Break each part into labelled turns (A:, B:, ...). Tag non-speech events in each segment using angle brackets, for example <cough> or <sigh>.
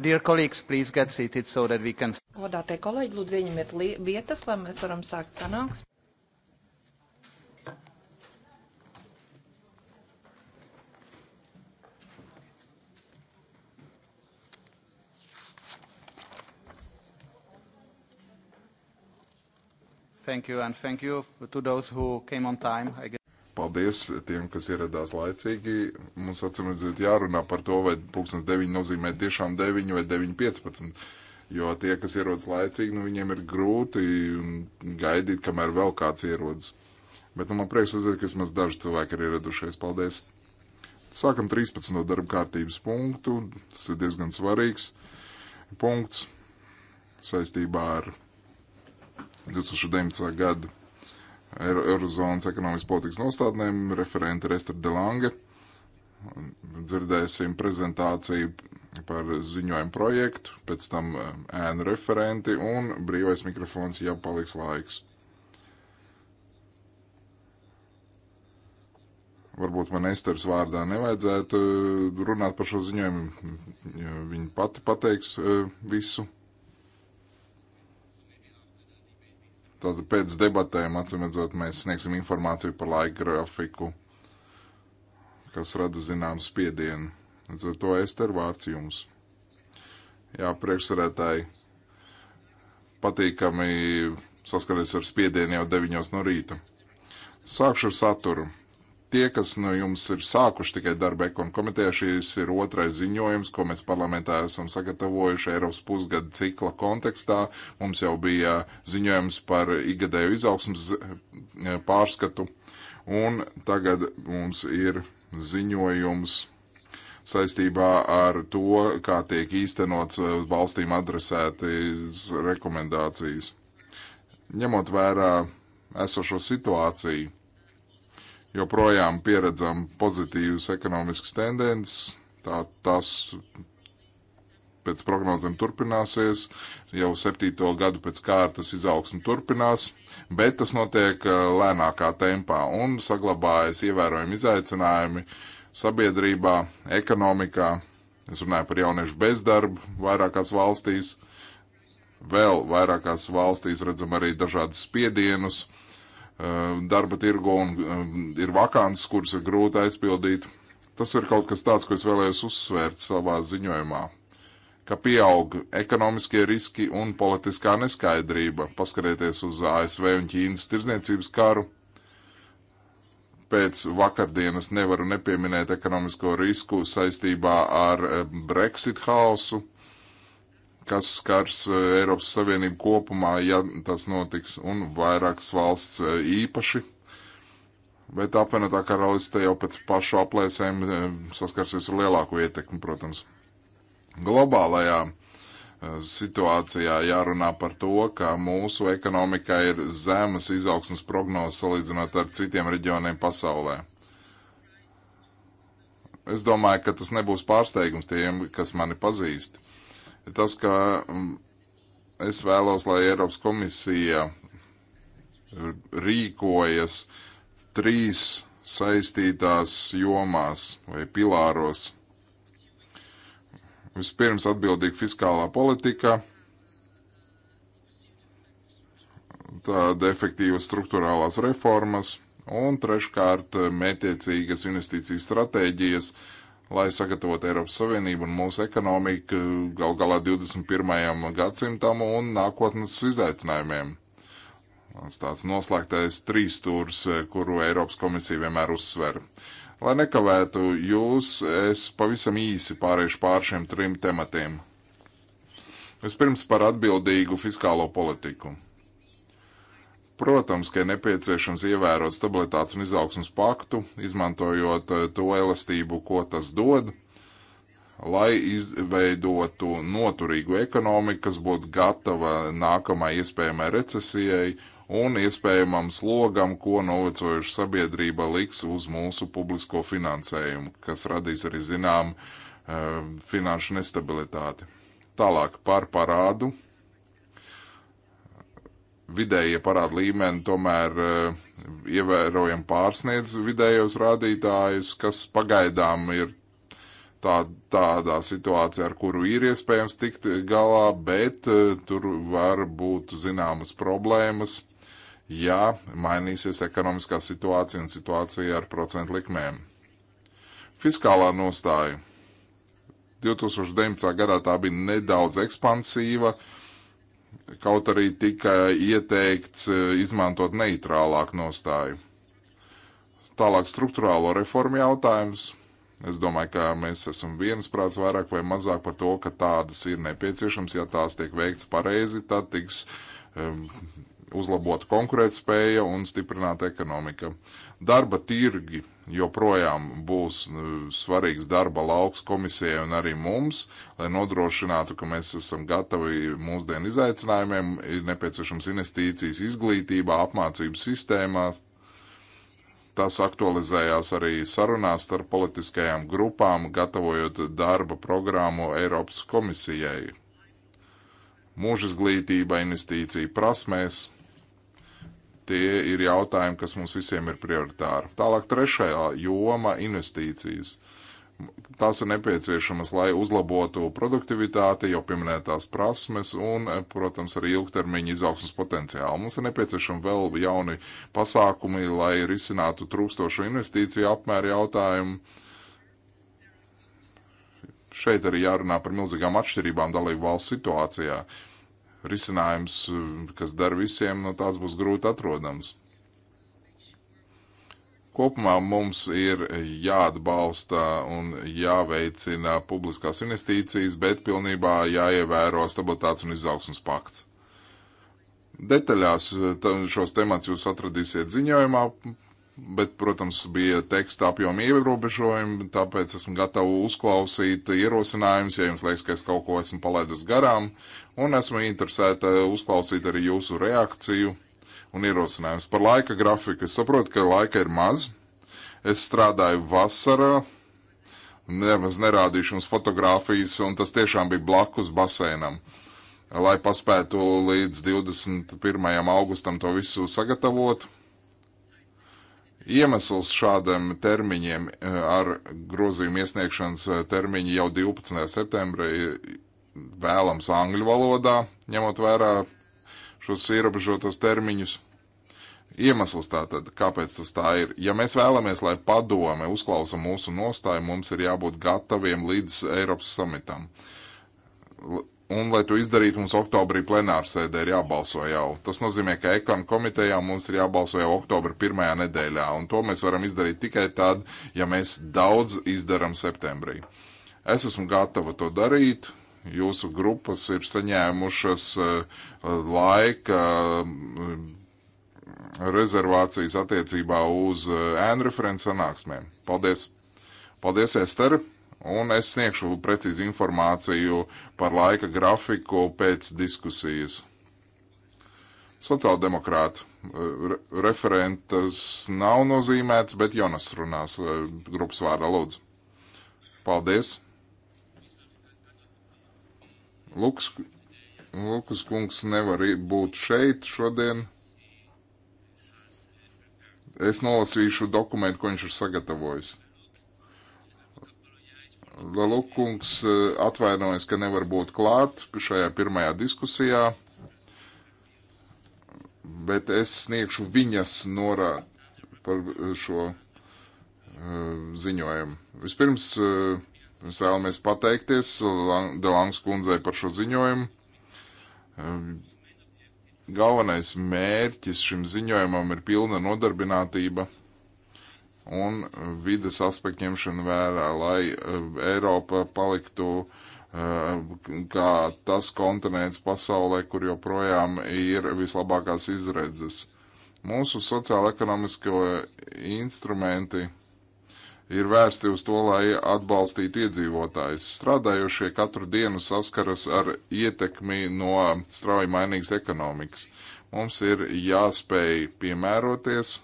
A: Dear colleagues, please get seated so that we can...
B: Godātie kolēģi, lūdzu ieņemiet vietas, lai mēs varam sākt sanāks.
A: Thank you, and thank you to those who came on time. I guess.
C: Paldies tiem, kas ieradās laicīgi. Mums atsimredzot jārunā par to, vai pulkstens 9 nozīmē tiešām 9 vai 9.15. Jo tie, kas ierodas laicīgi, nu viņiem ir grūti gaidīt, kamēr vēl kāds ierodas. Bet nu, man prieks redzēt, ka vismaz daži cilvēki ir ieradušies. Paldies! Sākam 13. darba kārtības punktu. Tas ir diezgan svarīgs punkts saistībā ar 2019. gadu Eurozonas ekonomikas politikas nostādnēm, referente Rester Delange. Dzirdēsim prezentāciju par ziņojumu projektu, pēc tam eh, ēnu referenti un brīvais mikrofons, ja paliks laiks. Varbūt man Esters vārdā nevajadzētu eh, runāt par šo ziņojumu. Viņa pati pateiks eh, visu. Tad pēc debatēm, atcīmredzot, mēs sniegsim informāciju par laika grafiku, kas rada zināmu spiedienu. Līdz ar to es teru vārds jums. Jā, priekšsarētāji, patīkami saskaries ar spiedienu jau 9 no rīta. Sākšu ar saturu. Tie, kas no jums ir sākuši tikai darba ekonomikas komitejā, šīs ir otrais ziņojums, ko mēs parlamentā esam sagatavojuši Eiropas pusgada cikla kontekstā. Mums jau bija ziņojums par igadēju izaugsmas eh, pārskatu, un tagad mums ir ziņojums saistībā ar to, kā tiek īstenots eh, valstīm adresētas rekomendācijas. Ņemot vērā esošo situāciju, joprojām pieredzam pozitīvas ekonomiskas tendences. Tā, tas pēc prognozēm turpināsies, jau septīto gadu pēc kārtas izaugsme turpinās, bet tas notiek eh, lēnākā tempā un saglabājas ievērojami izaicinājumi sabiedrībā, ekonomikā. Es runāju par jauniešu bezdarbu vairākās valstīs. Vēl vairākās valstīs redzam arī dažādas spiedienus, uh, Eh, darba tirgo un eh, ir vakants, kuras ir grūti aizpildīt. Tas ir kaut kas tāds, ko es vēlējos uzsvērt savā ziņojumā ka pieaug ekonomiskie riski un politiskā neskaidrība. Paskatieties uz ASV un Ķīnas tirdzniecības karu. Pēc vakardienas nevaru nepieminēt ekonomisko risku saistībā ar eh, Brexit hausu kas skars e, Eiropas Savienību kopumā, ja tas notiks, un vairākas valsts e, īpaši. Bet apvienotā karaliste jau pēc pašu aplēsēm e, saskarsies ar lielāko ietekmi, protams. Globālajā situācijā jārunā par to, ka mūsu ekonomikā ir zemes izaugsmas prognozes salīdzinot ar citiem reģioniem pasaulē. Es domāju, ka tas nebūs pārsteigums tiem, kas mani pazīst tas, ka mm, es vēlos, lai Eiropas komisija eh, rīkojas trīs saistītās jomās vai pilāros. Vispirms atbildīga fiskālā politika, tāda efektīva struktūrālās reformas un treškārt eh, mētiecīgas investīcijas stratēģijas, uh, lai sagatavotu Eiropas Savienību un mūsu ekonomiku gal galā 21. gadsimtam un nākotnes izaicinājumiem. Tas tāds noslēgtais trīs stūrs, eh, kuru Eiropas komisija vienmēr uzsver. Lai nekavētu jūs, es pavisam īsi pāriešu pār šiem trim tematiem. Vispirms par atbildīgu fiskālo politiku. Protams, ka ir nepieciešams ievērot stabilitātes un izaugsmas paktu, izmantojot eh, to elastību, ko tas dod, lai izveidotu noturīgu ekonomiku, kas būtu gatava nākamai iespējamai recesijai un iespējamam slogam, ko novecojuša sabiedrība liks uz mūsu publisko finansējumu, kas radīs arī zinām eh, finanšu nestabilitāti. Tālāk par parādu vidējie parāda līmeni tomēr eh, ievērojami pārsniedz vidējos rādītājus, kas pagaidām ir tā, tādā situācijā, ar kuru ir iespējams tikt galā, bet eh, tur var būt zināmas problēmas, ja mainīsies ekonomiskā situācija un situācija ar procentu likmēm. Fiskālā nostāja. 2019. gadā tā bija nedaudz ekspansīva, uh, kaut arī tika ieteikts e, izmantot neitrālāku nostāju. Tālāk struktūrālo reformu jautājums. Es domāju, ka mēs esam viensprāts vairāk vai mazāk par to, ka tādas ir nepieciešams. Ja tās tiek veikts pareizi, tad tiks um, uzlabota konkurētspēja un stiprināta ekonomika. Darba tirgi joprojām būs svarīgs darba lauks komisijai un arī mums, lai nodrošinātu, ka mēs esam gatavi mūsdienu izaicinājumiem, ir nepieciešams investīcijas izglītībā, apmācības sistēmās. Tas aktualizējās arī sarunās starp politiskajām grupām, gatavojot darba programmu Eiropas komisijai. Mūža izglītība, investīcija prasmēs, Tie ir jautājumi, kas mums visiem ir prioritāri. Tālāk trešajā joma - investīcijas. Tās ir nepieciešamas, lai uzlabotu produktivitāti, jau pieminētās prasmes un, protams, arī ilgtermiņa izaugsmas potenciālu. Mums ir nepieciešami vēl jauni pasākumi, lai risinātu trūkstošu investīciju apmēru jautājumu šeit arī jārunā par milzīgām atšķirībām dalību valsts situācijā risinājums, eh, kas dar visiem, nu tāds būs grūti atrodams. Kopumā mums ir jāatbalsta un jāveicina publiskās investīcijas, bet pilnībā jāievēro stabilitātes un izaugsmas pakts. Detaļās eh, šos temats jūs atradīsiet ziņojumā bet, protams, bija teksta apjoma ierobežojumi, tāpēc esmu gatava uzklausīt ierosinājumus, ja jums liekas, ka es kaut ko esmu palaidusi garām, un esmu interesēta uzklausīt arī jūsu reakciju un ierosinājumus. Par laika grafiku es saprotu, ka laika ir maz. Es strādāju vasarā, nemaz nerādīšu jums fotogrāfijas, un tas tiešām bija blakus basēnam. Lai paspētu līdz 21. augustam to visu sagatavot, Iemesls šādam termiņiem eh, ar grozījumu iesniegšanas eh, termiņu jau 12. septembra vēlams angļu valodā, ņemot vērā šos ierobežotos termiņus. Iemesls tātad, kāpēc tas tā ir, ja mēs vēlamies, lai padome uzklausa mūsu nostāju, mums ir jābūt gataviem līdz Eiropas samitam. Un, lai to izdarītu, mums oktobrī plenārsēdē ir jābalso jau. Tas nozīmē, ka ekonomikas komitejā mums ir jābalso jau oktobra pirmajā nedēļā, un to mēs varam izdarīt tikai tad, ja mēs daudz izdarām septembrī. Es esmu gatava to darīt. Jūsu grupas ir saņēmušas eh, laika mm, rezervācijas attiecībā uz eh, ēnu referents sanāksmēm. Paldies! Paldies, Ester! un es sniegšu precīzi informāciju par laika grafiku pēc diskusijas. Sociāldemokrāti. Eh, re referentas nav nozīmēts, bet Jonas runās eh, grupas vārdā lūdzu. Paldies. Lukas, Lukas kungs nevar būt šeit šodien. Es nolasīšu dokumentu, ko viņš ir sagatavojis. Lelukungs eh, atvainojas, ka nevar būt klāt šajā pirmajā diskusijā, bet es sniegšu viņas norādi par šo eh, ziņojumu. Vispirms mēs eh, vēlamies pateikties Delāngas kundzei par šo ziņojumu. Galvenais mērķis šim ziņojumam ir pilna nodarbinātība un vidas aspektu ņemšanu vērā, lai eh, Eiropa paliktu eh, kā tas kontinents pasaulē, kur joprojām ir vislabākās izredzes. Mūsu sociāla-ekonomisko instrumenti ir vērsti uz to, lai atbalstītu iedzīvotājus. Strādājošie katru dienu saskaras ar ietekmi no strauji mainīgas ekonomikas. Mums ir jāspēj piemēroties,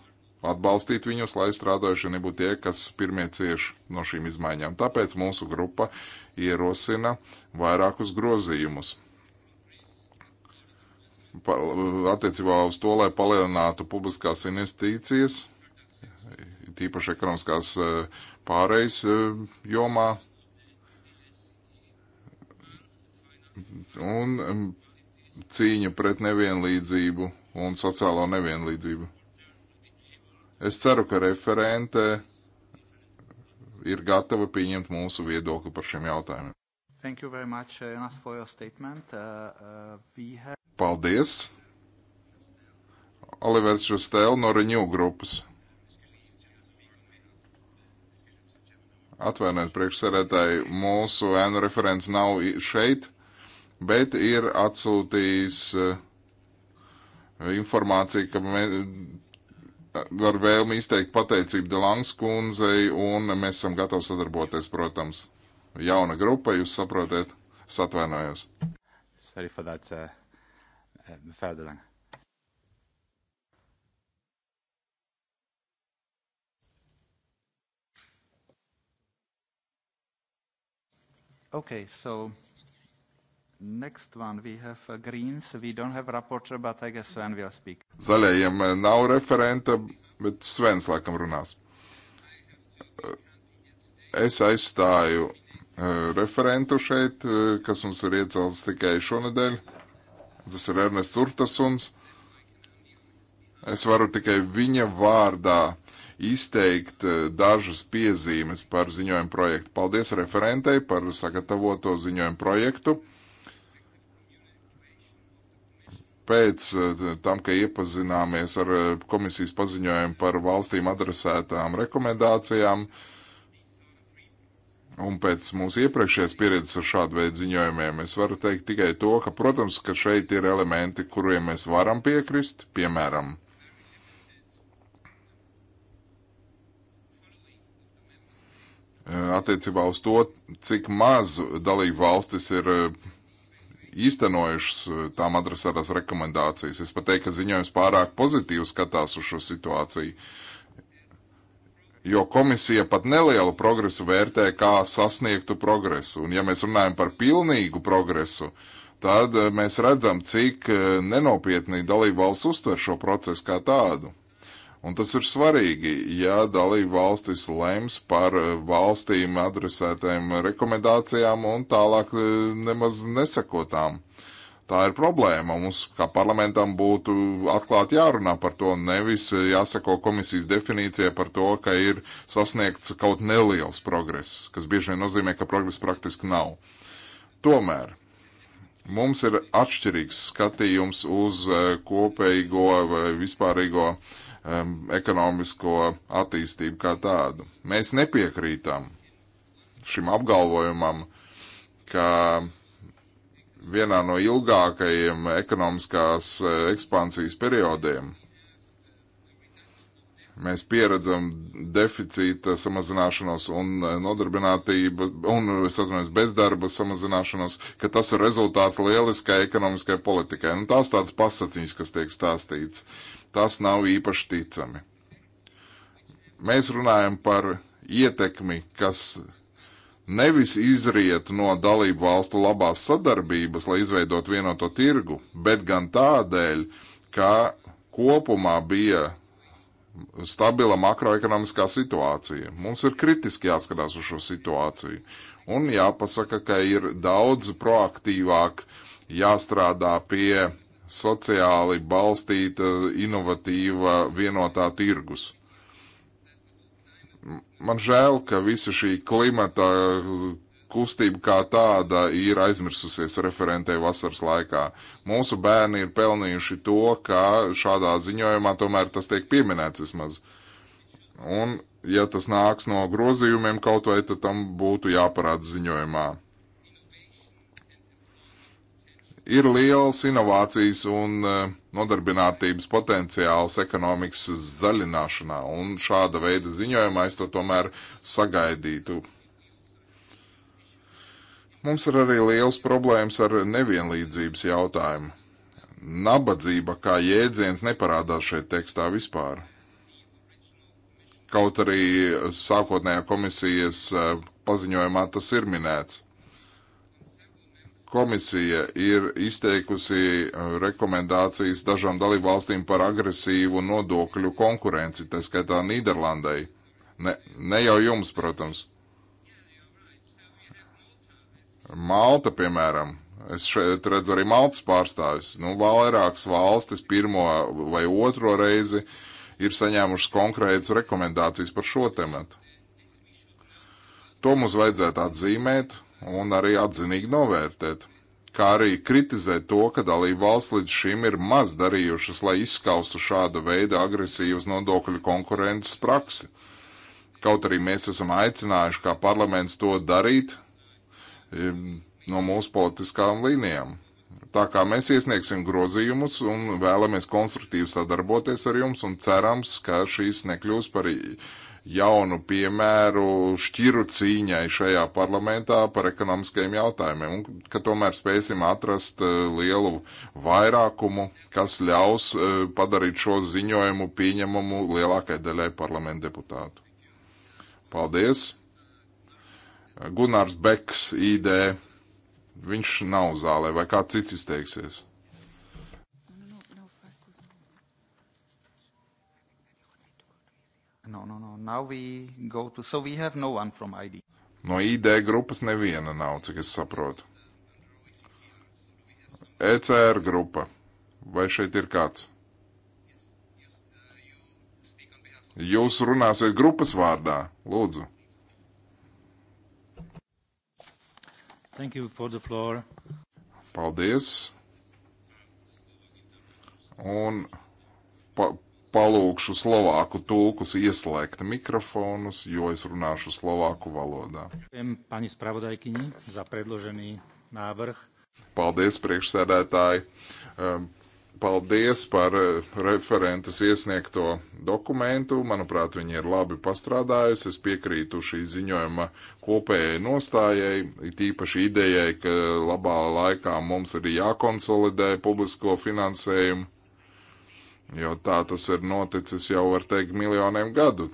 C: atbalstīt viņus, lai strādojušie nebūtu tie, kas pirmie cieš no šīm izmaiņām. Tāpēc mūsu grupa ierosina vairākus grozījumus pa, attiecībā uz to, lai palielinātu publiskās investīcijas, tīpaši ekonomiskās e, pārejas e, jomā. Un cīņa pret nevienlīdzību un sociālo nevienlīdzību. Es ceru, ka referente ir gatava pieņemt mūsu viedokli par šiem jautājumiem.
A: Thank you very much, uh, Jonas, for your statement. Uh, uh, we
C: have... Paldies. Olivers Šustēl no Renew grupas. Atvainojiet, priekšsēdētāji, mūsu ēnu referents nav šeit, bet ir atsūtījis uh, informāciju, ka mē, ar vēlmi izteikt pateicību Delangas kundzei, un mēs esam gatavi sadarboties, protams. Jauna grupa, jūs saprotat, es atvainojos. Sorry for that, uh,
A: Ferdinand. Okay, so Next one, we have uh, Greens. We don't have rapporteur, but I guess Sven will speak.
C: Zaļajiem uh, nav referenta, bet Svens laikam runās. Uh, es aizstāju uh, referentu šeit, uh, kas mums ir iecelts tikai šonadēļ. Tas ir Ernests Urtasuns. Es varu tikai viņa vārdā izteikt uh, dažas piezīmes par ziņojumu projektu. Paldies referentei par sagatavoto ziņojumu projektu. Uh, pēc eh, tam, ka iepazināmies ar eh, komisijas paziņojumu par valstīm adresētām rekomendācijām un pēc mūsu iepriekšējās pieredzes ar šādu veidu ziņojumiem, es varu teikt tikai to, ka, protams, ka šeit ir elementi, kuriem mēs varam piekrist, piemēram, eh, attiecībā uz to, cik maz dalību valstis ir īstenojušas eh, tām adresētās rekomendācijas. Es pat teiktu, ka ziņojums pārāk pozitīvi skatās uz šo situāciju, jo komisija pat nelielu progresu vērtē kā sasniegtu progresu. Un ja mēs runājam par pilnīgu progresu, tad eh, mēs redzam, cik eh, nenopietni dalību valsts uztver šo procesu kā tādu. Un tas ir svarīgi, ja dalība valstis lems par eh, valstīm adresētām rekomendācijām un tālāk eh, nemaz nesakotām. Tā ir problēma. Mums, kā parlamentam, būtu atklāti jārunā par to, nevis jāsako komisijas definīcijai par to, ka ir sasniegts kaut neliels progress, kas bieži vien nozīmē, ka progress praktiski nav. Tomēr mums ir atšķirīgs skatījums uz eh, kopīgo vai vispārīgo uh, um, ekonomisko attīstību kā tādu. Mēs nepiekrītam šim apgalvojumam, ka vienā no ilgākajiem ekonomiskās uh, ekspansijas periodiem mēs pieredzam deficīta samazināšanos un uh, nodarbinātība un, es atceros, bezdarba samazināšanos, ka tas ir rezultāts lieliskai ekonomiskai politikai. Un nu, tās tādas pasaciņas, kas tiek stāstīts. Uh, tas nav īpaši ticami. Mēs runājam par ietekmi, kas nevis izriet no dalību valstu labās sadarbības, lai izveidot vienoto tirgu, bet gan tādēļ, ka kopumā bija stabila makroekonomiskā situācija. Mums ir kritiski jāskatās uz šo situāciju un jāpasaka, ka ir daudz proaktīvāk jāstrādā pie sociāli balstīta, inovatīva vienotā tirgus. Man žēl, ka visa šī klimata eh, kustība kā tāda ir aizmirsusies referentē vasaras laikā. Mūsu bērni ir pelnījuši to, ka šādā ziņojumā tomēr tas tiek pieminēts vismaz. Un, ja tas nāks no grozījumiem kaut vai, tad tam būtu jāparāda ziņojumā. Ir liels inovācijas un e, nodarbinātības potenciāls ekonomikas zaļināšanā, un šāda veida ziņojumā es to tomēr sagaidītu. Mums ir arī liels problēmas ar nevienlīdzības jautājumu. Nabadzība kā jēdziens neparādās šeit tekstā vispār. Kaut arī sākotnējā komisijas e, paziņojumā tas ir minēts komisija ir izteikusi uh, rekomendācijas dažām dalībvalstīm par agresīvu nodokļu konkurenci, tā skaitā Nīderlandai. Ne, ne jau jums, protams. Malta, piemēram, es šeit redzu arī Maltas pārstāvis. Nu, vairākas valstis pirmo vai otro reizi ir saņēmušas konkrētas rekomendācijas par šo tematu. To mums vajadzētu atzīmēt, un arī atzinīgi novērtēt, kā arī kritizēt to, ka dalību valsts līdz šim ir maz darījušas, lai izskaustu šāda veida agresīvas nodokļu konkurences praksi. Kaut arī mēs esam aicinājuši kā parlaments to darīt ehm, no mūsu politiskām līnijām. Tā kā mēs iesniegsim grozījumus un vēlamies konstruktīvi sadarboties ar jums un cerams, ka šīs nekļūs par jaunu piemēru šķiru cīņai šajā parlamentā par ekonomiskajiem jautājumiem, un ka tomēr spēsim atrast eh, lielu vairākumu, kas ļaus eh, padarīt šo ziņojumu pieņemamu lielākai daļai parlamenta deputātu. Paldies! Gunārs Beks, ID. Viņš nav zālē, vai kāds cits izteiksies?
A: No, no, no. Now we go to. So we have no one from ID.
C: No ID grupas neviena nav, cik es saprotu. ECR grupa. Vai šeit ir kāds? Jūs runāsiet grupas vārdā, lūdzu.
A: Thank you for the floor.
C: Paldies. Un pa, palūkšu slovāku tulkus ieslēgt mikrofonus, jo es runāšu slovāku valodā. Paldies, priekšsēdētāji! Ehm, paldies par eh, referentes iesniegto dokumentu. Manuprāt, viņi ir labi pastrādājusi. Es piekrītu šī ziņojuma kopējai nostājai, tīpaši idejai, ka labā laikā mums ir jākonsolidē publisko finansējumu Jo tā tas ir noticis jau, var teikt, miljoniem gadu.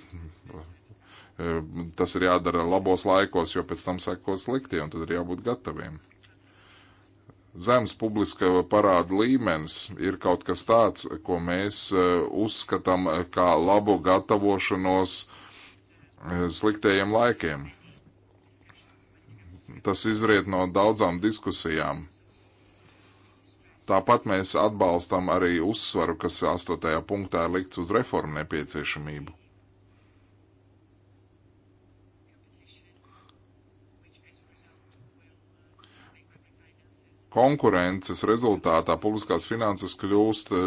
C: E, tas ir jādara labos laikos, jo pēc tam sekos sliktie, un tad ir jābūt gataviem. Zemes publiska parāda līmenis ir kaut kas tāds, ko mēs e, uzskatām e, kā labu gatavošanos sliktajiem laikiem. Tas izriet no daudzām diskusijām Tāpat mēs atbalstam arī uzsvaru, kas 8. punktā ir likts uz reformu nepieciešamību. konkurences rezultātā publiskās finanses kļūst e,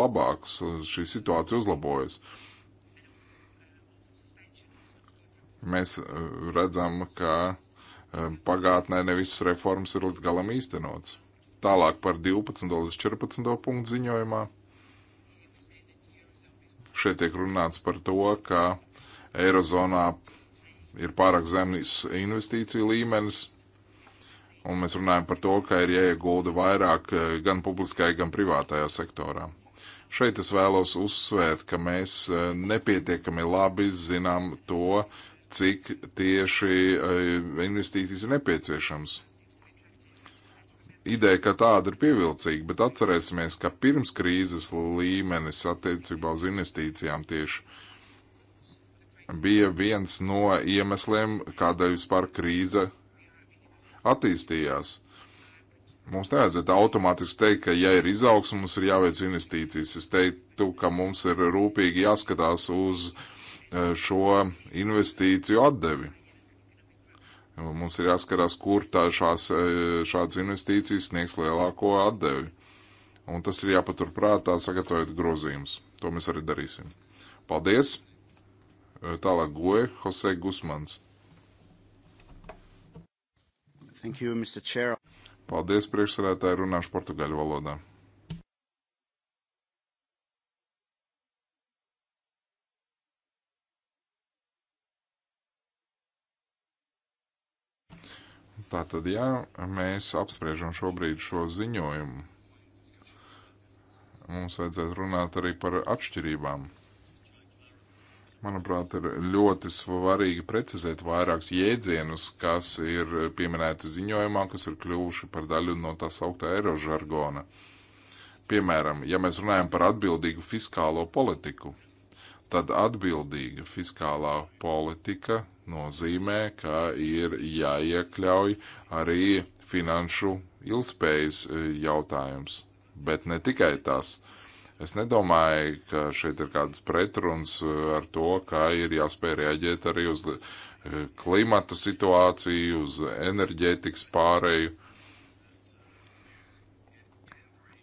C: labākas, e, šī situācija uzlabojas. Mēs e, redzam, ka pagātnē ne visas reformas ir līdz galam īstenotas. Tālāk par 12. līdz 14. punktu ziņojumā. Šeit tiek runāts par to, ka Eirozonā ir pārāk zemes investīciju līmenis, un mēs runājam par to, ka ir jāiegulda vairāk eh, gan publiskajā, gan privātajā sektorā. Šeit es vēlos uzsvērt, ka mēs eh, nepietiekami labi zinām to, cik tieši eh, investīcijas ir nepieciešams ideja, ka tāda ir pievilcīga, bet atcerēsimies, ka pirms krīzes līmenis attiecībā uz investīcijām tieši bija viens no iemesliem, kādēļ vispār krīze attīstījās. Mums nevajadzētu automātiski teikt, ka, ja ir izaugsme, mums ir jāveic investīcijas. Es teiktu, ka mums ir rūpīgi jāskatās uz eh, šo investīciju atdevi. Mums ir jāskarās, kur tā šās, e, šādas investīcijas sniegs lielāko atdevi. Un tas ir jāpaturprātā, sagatavojot grozījumus. To mēs arī darīsim. Paldies! E, tālāk goja Jose Gusmans. Thank you, Mr. Chair. Paldies, priekšsarētāji, runāšu portugaļu valodā. Tātad, ja mēs apspriežam šobrīd šo ziņojumu, mums vajadzētu runāt arī par atšķirībām. Manuprāt, ir ļoti svarīgi precizēt vairākus jēdzienus, kas ir pieminēti ziņojumā, kas ir kļuvuši par daļu no tā sauktā eirožargona. Piemēram, ja mēs runājam par atbildīgu fiskālo politiku, tad atbildīga fiskālā politika nozīmē, ka ir jāiekļauj arī finanšu ilgspējas e, jautājums. Bet ne tikai tas. Es nedomāju, ka šeit ir kādas pretrunas e, ar to, ka ir jāspēj reaģēt arī uz e, klimata situāciju, uz enerģētikas pārēju. Uh,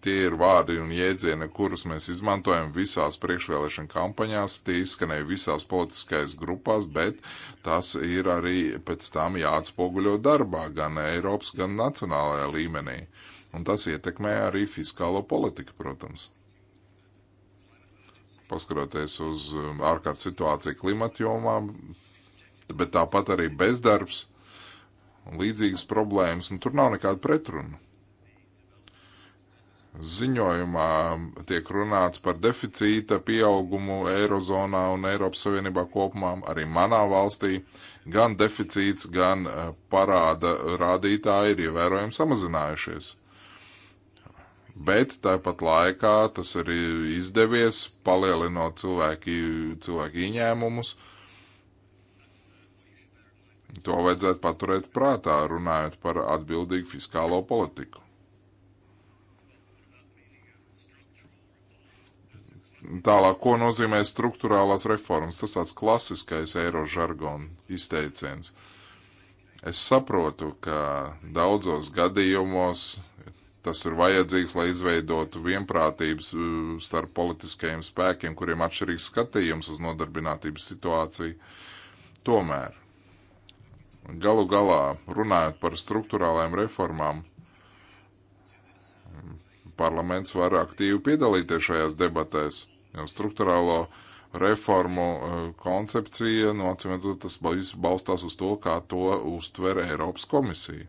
C: Tie ir vārdi un jēdzieni, kurus mēs izmantojam visās priekšvēlēšana kampaņās, tie izskanēja visās politiskais grupās, bet tas ir arī pēc tam jāatspoguļo darbā gan Eiropas, gan nacionālajā līmenī. Un tas ietekmē arī fiskālo politiku, protams paskatoties uz um, ārkārtas situāciju klimata jomā, bet tāpat arī bezdarbs un līdzīgas problēmas, un tur nav nekāda pretruna ziņojumā tiek runāts par deficīta pieaugumu Eirozonā un Eiropas Savienībā kopumā, arī manā valstī, gan deficīts, gan eh, parāda rādītāji ir ievērojami samazinājušies. Bet tāpat laikā tas ir izdevies palielinot cilvēki, cilvēki ieņēmumus. To vajadzētu paturēt prātā, runājot par atbildīgu fiskālo politiku. Tālāk, ko nozīmē struktūrālās reformas? Tas tāds klasiskais eiro žargona izteiciens. Es saprotu, ka daudzos gadījumos tas ir vajadzīgs, lai izveidotu vienprātības uh, starp politiskajiem spēkiem, kuriem atšķirīgs skatījums uz nodarbinātības situāciju. Tomēr, galu galā, runājot par struktūrālajām reformām, parlaments var aktīvi piedalīties šajās debatēs struktūrālo reformu e, koncepcija, nu, atcīmredzot, tas balstās uz to, kā to uztver Eiropas komisija.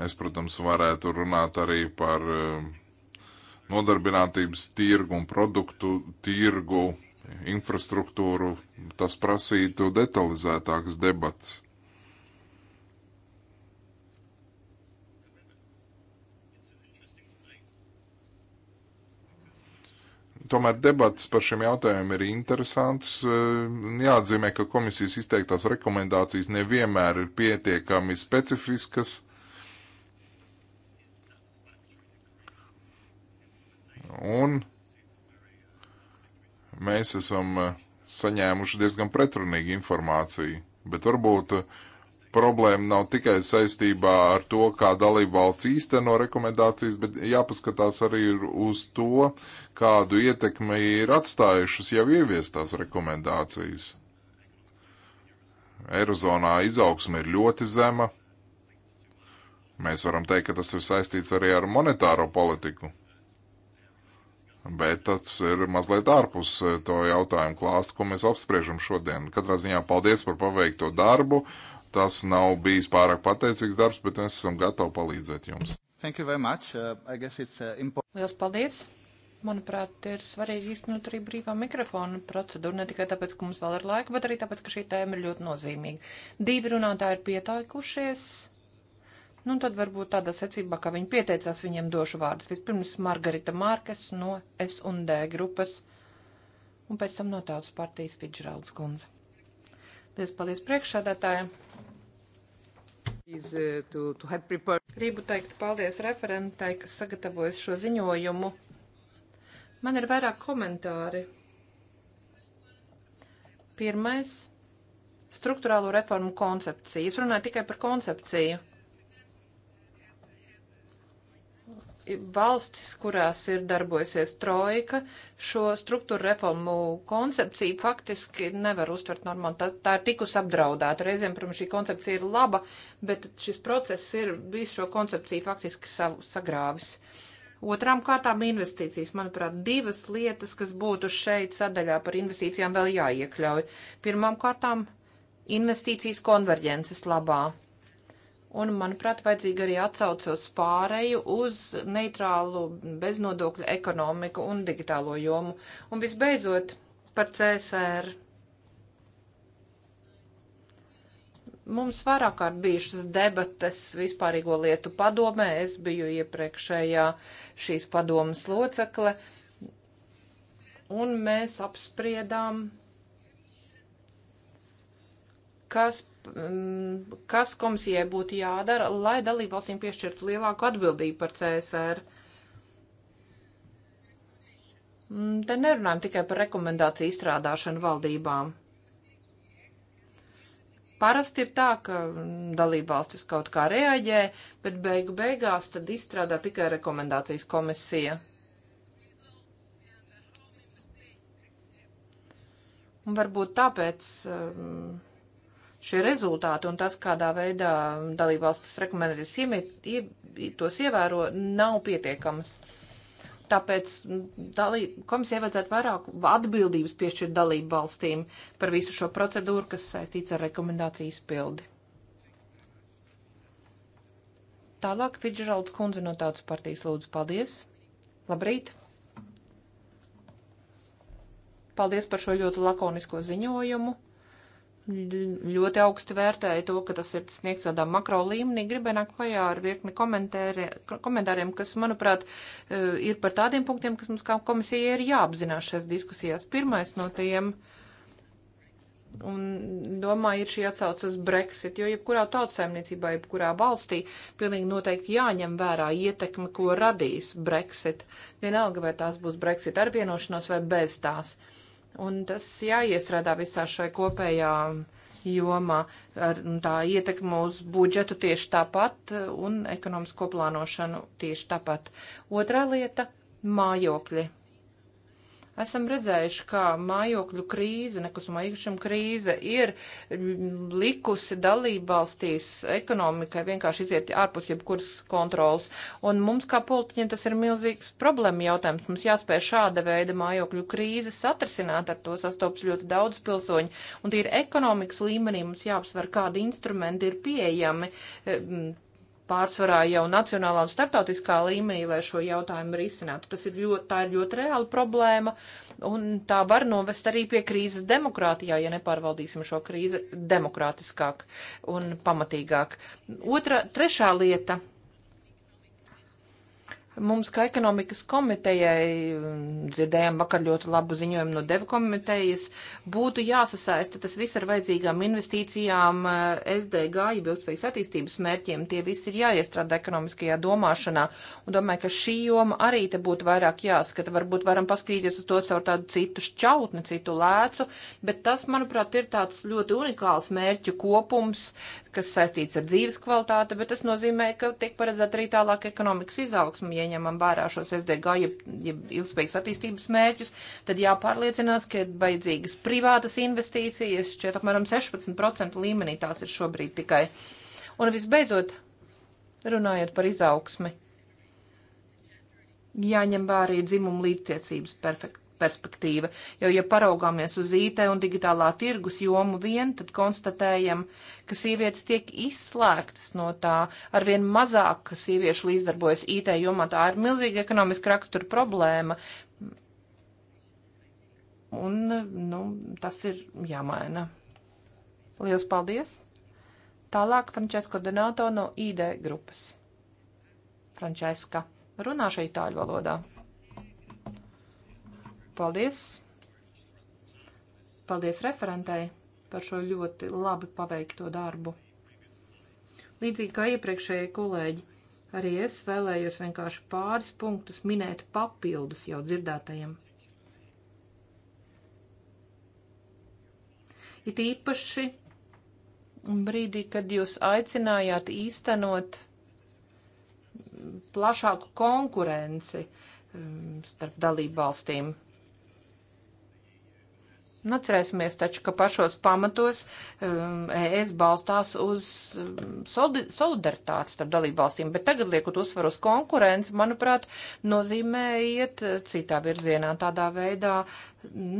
C: Es, protams, varētu runāt arī par e, nodarbinātības tirgu un produktu tirgu, infrastruktūru. Tas prasītu detalizētākas debatas. Tomēr debats par šiem jautājumiem ir interesants. Ehm, jāatzīmē, ka komisijas izteiktās rekomendācijas nevienmēr ir pietiekami specifiskas. Un mēs esam ehm, saņēmuši diezgan pretrunīgu informāciju, bet varbūt uh, problēma nav tikai saistībā ar to, kā dalību valsts īsteno rekomendācijas, bet jāpaskatās arī uz to, kādu ietekmi ir atstājušas jau ieviestās rekomendācijas. Eirozonā izaugsme ir ļoti zema. Mēs varam teikt, ka tas ir saistīts arī ar monetāro politiku. Bet tas ir mazliet ārpus eh, to jautājumu klāstu, ko mēs apspriežam šodien. Katrā ziņā paldies par paveikto darbu. Uh, Tas nav bijis pārāk pateicīgs darbs, bet mēs esam gatavi palīdzēt jums.
B: Thank you very much. Uh, I guess it's uh, important. Lielas paldies! Manuprāt, ir svarīgi īstenot arī brīvā mikrofona procedūru, ne tikai tāpēc, ka mums vēl ir laika, bet arī tāpēc, ka šī tēma ir ļoti nozīmīga. Divi runātāji ir pietākušies. Nu, tad varbūt tādā secībā, kā viņi pieteicās, viņiem došu vārdus. Vispirms Margarita Mārkes no S&D grupas, un pēc tam no tautas partijas Fidžrauds Gunze. Lies paldies priekšādātājiem! Uh, Gribu teikt paldies referentai, kas sagatavojas šo ziņojumu. Man ir vairāk komentāri. Pirmais - struktūrālo reformu koncepcija. Es runāju tikai par koncepciju valstis, kurās ir darbojusies trojka, šo struktūra reformu koncepciju faktiski nevar uztvert normāli. Tā, tā ir tikus apdraudēta. Reizēm, protams, šī koncepcija ir laba, bet šis process ir visu šo koncepciju faktiski savu, sagrāvis. Otrām kārtām investīcijas. Manuprāt, divas lietas, kas būtu šeit sadaļā par investīcijām vēl jāiekļauj. Pirmām kārtām investīcijas konverģences labā Un, manuprāt, vajadzīgi arī atsaucos pārēju uz neitrālu beznodokļu ekonomiku un digitālo jomu. Un visbeidzot par CSR. Mums vairāk kārt bijušas debates vispārīgo lietu padomē. Es biju iepriekšējā šīs padomas locekle. Un mēs apspriedām kas Mm, kas komisijai būtu jādara, lai dalībvalstīm piešķirtu lielāku atbildību par CSR. Mm, te nerunājam tikai par rekomendāciju izstrādāšanu valdībām. Parasti ir tā, ka mm, dalībvalstis kaut kā reaģē, bet beigu beigās tad izstrādā tikai rekomendācijas komisija. Un varbūt tāpēc. Um, šie rezultāti un tas, kādā veidā dalībvalstis rekomendācijas iemiet, ie, tos ievēro, nav pietiekams. Tāpēc dalī, komisijai vajadzētu vairāk atbildības piešķirt dalību valstīm par visu šo procedūru, kas saistīts ar rekomendāciju izpildi. Tālāk Fidžeralds kundze no tautas partijas lūdzu paldies. Labrīt! Paldies par šo ļoti lakonisko ziņojumu ļoti augstu vērtēju to, ka tas ir sniegts tādā makro līmenī. Gribēju nākt klajā ar virkni komentāriem, kas, manuprāt, eh, ir par tādiem punktiem, kas mums kā komisija ir jāapzinās šajās diskusijās. Pirmais no tiem. Un domāju, ir šī atsauce uz Brexit, jo jebkurā tautsēmniecībā, jebkurā valstī pilnīgi noteikti jāņem vērā ietekme, ko radīs Brexit. Vienalga, vai tās būs Brexit ar vienošanos vai bez tās. Uh, Un tas jāiestrādā visā šai kopējā jomā ar tā ietekmu uz budžetu tieši tāpat un ekonomisko plānošanu tieši tāpat. Otrā lieta - mājokļi. Esam redzējuši, kā mājokļu krīze, nekustamā īpašuma krīze ir likusi dalību valstīs ekonomikai vienkārši iziet ārpus jebkuras kontrolas. Un mums kā politiķiem tas ir milzīgs problēma jautājums. Mums jāspēj šāda veida mājokļu krīzes atrasināt, ar to sastopas ļoti daudz pilsoņu. Un tie ir ekonomikas līmenī, mums jāapsver, kādi instrumenti ir pieejami e, pārsvarā jau nacionālā un starptautiskā līmenī, lai šo jautājumu risinātu. Tas ir ļoti, tā ir ļoti reāla problēma, un tā var novest arī pie krīzes demokrātijā, ja nepārvaldīsim šo krīzi demokrātiskāk un pamatīgāk. Otra, trešā lieta Mums, kā ekonomikas komitejai, mm, dzirdējām vakar ļoti labu ziņojumu no devu komitejas, būtu jāsasaista tas viss ar vajadzīgām investīcijām, eh, SDG, jeb ilgspējas attīstības mērķiem. Tie visi ir jāiestrādā ekonomiskajā domāšanā. Un domāju, ka šī joma arī te būtu vairāk jāskata. Varbūt varam paskatīties uz to caur tādu citu šķautni, citu lēcu, bet tas, manuprāt, ir tāds ļoti unikāls mērķu kopums, kas saistīts ar dzīves kvalitāti, bet tas nozīmē, ka tiek paredzēta arī tālāk ekonomikas izaugsme, ja ņemam vērā šos SDG, ja, ja ilgspējīgas attīstības mērķus, tad jāpārliecinās, ka ir vajadzīgas privātas investīcijas, šķiet apmēram 16% līmenī tās ir šobrīd tikai. Un visbeidzot, runājot par izaugsmi, jāņem vērā arī dzimumu līdztiecības perfekta perspektīva. Jo, ja paraugāmies uz IT un digitālā tirgus jomu vien, tad konstatējam, ka sievietes tiek izslēgtas no tā, arvien mazāk, ka sieviešu līdzdarbojas IT jomā. Tā ir milzīga ekonomiska rakstura problēma. Un, nu, tas ir jāmaina. Lielas paldies! Tālāk Francesko Donato no ID grupas. Franceska runā šeit itāļu valodā. Paldies! Paldies referentai par šo ļoti labi paveikto darbu. Līdzīgi kā iepriekšējie kolēģi, arī es vēlējos vienkārši pāris punktus minēt papildus jau dzirdētajiem. It īpaši brīdī, kad jūs aicinājāt īstenot plašāku konkurenci mm, starp dalību valstīm. Nu, cerēsimies taču, ka pašos pamatos um, ES balstās uz um, soli solidaritāti starp dalībvalstīm, bet tagad liekot uzsvaru uz konkurenci, manuprāt, nozīmē iet uh, citā virzienā tādā veidā.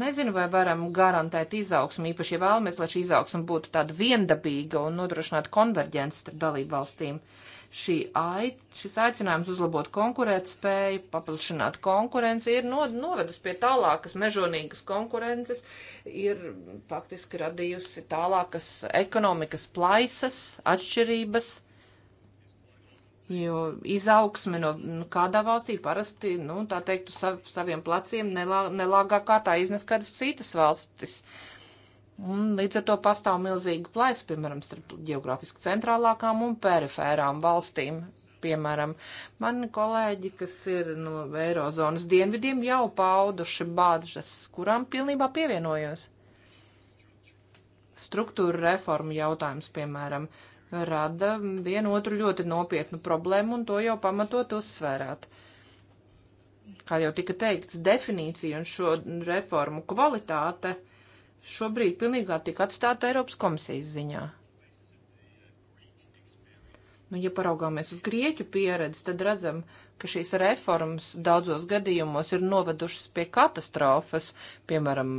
B: Nezinu, vai varam garantēt izaugsmu, īpaši, ja vēlamies, lai šī izaugsma būtu tāda viendabīga un nodrošinātu konverģences starp dalībvalstīm. valstīm. Šī ait, šis aicinājums uzlabot konkurētspēju, paplašināt konkurenci ir no, novedus pie tālākas mežonīgas konkurences, ir faktiski radījusi tālākas ekonomikas plaisas, atšķirības. Jo izaugsme no nu, kādā valstī parasti, nu, tā teikt, uz sav, saviem pleciem nelā, nelāgā kārtā iznes kādas citas valstis. Uh, Un līdz ar to pastāv milzīga plaisa, piemēram, starp geogrāfiski centrālākām un perifērām valstīm. Piemēram, mani kolēģi, kas ir no Eirozonas dienvidiem, jau pauduši bāžas, kurām pilnībā pievienojos. Struktūra reforma jautājums, piemēram, rada vienu otru ļoti nopietnu problēmu, un to jau pamatot uzsvērāt. Kā jau tika teikts, definīcija un šo reformu kvalitāte – šobrīd pilnībā tiek atstāta Eiropas komisijas ziņā. Nu, ja paraugāmies uz grieķu pieredzi, tad redzam, ka šīs reformas daudzos gadījumos ir novedušas pie katastrofas, piemēram,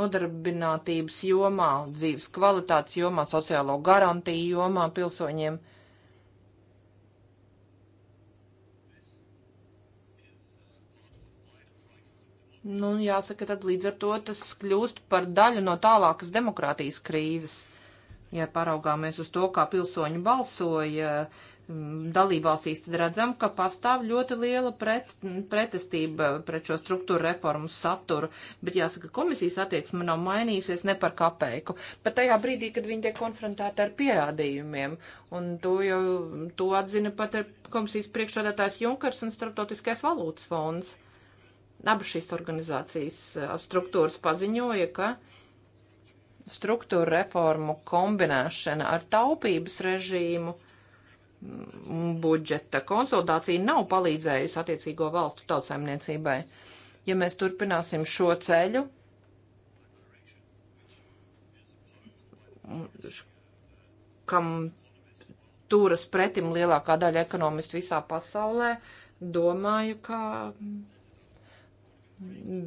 B: nodarbinātības jomā, dzīves kvalitātes jomā, sociālo garantiju jomā pilsoņiem. Uh, Nu, jāsaka, tad līdz ar to tas kļūst par daļu no tālākas demokrātijas krīzes. Ja paraugāmies uz to, kā pilsoņi balsoja dalībvalstīs, tad redzam, ka pastāv ļoti liela pret, pretestība pret šo struktūru reformu saturu. Bet jāsaka, komisijas attieksme nav mainījusies ne par kapeiku. Pat tajā brīdī, kad viņi tiek konfrontēti ar pierādījumiem, un to jau to atzina pat komisijas priekšādātājs Junkers un Starptautiskais valūtas fonds abas šīs organizācijas eh, struktūras paziņoja, ka struktūra reformu kombinēšana ar taupības režīmu budžeta konsultācija nav palīdzējusi attiecīgo valstu tautsēmniecībai. Ja mēs turpināsim šo ceļu, kam turas pretim lielākā daļa ekonomistu visā pasaulē, domāju, ka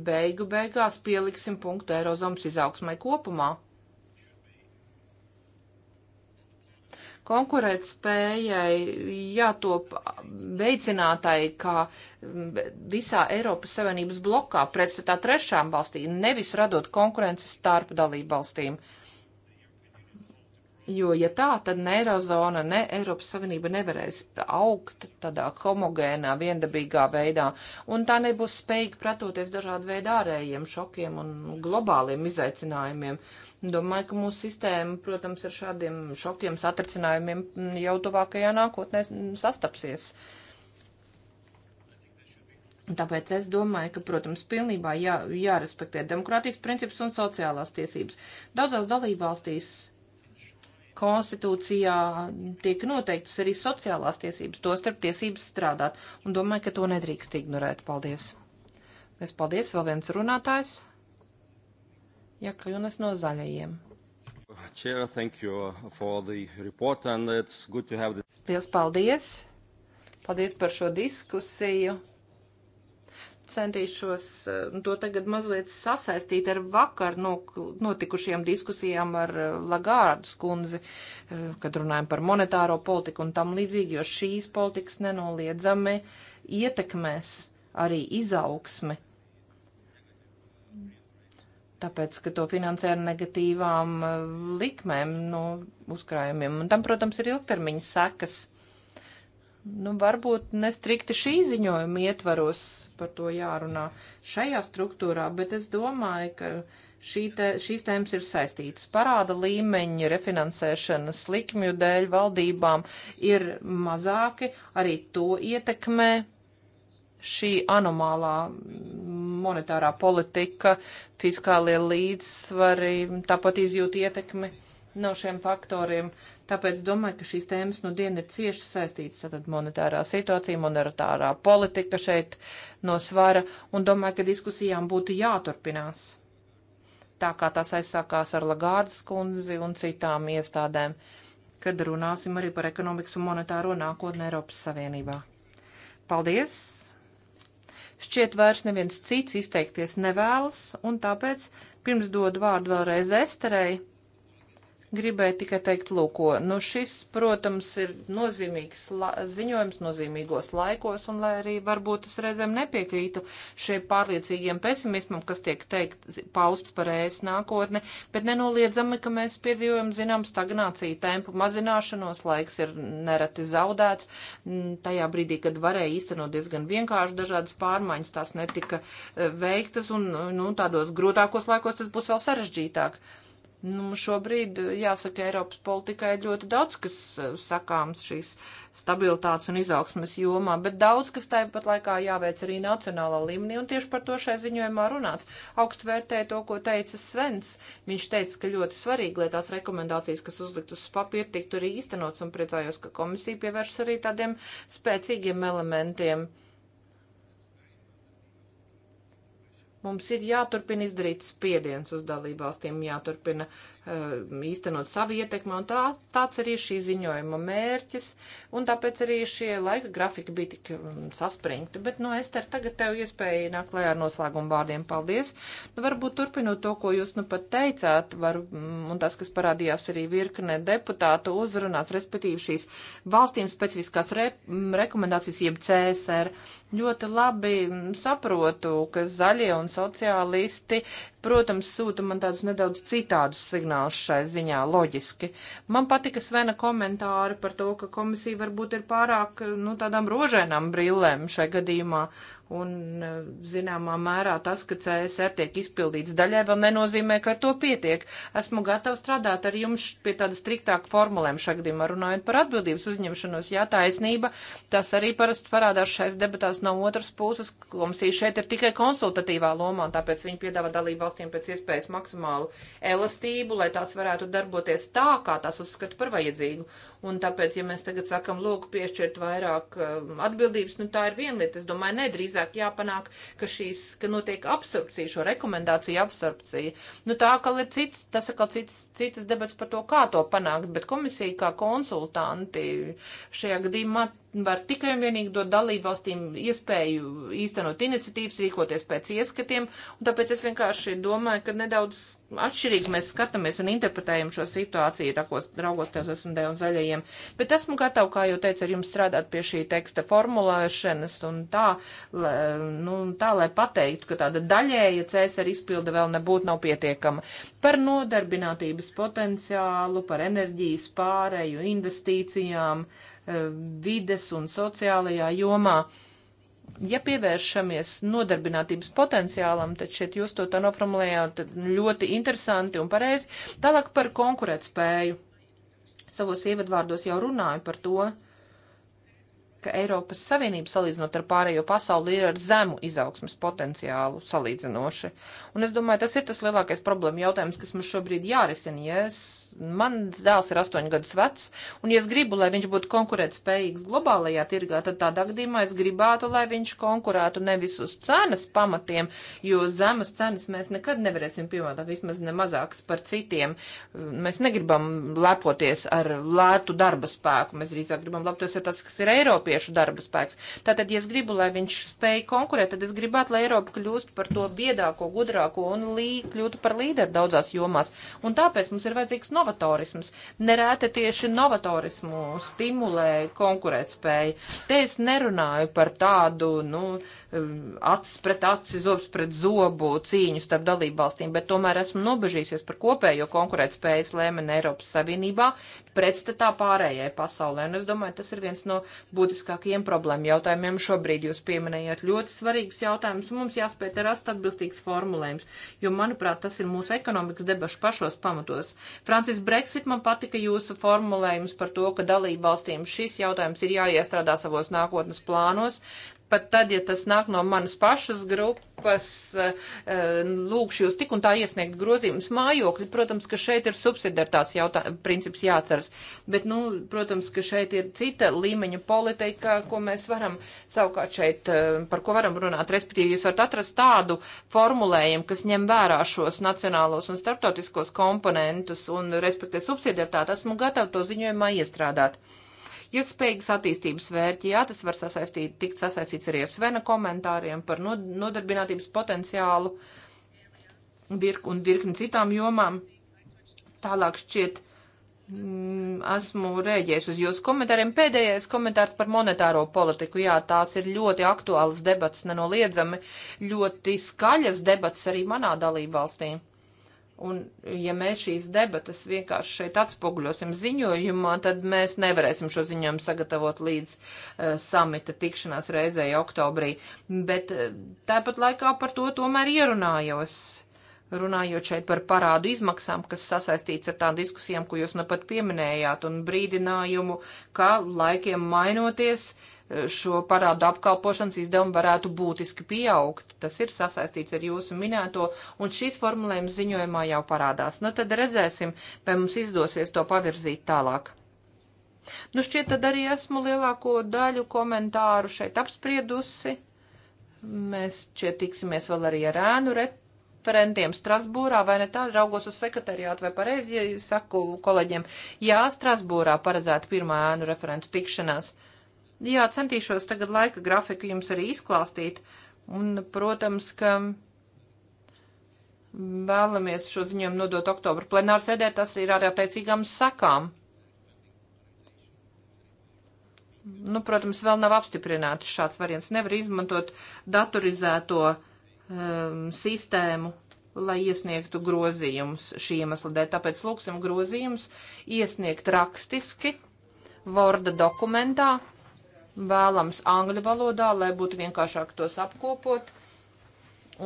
B: beigu beigās pieliksim punktu Eirozonas izaugsmai kopumā. konkurētspējai jātop veicinātai, kā visā Eiropas Savienības blokā pretstatā trešām valstīm, nevis radot konkurences starp dalību valstīm. Uh, Jo, ja tā, tad ne Eirozona, ne Eiropas Savienība nevarēs augt tādā homogēnā, viendabīgā veidā, un tā nebūs spējīga pretoties dažādu veidu ārējiem šokiem un globāliem izaicinājumiem. Domāju, ka mūsu sistēma, protams, ar šādiem šokiem, satricinājumiem jau tuvākajā nākotnē sastapsies. Tāpēc es domāju, ka, protams, pilnībā jā, jārespektē demokrātijas princips un sociālās tiesības. Daudzās dalībvalstīs konstitūcijā tiek noteiktas arī sociālās tiesības, to starp tiesības strādāt, un domāju, ka to nedrīkst ignorēt. Paldies! Es paldies, vēl viens runātājs. Jakļunas no zaļajiem.
A: Chair, thank you for the report and it's good to have the...
B: Liels paldies! Paldies par šo diskusiju centīšos eh, to tagad mazliet sasaistīt ar vakar notikušajām diskusijām ar eh, Lagārdas kundzi, eh, kad runājam par monetāro politiku un tam līdzīgi, jo šīs politikas nenoliedzami ietekmēs arī izaugsmi. Tāpēc, ka to finansē ar negatīvām likmēm no nu, uzkrājumiem. Un tam, protams, ir ilgtermiņa sekas nu, varbūt nestrikti šī ziņojuma ietvaros par to jārunā šajā struktūrā, bet es domāju, ka šī te, šīs tēmas ir saistītas. Parāda līmeņi refinansēšanas likmju dēļ valdībām ir mazāki, arī to ietekmē šī anomālā monetārā politika, fiskālie līdzsvari, tāpat izjūta ietekmi no šiem faktoriem. Uh, Tāpēc domāju, ka šīs tēmas no nu diena ir cieši saistītas. Tātad monetārā situācija, monetārā politika šeit no svara. Un domāju, ka diskusijām būtu jāturpinās. Tā kā tās aizsākās ar Lagārdas kundzi un citām iestādēm, kad runāsim arī par ekonomikas un monetāro nākotni Eiropas Savienībā. Paldies! Šķiet, vairs neviens cits izteikties nevēlas, un tāpēc pirms dodu vārdu vēlreiz Esterei. Gribēju tikai teikt, lūk, nu šis, protams, ir nozīmīgs ziņojums nozīmīgos laikos, un lai arī varbūt es reizēm nepiekrītu šiem pārliecīgiem pesimismam, kas tiek teikt pausts par ēs nākotne, bet nenoliedzami, ka mēs piedzīvojam, zinām, stagnāciju tempu mazināšanos, laiks ir nereti zaudēts. Tajā brīdī, kad varēja īstenot diezgan vienkārši dažādas pārmaiņas, tās netika e, veiktas, un nu, tādos grūtākos laikos tas būs vēl sarežģītāk. Nu, šobrīd, eh, jāsaka, Eiropas politikai ir ļoti daudz, kas eh, sakāms šīs stabilitātes un izaugsmes jomā, bet daudz, kas tāpat laikā jāveic arī nacionālā līmenī, un tieši par to šai ziņojumā runāts. Augstu vērtēja to, ko teica Svens. Viņš teica, ka ļoti svarīgi, lai tās rekomendācijas, kas uzliktas uz papīra, tiktu arī īstenots, un priecājos, ka komisija pievērš arī tādiem spēcīgiem elementiem. Uh, Mums ir jāturpina izdarīt spiediens uz dalībvalstīm, jāturpina Um, īstenot savu ietekmi, un tā, tāds arī šī ziņojuma mērķis, un tāpēc arī šie laika grafiki bija tik um, saspringti. Bet, nu, Ester, tagad tev iespēja nākt klajā ar noslēgumu vārdiem. Paldies! Nu, varbūt turpinot to, ko jūs nu pat teicāt, var, mm, un tas, kas parādījās arī virkne deputātu uzrunās, respektīvi šīs valstīm specifiskās re mm, rekomendācijas, jeb CSR, ļoti labi mm, saprotu, ka zaļie un sociālisti protams, sūta man tādus nedaudz citādus signālus šai ziņā, loģiski. Man patika Svena komentāri par to, ka komisija varbūt ir pārāk, nu, tādām rožainām brillēm šai gadījumā Un, e, zināmā mērā, tas, ka CSR tiek izpildīts daļai, vēl nenozīmē, ka ar to pietiek. Esmu gatava strādāt ar jums pie tādas striktāka formulēm šagadījumā, runājot par atbildības uzņemšanos. Jā, taisnība, tas arī parasti parādās šais debatās no otras puses. Komisija šeit ir tikai konsultatīvā lomā, un tāpēc viņi piedāvā dalību valstīm pēc iespējas maksimālu elastību, lai tās varētu darboties tā, kā tās uzskata par vajadzīgu. Un tāpēc, ja mēs tagad sakam, lūk, piešķirt vairāk um, atbildības, nu tā ir viena lieta. Es domāju, nedrīzāk jāpanāk, ka šīs, ka notiek absorpcija, šo rekomendāciju absorpcija. Nu tā, ka ir cits, tas ir kā cits, citas debats par to, kā to panākt, bet komisija kā konsultanti šajā gadījumā var tikai un vienīgi dot dalību valstīm iespēju īstenot iniciatīvas, rīkoties pēc ieskatiem, un tāpēc es vienkārši domāju, ka nedaudz atšķirīgi mēs skatāmies un interpretējam šo situāciju, rakos, raugos tev SND un zaļajiem, bet esmu gatava, kā jau teicu, ar jums strādāt pie šī teksta formulēšanas un tā, lai, nu, tā, lai pateiktu, ka tāda daļēja CSR izpilda vēl nebūtu nav pietiekama. Par nodarbinātības potenciālu, par enerģijas pārēju, investīcijām. Uh, Eh, vides un sociālajā jomā. Ja pievēršamies nodarbinātības potenciālam, tad šeit jūs to tā noformulējāt ļoti interesanti un pareizi. Tālāk par konkurētspēju. Savos ievadvārdos jau runāju par to, uh, ka Eiropas Savienība salīdzinot ar pārējo pasauli ir ar zemu izaugsmas potenciālu salīdzinoši. Un es domāju, tas ir tas lielākais problēma jautājums, kas mums šobrīd jārisina. Ja es, man dēls ir astoņu gadus vecs, un ja es gribu, lai viņš būtu konkurētspējīgs globālajā tirgā, tad tādā gadījumā es gribētu, lai viņš konkurētu nevis uz cenas pamatiem, jo zemas cenas mēs nekad nevarēsim piemērot, vismaz ne mazākas par citiem. Mēs negribam lepoties ar lētu darba spēku, mēs drīzāk gribam lepoties ar tas, kas ir Eiropieši latviešu darba spēks. Tātad, ja es gribu, lai viņš spēj konkurēt, tad es gribētu, lai Eiropa kļūst par to biedāko, gudrāko un lī, kļūtu par līderi daudzās jomās. Un tāpēc mums ir vajadzīgs novatorisms. Nerēta tieši novatorismu stimulē konkurētspēju. Te es nerunāju par tādu, nu, Um, acis pret acis, zobs pret zobu cīņu starp dalībvalstīm, bet tomēr esmu nobežījusies par kopējo konkurētspējas lēmeni Eiropas Savienībā pretstatā pārējai pasaulē. Un es domāju, tas ir viens no būtiskākajiem problēmu jautājumiem šobrīd. Jūs pieminējāt ļoti svarīgus jautājumus, un mums jāspēj te rast atbilstīgs formulējums, jo, manuprāt, tas ir mūsu ekonomikas debašu pašos pamatos. Francis Brexit man patika jūsu formulējums par to, ka dalībvalstīm šis jautājums ir jāiestrādā savos nākotnes plānos, pat tad, ja tas nāk no manas pašas grupas, eh, lūkšu jūs tik un tā iesniegt grozījumus mājokļi. Protams, ka šeit ir subsidiartāts jautā, princips jāatceras, bet, nu, protams, ka šeit ir cita līmeņa politika, ko mēs varam savukārt šeit, eh, par ko varam runāt. Respektīvi, jūs varat atrast tādu formulējumu, kas ņem vērā šos nacionālos un starptautiskos komponentus un respektē subsidiartāti. Esmu gatava to ziņojumā iestrādāt. Ilgspējīgas attīstības vērķi, jā, tas var sasaistīt, tikt sasaistīts arī ar Svena komentāriem par nodarbinātības potenciālu virk un virkni citām jomām. Tālāk šķiet, mm, Esmu rēģējis uz jūsu komentāriem. Pēdējais komentārs par monetāro politiku. Jā, tās ir ļoti aktuālas debats, nenoliedzami ļoti skaļas debats arī manā dalībvalstī. valstī Un, ja mēs šīs debatas vienkārši šeit atspoguļosim ziņojumā, tad mēs nevarēsim šo ziņojumu sagatavot līdz uh, samita tikšanās reizei oktobrī. Bet uh, tāpat laikā par to tomēr ierunājos. Runājot šeit par parādu izmaksām, kas sasaistīts ar tām diskusijām, ko jūs nu pat pieminējāt, un brīdinājumu, ka laikiem mainoties, uh, šo parādu apkalpošanas izdevumu varētu būtiski pieaugt. Tas ir sasaistīts ar jūsu minēto, un šīs formulējums ziņojumā jau parādās. Nu tad redzēsim, vai mums izdosies to pavirzīt tālāk. Nu šķiet, tad arī esmu lielāko daļu komentāru šeit apspriedusi. Mēs šeit tiksimies vēl arī ar ēnu referentiem Strasbūrā, vai ne tā, raugos uz sekretariātu, vai pareizi, ja saku kolēģiem, jā, Strasbūrā paredzēta pirmā ēnu referentu tikšanās. Jā, centīšos tagad laika grafiku jums arī izklāstīt. Un, protams, ka vēlamies šo ziņojumu nodot oktobra plenārsēdē, tas ir arī attiecīgām sakām. Nu, protams, vēl nav apstiprināts šāds variants. Nevar izmantot datorizēto um, sistēmu, lai iesniegtu grozījumus šī iemesla dēļ. Tāpēc lūksim grozījumus iesniegt rakstiski Vorda dokumentā vēlams angļu valodā, lai būtu vienkāršāk tos apkopot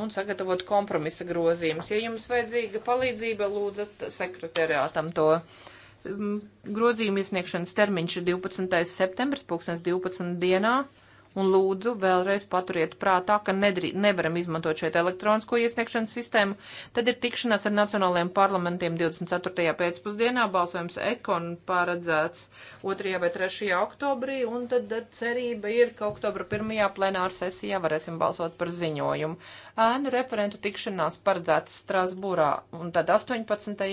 B: un sagatavot kompromisa grozījumus. Ja jums vajadzīga palīdzība, lūdzat sekretariātam to. Mm, grozījuma iesniegšanas termiņš ir 12. septembris, 2012. dienā. Un lūdzu, vēlreiz paturiet prātā, ka nedrī, nevaram izmantot šeit elektronisko iesniegšanas sistēmu. Tad ir tikšanās ar nacionālajiem parlamentiem 24. pēcpusdienā, balsojums ekon paredzēts 2. vai 3. oktobrī, un tad, tad cerība ir, ka oktobra 1. plenāra sesijā varēsim balsot par ziņojumu. Ēnu referentu tikšanās paredzētas Strasbūrā, un tad 18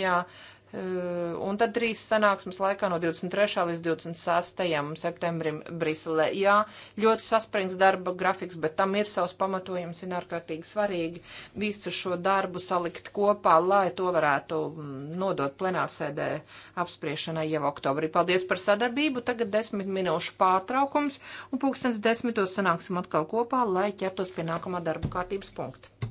B: Eh, un tad trīs sanāksmes laikā no 23. līdz 26. septembrim Briselē. Jā, ļoti saspringts darba grafiks, bet tam ir savs pamatojums un ārkārtīgi svarīgi visu šo darbu salikt kopā, lai to varētu mm, nodot plenārsēdē apspriešanai jau oktobrī. Paldies par sadarbību. Tagad desmit minūšu pārtraukums un pulkstens desmitos sanāksim atkal kopā, lai ķertos pie nākamā darba kārtības punkta.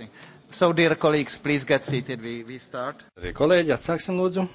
B: interesting. So, dear colleagues, please get seated. We, we start.
A: Kolēģi, atsāksim lūdzu.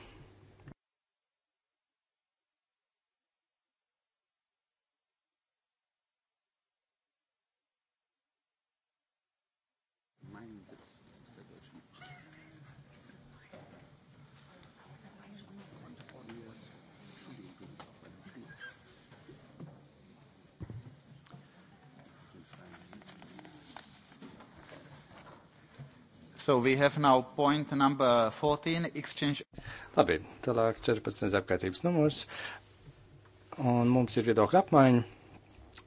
A: So we have now point number 14, exchange. Labi, tālāk 14. apkārtības numurs. Un mums ir viedokļa apmaiņa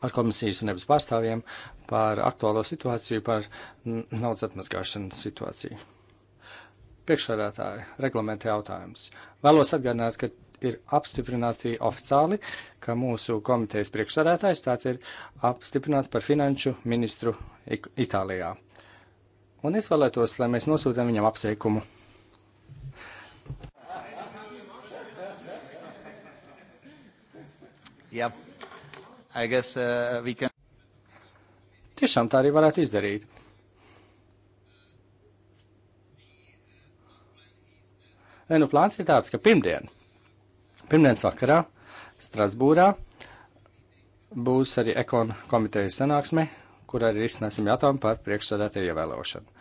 A: ar komisijas un nebas pārstāvjiem par aktuālo situāciju, par naudas atmazgāšanas situāciju. Priekšsādātāji, reglamenta jautājums. Vēlos atgādināt, ka ir apstiprināts arī oficiāli, ka mūsu komitejas priekšsādātājs tātad ir apstiprināts par finanšu ministru Itālijā. Un es vēlētos, lai mēs nosūtām viņam apsveikumu. Yep. I guess, uh, we can... Tiešām tā arī varētu izdarīt. Nē, nu plāns ir tāds, ka pirmdien, pirmdienas vakarā Strasbūrā būs arī ekon komitejas sanāksme, kur arī izsnēsim jautājumu par priekšsādātāju ievēlošanu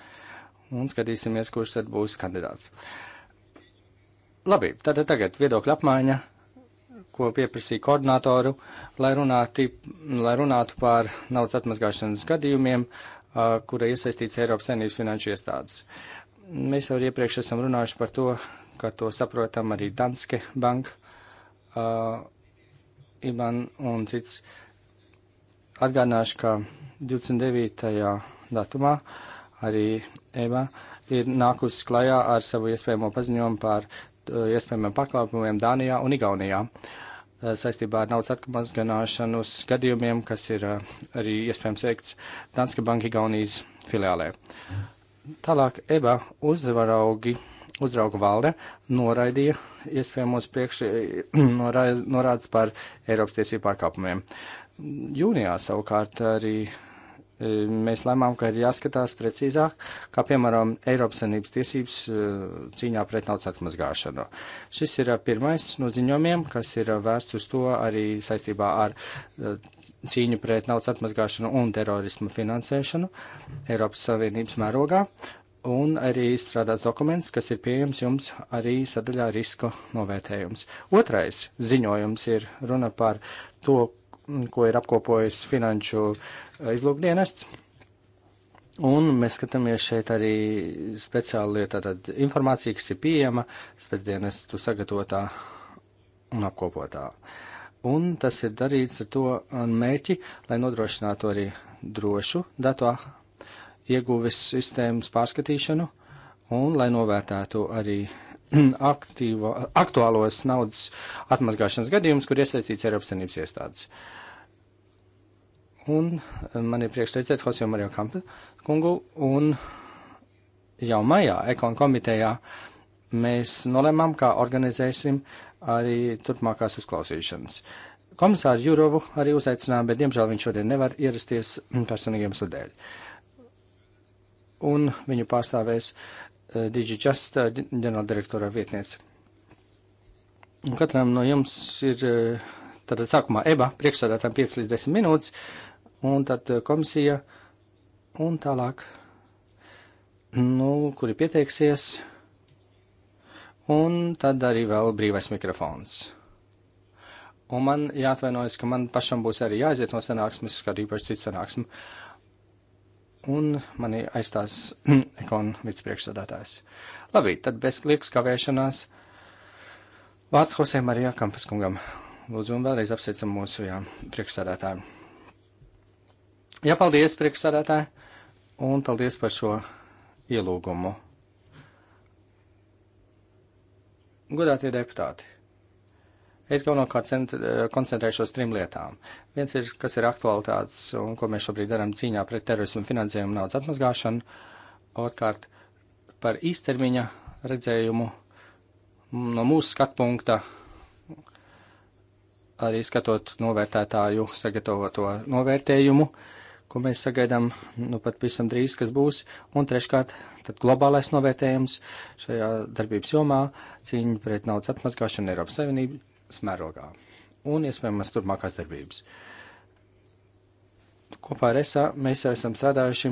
A: un skatīsimies, kurš tad būs kandidāts. Labi, tātad tagad viedokļa apmaiņa, ko pieprasīja koordinātoru, lai runātu, lai runātu par naudas atmazgāšanas gadījumiem, kura iesaistīts Eiropas Savienības finanšu iestādes. Mēs jau iepriekš esam runājuši par to, ka to saprotam arī Danske Bank, uh, Iban un cits. Atgādināšu, ka 29. datumā uh, arī Eva ir nākusi klajā ar savu iespējamo paziņojumu par eh, iespējamiem pakalpojumiem Dānijā un Igaunijā eh, saistībā ar naudas atmazgāšanas gadījumiem, kas ir eh, arī iespējams veikts Danske Banka Igaunijas filiālē. Tālāk EBA uzvaraugi, uzrauga valde noraidīja iespējamos priekš <clears throat> norādes par Eiropas tiesību pārkāpumiem. Jūnijā savukārt arī E, mēs lēmām, ka ir jāskatās precīzāk, kā piemēram Eiropas Sanības tiesības e, cīņā pret naudas atmazgāšanu. Šis ir e, pirmais no ziņojumiem, kas ir vērsts uz to arī saistībā ar cīņu pret naudas atmazgāšanu un terorismu finansēšanu Eiropas Savienības mērogā. Un arī izstrādāts dokuments, kas ir pieejams jums arī sadaļā riska novērtējums. Otrais ziņojums ir runa par to, ko ir apkopojis Finanšu eh, izlūkdienests. Un mēs skatāmies šeit arī speciāli tātad informācija, kas ir pieejama spēcdienestu sagatavotā un apkopotā. Un tas ir darīts ar to mērķi, lai nodrošinātu arī drošu datu ieguves sistēmas pārskatīšanu un lai novērtētu arī <clears throat> aktīvo, aktuālos naudas atmazgāšanas gadījumus, kur iesaistīts Eiropas Savienības iestādes. Un eh, man ir prieks teicēt Hosio Mario Kampe kungu, un jau maijā ekon komitejā mēs nolēmām, kā organizēsim arī turpmākās uzklausīšanas. Komisāru Jurovu arī uzaicinām, bet diemžēl viņš šodien nevar ierasties <clears throat> personīgiem sudēļ. Un viņu pārstāvēs uh, Eh, DigiJust eh, ģenerāldirektora vietniece. Un katram no jums ir tātad eh, sākumā EBA priekšsādātām 5 līdz 10 minūtes, un tad komisija, un tālāk, nu, kuri pieteiksies, un tad arī vēl brīvais mikrofons. Un man jāatvainojas, ka man pašam būs arī jāiziet no sanāksmes, kā arī par citu sanāksmu. Uh, un mani aizstās <clears throat> ekonu vicepriekšsādātājs. Labi, tad bez liekas kavēšanās vārds Hosē Marijā Kampaskungam. Lūdzu, un vēlreiz apsveicam mūsu jā, priekšsādātāju. Jā, paldies, priekšsādātāji, un paldies par šo ielūgumu. Godātie deputāti! Es galvenokārt eh, koncentrēšos trim lietām. Viens ir, kas ir aktualitātes un ko mēs šobrīd darām cīņā pret terorismu finansējumu un naudas atmazgāšanu. Otkārt, par īstermiņa redzējumu no mūsu skatpunkta, arī skatot novērtētāju sagatavoto novērtējumu, ko mēs sagaidām, nu pat visam drīz, kas būs. Un treškārt, tad globālais novērtējums šajā darbības jomā - cīņa pret naudas atmazgāšanu Eiropas Savienību mērogā un iespējamas turpmākās darbības. Kopā ar ESA mēs jau esam strādājuši,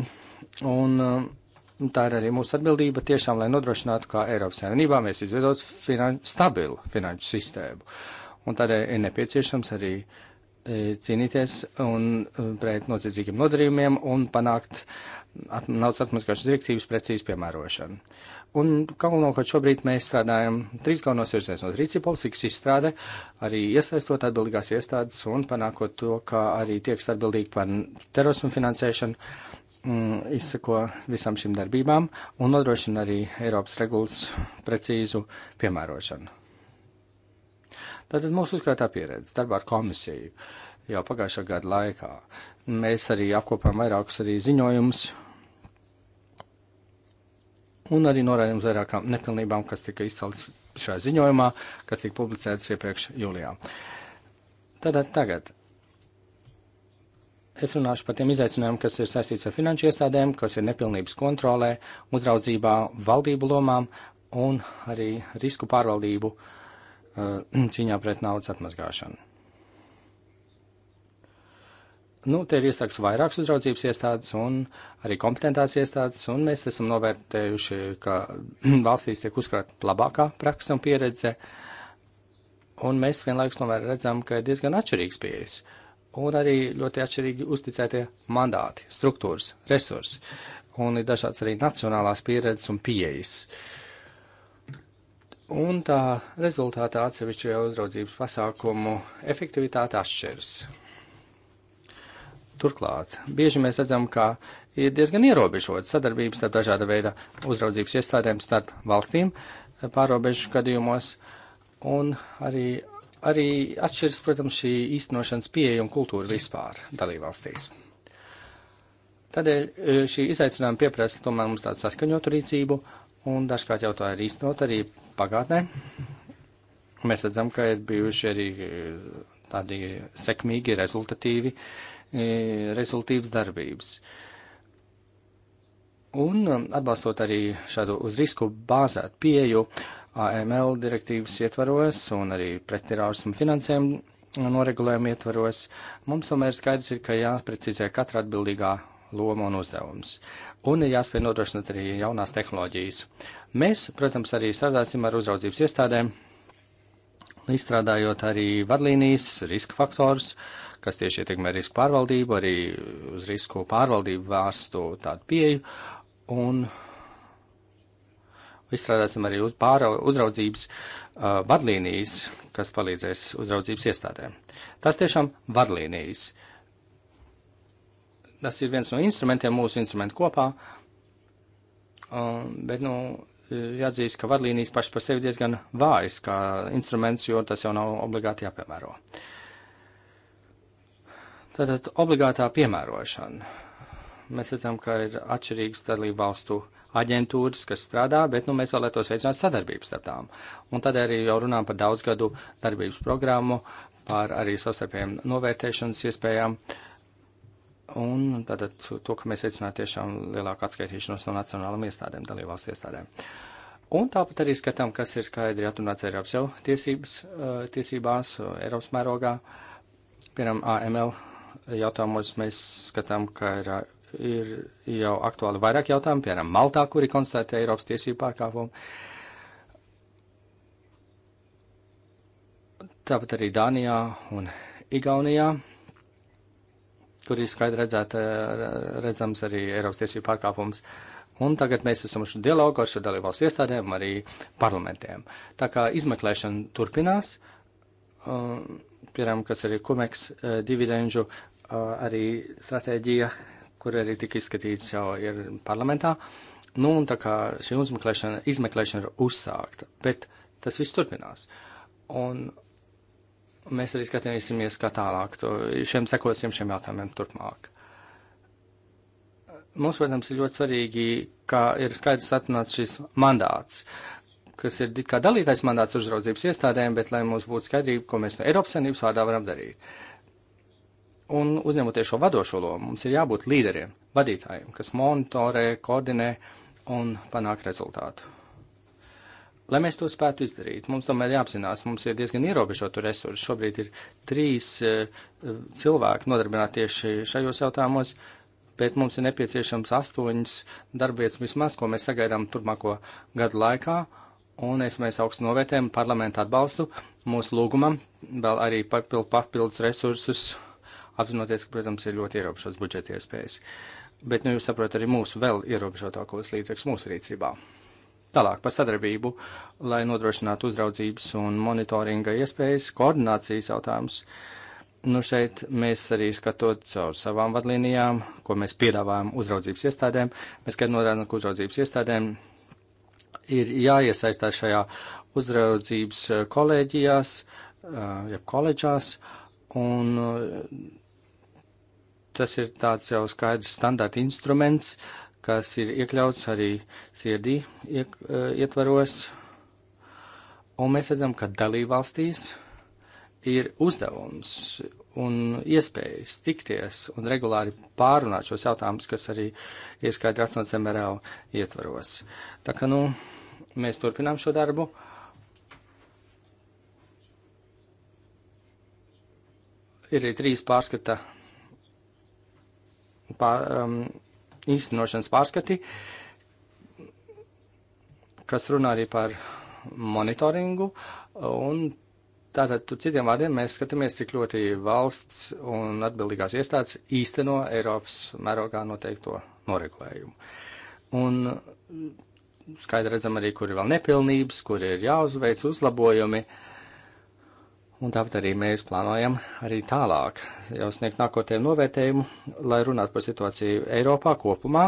A: un uh, tā ir arī mūsu atbildība tiešām, lai nodrošinātu, kā Eiropas Savienībā mēs izveidot finan stabilu finanšu sistēmu. Un tādēļ ir nepieciešams arī e, cīnīties un e, pret noziedzīgiem nodarījumiem un panākt at naudas atmaskāšanas direktīvas precīzu piemērošanu. Uh, Un galvenokārt šobrīd mēs strādājam trīs galvenos virzienos - rīcība politikas izstrāde, arī iesaistot atbildīgās iestādes un panākot to, ka arī tiek atbildīgi par terorismu finansēšanu, mm, izsako visam šim darbībām un nodrošina arī Eiropas regulas precīzu piemērošanu. Tātad mūsu uzkrātā pieredze darbā ar komisiju jau pagājušā gada laikā. Mēs arī apkopām vairākus arī ziņojumus un arī norādījām uz vairākām nepilnībām, kas tika izceltas šajā ziņojumā, kas tika publicēts iepriekš jūlijā. Tātad tagad es runāšu par tiem izaicinājumiem, kas ir saistīts ar finanšu iestādēm, kas ir nepilnības kontrolē, uzraudzībā, valdību lomām un arī risku pārvaldību uh, <clears throat> cīņā pret naudas atmazgāšanu. Nu, te ir iestāks vairākas uzraudzības iestādes un arī kompetentās iestādes, un mēs esam novērtējuši, ka <clears throat> valstīs tiek uzkrāt labākā praksa un pieredze, un mēs vienlaikus tomēr redzam, ka ir diezgan atšķirīgs pieejas, un arī ļoti atšķirīgi uzticētie mandāti, struktūras, resursi, un ir dažāds arī nacionālās pieredzes un pieejas. Un tā rezultātā atsevišķajā uzraudzības pasākumu efektivitāte atšķiras. Turklāt, bieži mēs redzam, ka ir diezgan ierobežota sadarbības starp dažāda veida uzraudzības iestādēm starp valstīm eh, pārobežu gadījumos, un arī, arī atšķiras, protams, šī īstenošanas pieeja un kultūra vispār dalībvalstīs. Tādēļ eh, šī izaicinājuma pieprasa tomēr mums tādu saskaņotu rīcību, un dažkārt jau tā ir īstenot arī pagātnē. Mēs redzam, ka ir bijuši arī eh, tādi sekmīgi, rezultatīvi uh, E, rezultīvas darbības. Un um, atbalstot arī šādu uz risku bāzētu pieju AML direktīvas ietvaros un arī pretterorismu finansējumu noregulējumu ietvaros, mums tomēr skaidrs ir, ka jāprecizē katra atbildīgā loma un uzdevums. Un ir jāspēj nodrošināt arī jaunās tehnoloģijas. Mēs, protams, arī strādāsim ar uzraudzības iestādēm, izstrādājot arī vadlīnijas, riska faktors, uh, kas tieši ietekmē risku pārvaldību, arī uz risku pārvaldību vērstu tādu pieju. Un izstrādāsim arī uz pāra, uzraudzības uh, vadlīnijas, kas palīdzēs uzraudzības iestādēm. Tas tiešām vadlīnijas. Tas ir viens no instrumentiem mūsu instrumentu kopā, um, bet, nu, jāatzīst, ka vadlīnijas paši par sevi diezgan vājas kā instruments, jo tas jau nav obligāti jāpiemēro. Uh, Tātad obligātā piemērošana. Mēs redzam, ka ir atšķirīgas dalību valstu aģentūras, kas strādā, bet nu, mēs vēlētos veicināt sadarbību starp tām. Un tad arī jau runājam par daudzgadu darbības programmu, par arī sastarpējiem novērtēšanas iespējām. Un tātad to, ka mēs veicinām tiešām lielāku atskaitīšanos no nacionālām iestādēm, dalībvalstu iestādēm. Un tāpat arī skatām, kas ir skaidri atrunāts Eiropas jau tiesības, eh, tiesībās, eh, Eiropas mērogā, piemēram, AML jautājumos mēs skatām, ka ir, ir jau aktuāli vairāk jautājumu, piemēram, Maltā, kuri konstatē Eiropas tiesību pārkāpumu. Tāpat arī Dānijā un Igaunijā, kur ir skaidri redzēt, redzams arī Eiropas tiesību pārkāpums. Un tagad mēs esam šo dialogu ar šo dalībvalstu iestādēm, arī parlamentiem. Tā kā izmeklēšana turpinās. Um, piemēram, kas arī kumeks eh, dividendžu arī stratēģija, kur arī tika izskatīts jau ir parlamentā. Nu, un tā kā šī uzmeklēšana, izmeklēšana ir uzsākta, bet tas viss turpinās. Un mēs arī skatīsimies, kā tālāk, to, šiem sekosim šiem jautājumiem turpmāk. Mums, protams, ir ļoti svarīgi, kā ir skaidrs atrunāts šis mandāts. Uh, kas ir kā dalītais mandāts uzraudzības iestādēm, bet lai mums būtu skaidrība, ko mēs no Eiropas Savienības vārdā varam darīt. Un uzņemoties šo vadošo lomu, mums ir jābūt līderiem, vadītājiem, kas monitorē, koordinē un panāk rezultātu. Lai mēs to spētu izdarīt, mums tomēr jāapzinās, mums ir diezgan ierobežotu resursu. Šobrīd ir trīs eh, cilvēki nodarbināti tieši šajos jautājumos, bet mums ir nepieciešams astoņas darbvietas vismaz, ko mēs sagaidām turpmāko gadu laikā, un es mēs augstu novērtējam parlamentu atbalstu mūsu lūgumam, vēl arī papild, papildus resursus, apzinoties, ka, protams, ir ļoti ierobežots budžeta iespējas. Bet, nu, jūs saprotat, arī mūsu vēl ierobežotākos līdzekļus mūsu rīcībā. Tālāk par sadarbību, lai nodrošinātu uzraudzības un monitoringa iespējas, koordinācijas jautājumus. Nu, šeit mēs arī skatot caur savām vadlīnijām, ko mēs piedāvājam uzraudzības iestādēm. Mēs, kad norādām, ka uzraudzības iestādēm ir jāiesaistās šajā uzraudzības eh, kolēģijās, eh, jeb koledžās, un eh, tas ir tāds jau skaidrs standarta instruments, kas ir iekļauts arī sirdī iek, ietvaros, un mēs redzam, ka dalībvalstīs ir uzdevums un iespējas tikties un regulāri pārunāt šos jautājumus, kas arī ir skaidri atsnots MRL ietvaros. Tā ka, nu, mēs turpinām šo darbu. Ir arī trīs pārskata pār, um, īstenošanas pārskati, kas runā arī par monitoringu, un Tātad, citiem vārdiem, mēs skatāmies, cik ļoti valsts un atbildīgās iestādes īsteno Eiropas mērogā noteikto noregulējumu. Un skaidri redzam arī, kur ir vēl nepilnības, kur ir jāuzveic uzlabojumi. Uh, Un tāpat arī mēs plānojam arī tālāk jau sniegt nākotnēm novērtējumu, lai runātu par situāciju Eiropā kopumā,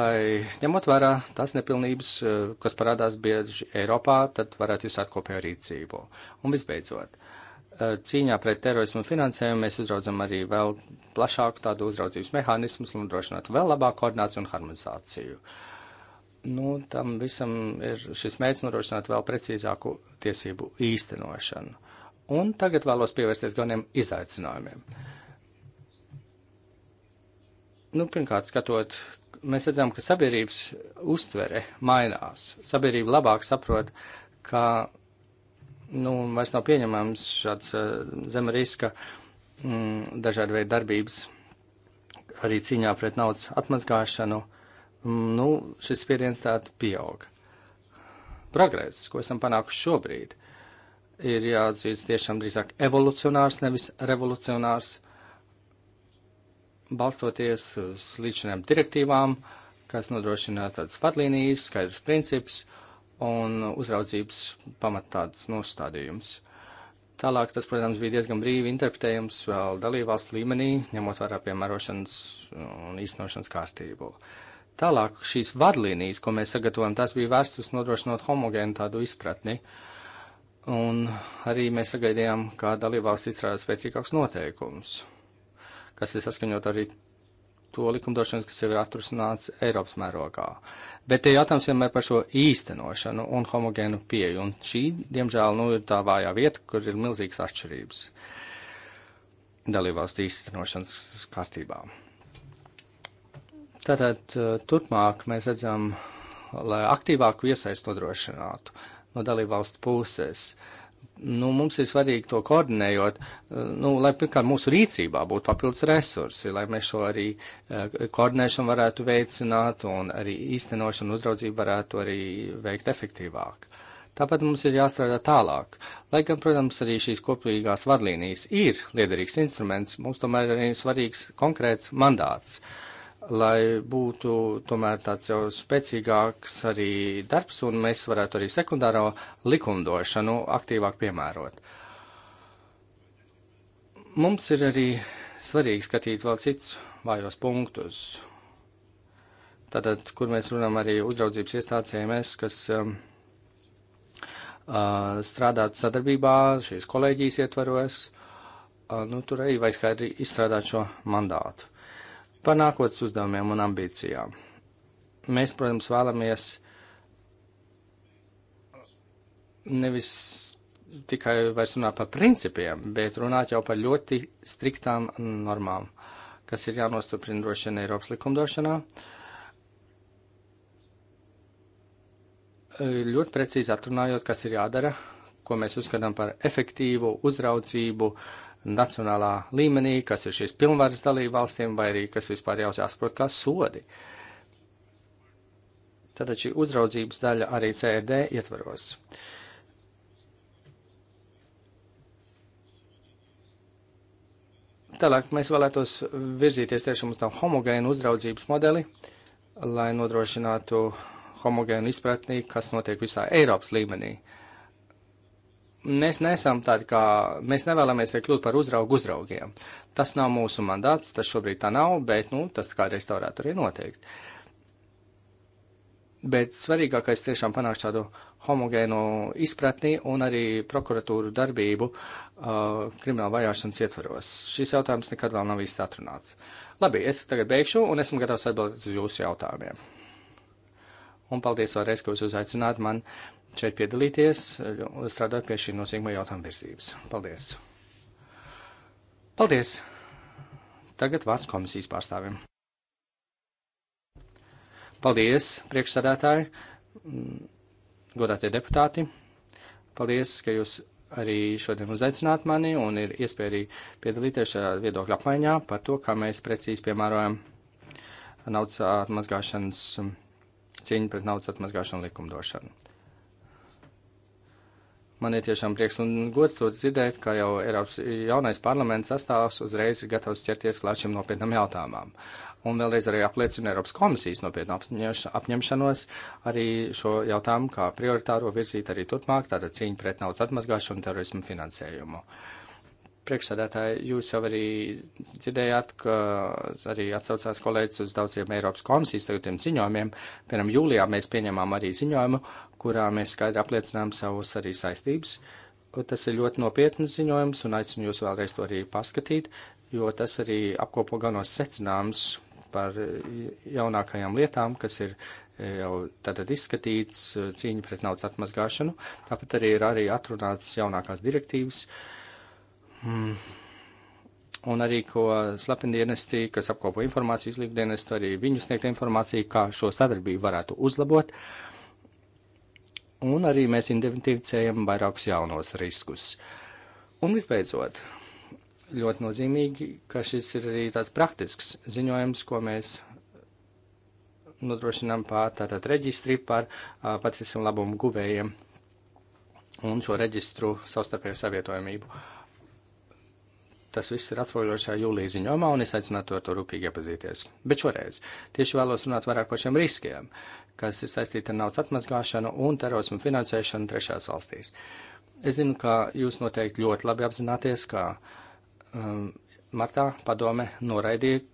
A: lai ņemot vērā tās nepilnības, eh, kas parādās bieži Eiropā, tad varētu jūs atkopēju rīcību. Un visbeidzot, eh, cīņā pret terorismu finansējumu mēs uzraudzam arī vēl plašāku tādu uzraudzības mehānismus un drošinātu vēl labāku koordināciju un harmonizāciju. Nu, tam visam ir šis mērķis nodrošināt vēl precīzāku tiesību īstenošanu. Un tagad vēlos pievērsties galveniem izaicinājumiem. Nu, pirmkārt, skatot, mēs redzam, ka sabiedrības uztvere mainās. Sabiedrība labāk saprot, ka nu, vairs nav pieņemams šāds uh, eh, zem riska mm, dažādi veidi darbības, arī cīņā pret naudas atmazgāšanu. Mm, nu, šis spiediens tātad pieaug. Progress, ko esam panākuši šobrīd, uh, ir jāatzīst tiešām drīzāk evolucionārs, nevis revolucionārs, balstoties uz līdzinām direktīvām, kas nodrošina tādas vadlīnijas, skaidrs princips un uzraudzības pamat tādas nostādījums. Tālāk tas, protams, bija diezgan brīvi interpretējams vēl dalībvalstu līmenī, ņemot vērā piemērošanas un īstenošanas kārtību. Tālāk šīs vadlīnijas, ko mēs sagatavojam, tās bija vērstas nodrošinot homogēnu tādu izpratni. Uh, Un arī mēs sagaidījām, kā dalībvalsts izstrādā spēcīgāks noteikums, kas ir saskaņot arī to likumdošanas, kas jau ir atrusināts Eiropas mērogā. Bet te jautājums vienmēr par šo īstenošanu un homogēnu pieju, un šī, diemžēl, nu, ir tā vājā vieta, kur ir milzīgas atšķirības dalībvalstu īstenošanas kārtībā. Tātad eh, turpmāk mēs redzam, lai aktīvāku iesaistu nodrošinātu no dalībvalstu puses. Nu, mums ir svarīgi to koordinējot, eh, nu, lai pirmkārt mūsu rīcībā būtu papildus resursi, lai mēs šo arī eh, koordinēšanu varētu veicināt un arī īstenošanu uzraudzību varētu arī veikt efektīvāk. Tāpat mums ir jāstrādā tālāk. Lai gan, protams, arī šīs kopīgās vadlīnijas ir liederīgs instruments, mums tomēr ir arī svarīgs konkrēts mandāts. Uh, lai būtu tomēr tāds jau spēcīgāks arī darbs, un mēs varētu arī sekundāro likumdošanu aktīvāk piemērot. Mums ir arī svarīgi skatīt vēl cits vājos punktus. Tātad, kur mēs runām arī uzraudzības iestādes EMS, kas um, uh, strādātu sadarbībā šīs kolēģijas ietvaros, uh, nu, tur arī vajag skaidri izstrādāt šo mandātu. Par nākotnes uzdevumiem un ambīcijām. Mēs, protams, vēlamies nevis tikai vairs runāt par principiem, bet runāt jau par ļoti striktām normām, kas ir jānostiprina droši vien Eiropas likumdošanā. Ļoti precīzi atrunājot, kas ir jādara, ko mēs uzskatām par efektīvu uzraudzību, nacionālā līmenī, kas ir šīs pilnvaras dalība valstīm, vai arī kas vispār jau jāsaprot kā sodi. Tad šī uzraudzības daļa arī CRD ietvaros. Tālāk mēs vēlētos virzīties tiešām uz tādu homogēnu uzraudzības modeli, lai nodrošinātu homogēnu izpratnī, kas notiek visā Eiropas līmenī. Uh, mēs nesam tādi kā, mēs nevēlamies arī kļūt par uzraugu uzraugiem. Tas nav mūsu mandāts, tas šobrīd tā nav, bet, nu, tas kādreiz tā varētu arī noteikt. Bet svarīgākais tiešām panākt šādu homogēnu izpratni un arī prokuratūru darbību uh, krimināla vajāšanas ietvaros. Šis jautājums nekad vēl nav īsti atrunāts. Labi, es tagad beigšu un esmu gatavs atbildēt uz jūsu jautājumiem. Un paldies vēlreiz, ka jūs uzaicināt mani šeit piedalīties un strādāt pie šī nozīmīgā jautājuma virzības. Paldies! Paldies! Tagad vārds komisijas pārstāvim. Paldies, priekšsādātāji, godātie deputāti. Paldies, ka jūs arī šodien uzaicināt mani un ir iespēja arī piedalīties šajā viedokļa apmaiņā par to, kā mēs precīzi piemērojam naudas atmazgāšanas cīņu pret naudas atmazgāšanu likumdošanu. Man ir tiešām prieks un gods to dzirdēt, ka jau Eiropas jaunais parlaments sastāvs uzreiz ir gatavs ķerties klāt šim nopietnam jautājumam. Un vēlreiz arī apliecina Eiropas komisijas nopietnu apņemšanos arī šo jautājumu kā prioritāro virzīt arī turpmāk, tātad cīņa pret naudas atmazgāšanu un terorismu finansējumu. Priekšsēdētāji, jūs jau arī dzirdējāt, ka arī atsaucās kolēģis uz daudziem Eiropas komisijas sajūtiem ziņojumiem. Piemēram, jūlijā mēs pieņemām arī ziņojumu kurā mēs skaidri apliecinām savus arī saistības. Tas ir ļoti nopietns ziņojums, un aicinu jūs vēlreiz to arī paskatīt, jo tas arī apkopo galvenos secinājumus par eh, jaunākajām lietām, kas ir eh, jau tātad izskatīts eh, cīņa pret naudas atmazgāšanu. Tāpat arī ir arī atrunāts jaunākās direktīvas. Mm un arī ko slependienesti, kas apkopo informāciju, izlīgdienestu, arī viņu sniegt informāciju, kā šo sadarbību varētu uzlabot. Uh, un arī mēs identificējam vairākus jaunos riskus. Un visbeidzot, ļoti nozīmīgi, ka šis ir arī tāds praktisks ziņojums, ko mēs nodrošinām pār tātad reģistri par patiesam labumu guvējiem un šo reģistru savstarpēju savietojamību. Tas viss ir atspoguļots šajā jūlijā ziņojumā, un es aicinātu ar to rūpīgi iepazīties. Bet šoreiz tieši vēlos runāt vairāk par šiem riskiem, kas ir saistīti ar naudas atmazgāšanu un terorismu finansēšanu trešās valstīs. Es zinu, ka jūs noteikti ļoti labi apzināties, ka um, martā padome noraidīja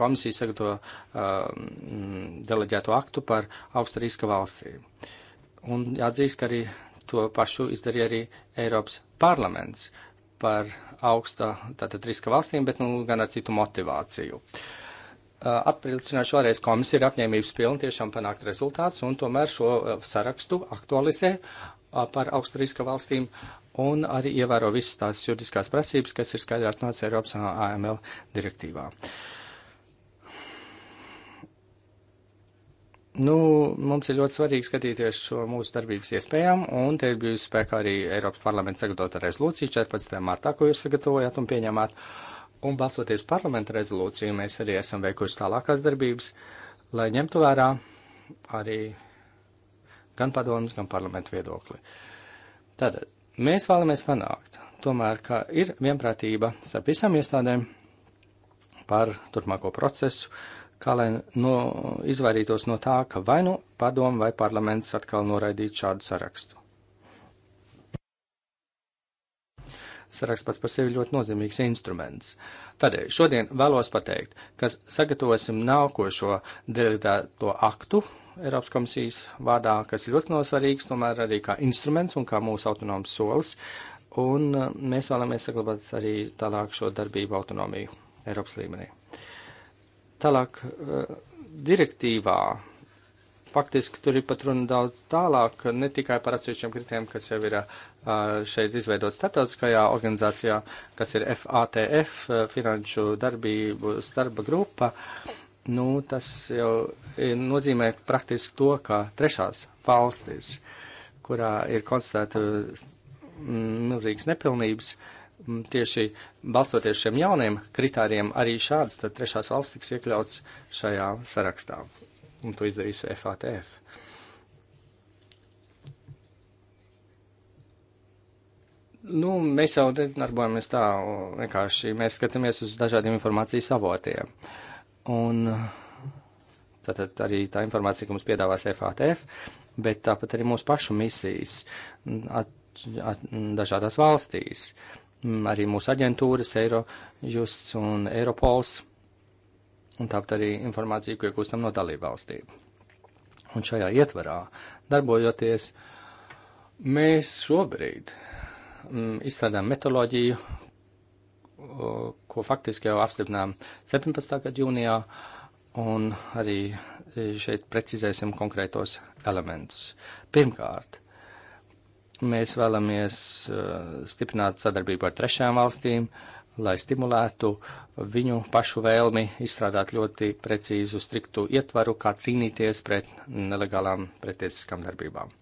A: komisijas sagatavo um, deleģēto aktu par augsta riska valstīm. Un jāatzīst, ka arī to pašu izdarīja arī Eiropas parlaments par augsta tātad riska valstīm, bet nu, gan ar citu motivāciju. Uh, Eh, Apliecināšu vēlreiz, komisija ir apņēmības pilna tiešām panākt rezultāts un tomēr šo eh, sarakstu aktualizē eh, par augstu riska valstīm un arī ievēro visas tās juridiskās prasības, kas ir skaidri atnāca Eiropas AML direktīvā. Nu, mums ir ļoti svarīgi skatīties šo mūsu darbības iespējām, un te ir bijusi spēkā arī Eiropas parlamenta sagatavota rezolūcija 14. martā, ko jūs sagatavojāt un pieņemāt. Uh, Un balsoties parlamenta rezolūciju, mēs arī esam veikuši tālākās darbības, lai ņemtu vērā arī gan padomus, gan parlamentu viedokli. Tātad mēs vēlamies panākt, tomēr, ka ir vienprātība starp visām iestādēm par turpmāko procesu, kā lai no, izvairītos no tā, ka vai nu padomu vai parlaments atkal noraidītu šādu sarakstu. saraksts pats par sevi ļoti nozīmīgs instruments. Tādēļ šodien vēlos pateikt, ka sagatavosim nākošo delegēto aktu Eiropas komisijas vārdā, kas ļoti nosvarīgs, tomēr arī kā instruments un kā mūsu autonoms solis, un uh, mēs vēlamies saglabāt arī tālāk šo darbību autonomiju Eiropas līmenī. Tālāk uh, direktīvā faktiski tur ir pat runa daudz tālāk, ne tikai par atsevišķiem kritēm, kas jau ir šeit izveidot starptautiskajā organizācijā, kas ir FATF, Finanšu darbību starba grupa. Nu, tas jau nozīmē praktiski to, ka trešās valstis, kurā ir konstatēta milzīgas nepilnības, tieši balstoties šiem jauniem kritāriem, arī šādas trešās valsts tiks iekļauts šajā sarakstā un to izdarīs FATF. Nu, mēs jau darbojamies tā, vienkārši mēs skatāmies uz dažādiem informācijas avotiem. Un tātad arī tā informācija, ko mums piedāvās FATF, bet tāpat arī mūsu pašu misijas at, at, dažādās valstīs, arī mūsu aģentūras, Eiro, Justs un Eiropols un tāpat arī informāciju, ko iegūstam no dalībvalstīm. Un šajā ietverā darbojoties, mēs šobrīd mm, izstrādājam metoloģiju, ko faktiski jau apstiprinām 17. gada jūnijā, un arī e, šeit precizēsim konkrētos elementus. Pirmkārt, mēs vēlamies e, stiprināt sadarbību ar trešām valstīm, uh, lai stimulētu viņu pašu vēlmi izstrādāt ļoti precīzu, striktu ietvaru, kā cīnīties pret nelegālām pretiesiskām darbībām.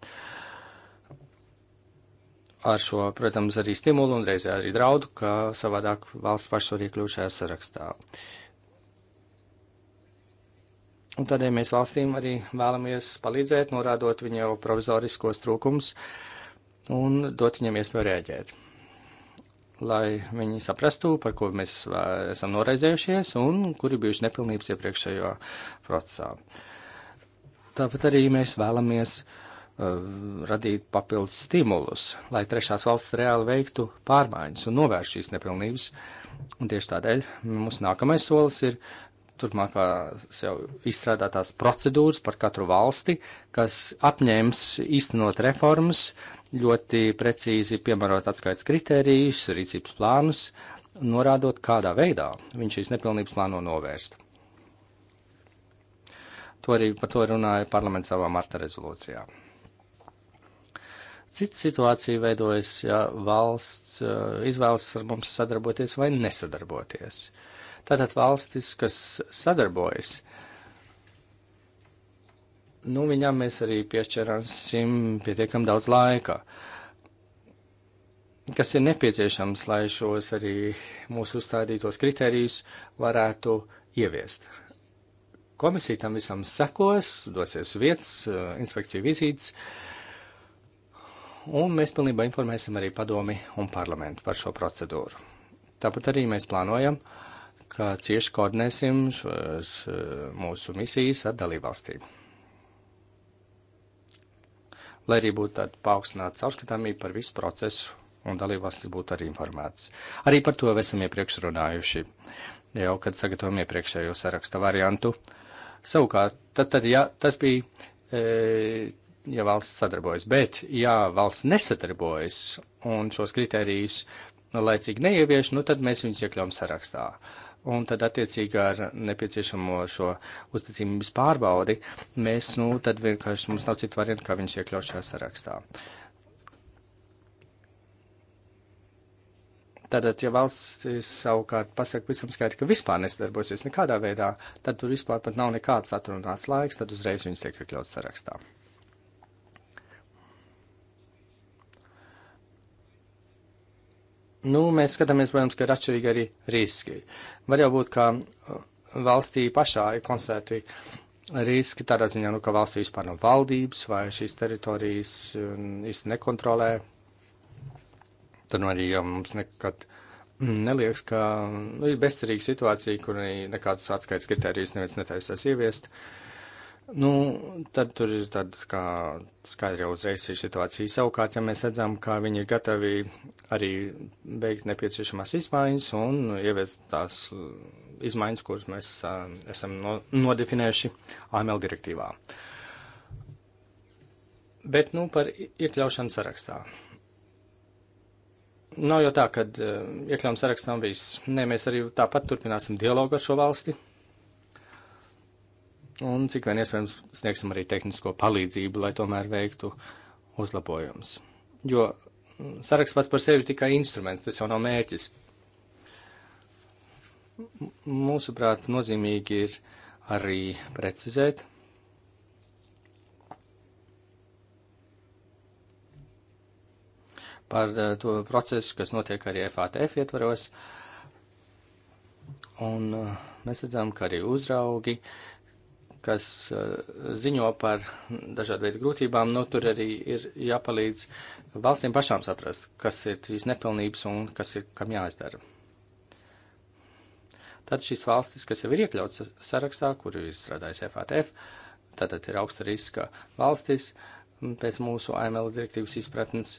A: Ar šo, protams, arī stimulu un reizē arī draudu, ka savādāk valsts pašu arī kļūst šajā sarakstā. Un tādēļ mēs valstīm arī vēlamies palīdzēt, norādot viņu provizoriskos trūkums un dot viņam iespēju rēģēt lai viņi saprastu, par ko mēs esam noraizējušies un kuri bijuši nepilnības iepriekšējo procesā. Tāpat arī mēs vēlamies uh, radīt papildus stimulus, lai trešās valsts reāli veiktu pārmaiņas un novērš šīs nepilnības. Un tieši tādēļ mūsu nākamais solis ir turpmākās jau izstrādātās procedūras par katru valsti, kas apņēms īstenot reformas, uh, ļoti precīzi piemērot atskaites kritērijus, rīcības plānus, norādot, kādā veidā viņš šīs nepilnības plāno novērst. To arī par to runāja parlaments savā marta rezolūcijā. Cita situācija veidojas, ja valsts eh, izvēlas ar mums sadarboties vai nesadarboties. Tātad valstis, kas sadarbojas, nu, viņam mēs arī piešķirāsim pietiekam daudz laika, kas ir nepieciešams, lai šos arī mūsu uzstādītos kritērijus varētu ieviest. Komisija tam visam sekos, dosies vietas, eh, inspekciju vizītes, un mēs pilnībā informēsim arī padomi un parlamentu par šo procedūru. Tāpat arī mēs plānojam, ka cieši koordinēsim šos eh, mūsu misijas ar dalībvalstīm lai arī būtu tāda paaugstināta caurskatāmība par visu procesu un dalībvalstis būtu arī informētas. Arī par to esam iepriekš runājuši, jau kad sagatavojam iepriekšējo saraksta variantu. Savukārt, tad, tad ja tas bija, e, ja valsts sadarbojas, bet ja valsts nesadarbojas un šos kritērijus nu, laicīgi neievieš, nu tad mēs viņus iekļaujam sarakstā. Uh, un tad attiecīgi ar nepieciešamo šo uzticības pārbaudi mēs, nu, tad vienkārši mums nav citu variantu, kā viņus iekļaut šajā sarakstā. Tātad, ja valsts savukārt pasaka visam skaidri, ka vispār nesadarbosies nekādā veidā, tad tur vispār pat nav nekāds atrunāts laiks, tad uzreiz viņas tiek iekļauts sarakstā. Nu, mēs skatāmies, protams, ka ir atšķirīgi arī riski. Var jau būt, ka uh, valstī pašā ir konstatēti riski tādā ziņā, nu, ka valstī vispār nav valdības vai šīs teritorijas um, īsti nekontrolē. Tad nu, arī jau mums nekad neliekas, ka nu, ir bezcerīga situācija, kur nekādas atskaites kritērijas neviens netaisās ieviest. Uh, Nu, tad tur ir tādas kā skaidra uzreiz šī situācija. Savukārt, ja mēs redzam, ka viņi ir gatavi arī veikt nepieciešamās izmaiņas un ieviest tās uh, izmaiņas, kuras mēs uh, esam no, nodefinējuši AML direktīvā. Bet, nu, par iekļaušanu sarakstā nav jau tā, ka uh, iekļāvām sarakstam viss. Nē, mēs arī tāpat turpināsim dialogu ar šo valsti un cik vien iespējams sniegsim arī tehnisko palīdzību, lai tomēr veiktu uzlabojumus. Jo mm, saraksts pats par sevi tikai instruments, tas jau nav mērķis. Mūsuprāt, nozīmīgi ir arī precizēt. Par eh, to procesu, kas notiek arī FATF ietvaros. Un eh, mēs redzam, ka arī uzraugi uh, kas eh, ziņo par dažādu veidu grūtībām, nu tur arī ir jāpalīdz valstīm pašām saprast, kas ir šīs nepilnības un kas ir kam jāizdara. Tad šīs valstis, kas jau ir iekļauts sarakstā, kur ir strādājis FATF, tātad ir augsta riska valstis, mm, pēc mūsu AML direktīvas izpratnes,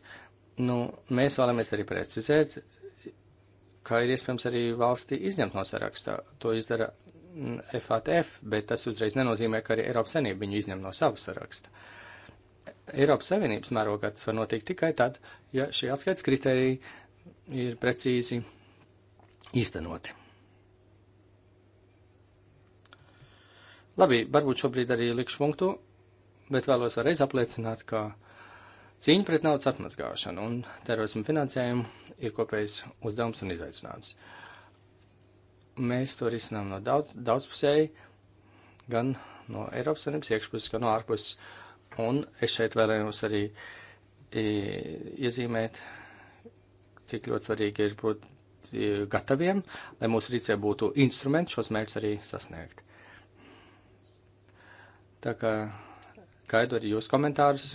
A: nu, mēs vēlamies arī precizēt, kā ir iespējams arī valsti izņemt no sarakstā. To izdara FATF, bet tas uzreiz nenozīmē, ka arī Eiropas Savienība viņu izņem no savas saraksta. Eiropas Savienības mērogā tas var notikt tikai tad, ja šie atskaits kriteriji ir precīzi īstenoti. Labi, varbūt šobrīd arī likšu punktu, bet vēlos vēlreiz apliecināt, ka cīņa pret naudas atmazgāšanu un terorismu finansējumu ir kopējs uzdevums un izaicinājums. Uh, mēs to risinām no daudz, daudzpusēji, gan no Eiropas Savienības iekšpuses, gan no ārpuses. Un es šeit vēlējos arī iezīmēt, cik ļoti svarīgi ir būt gataviem, lai mūsu rīcē būtu instrumenti šos mērķus arī sasniegt. Tā kā gaidu arī jūsu komentārus.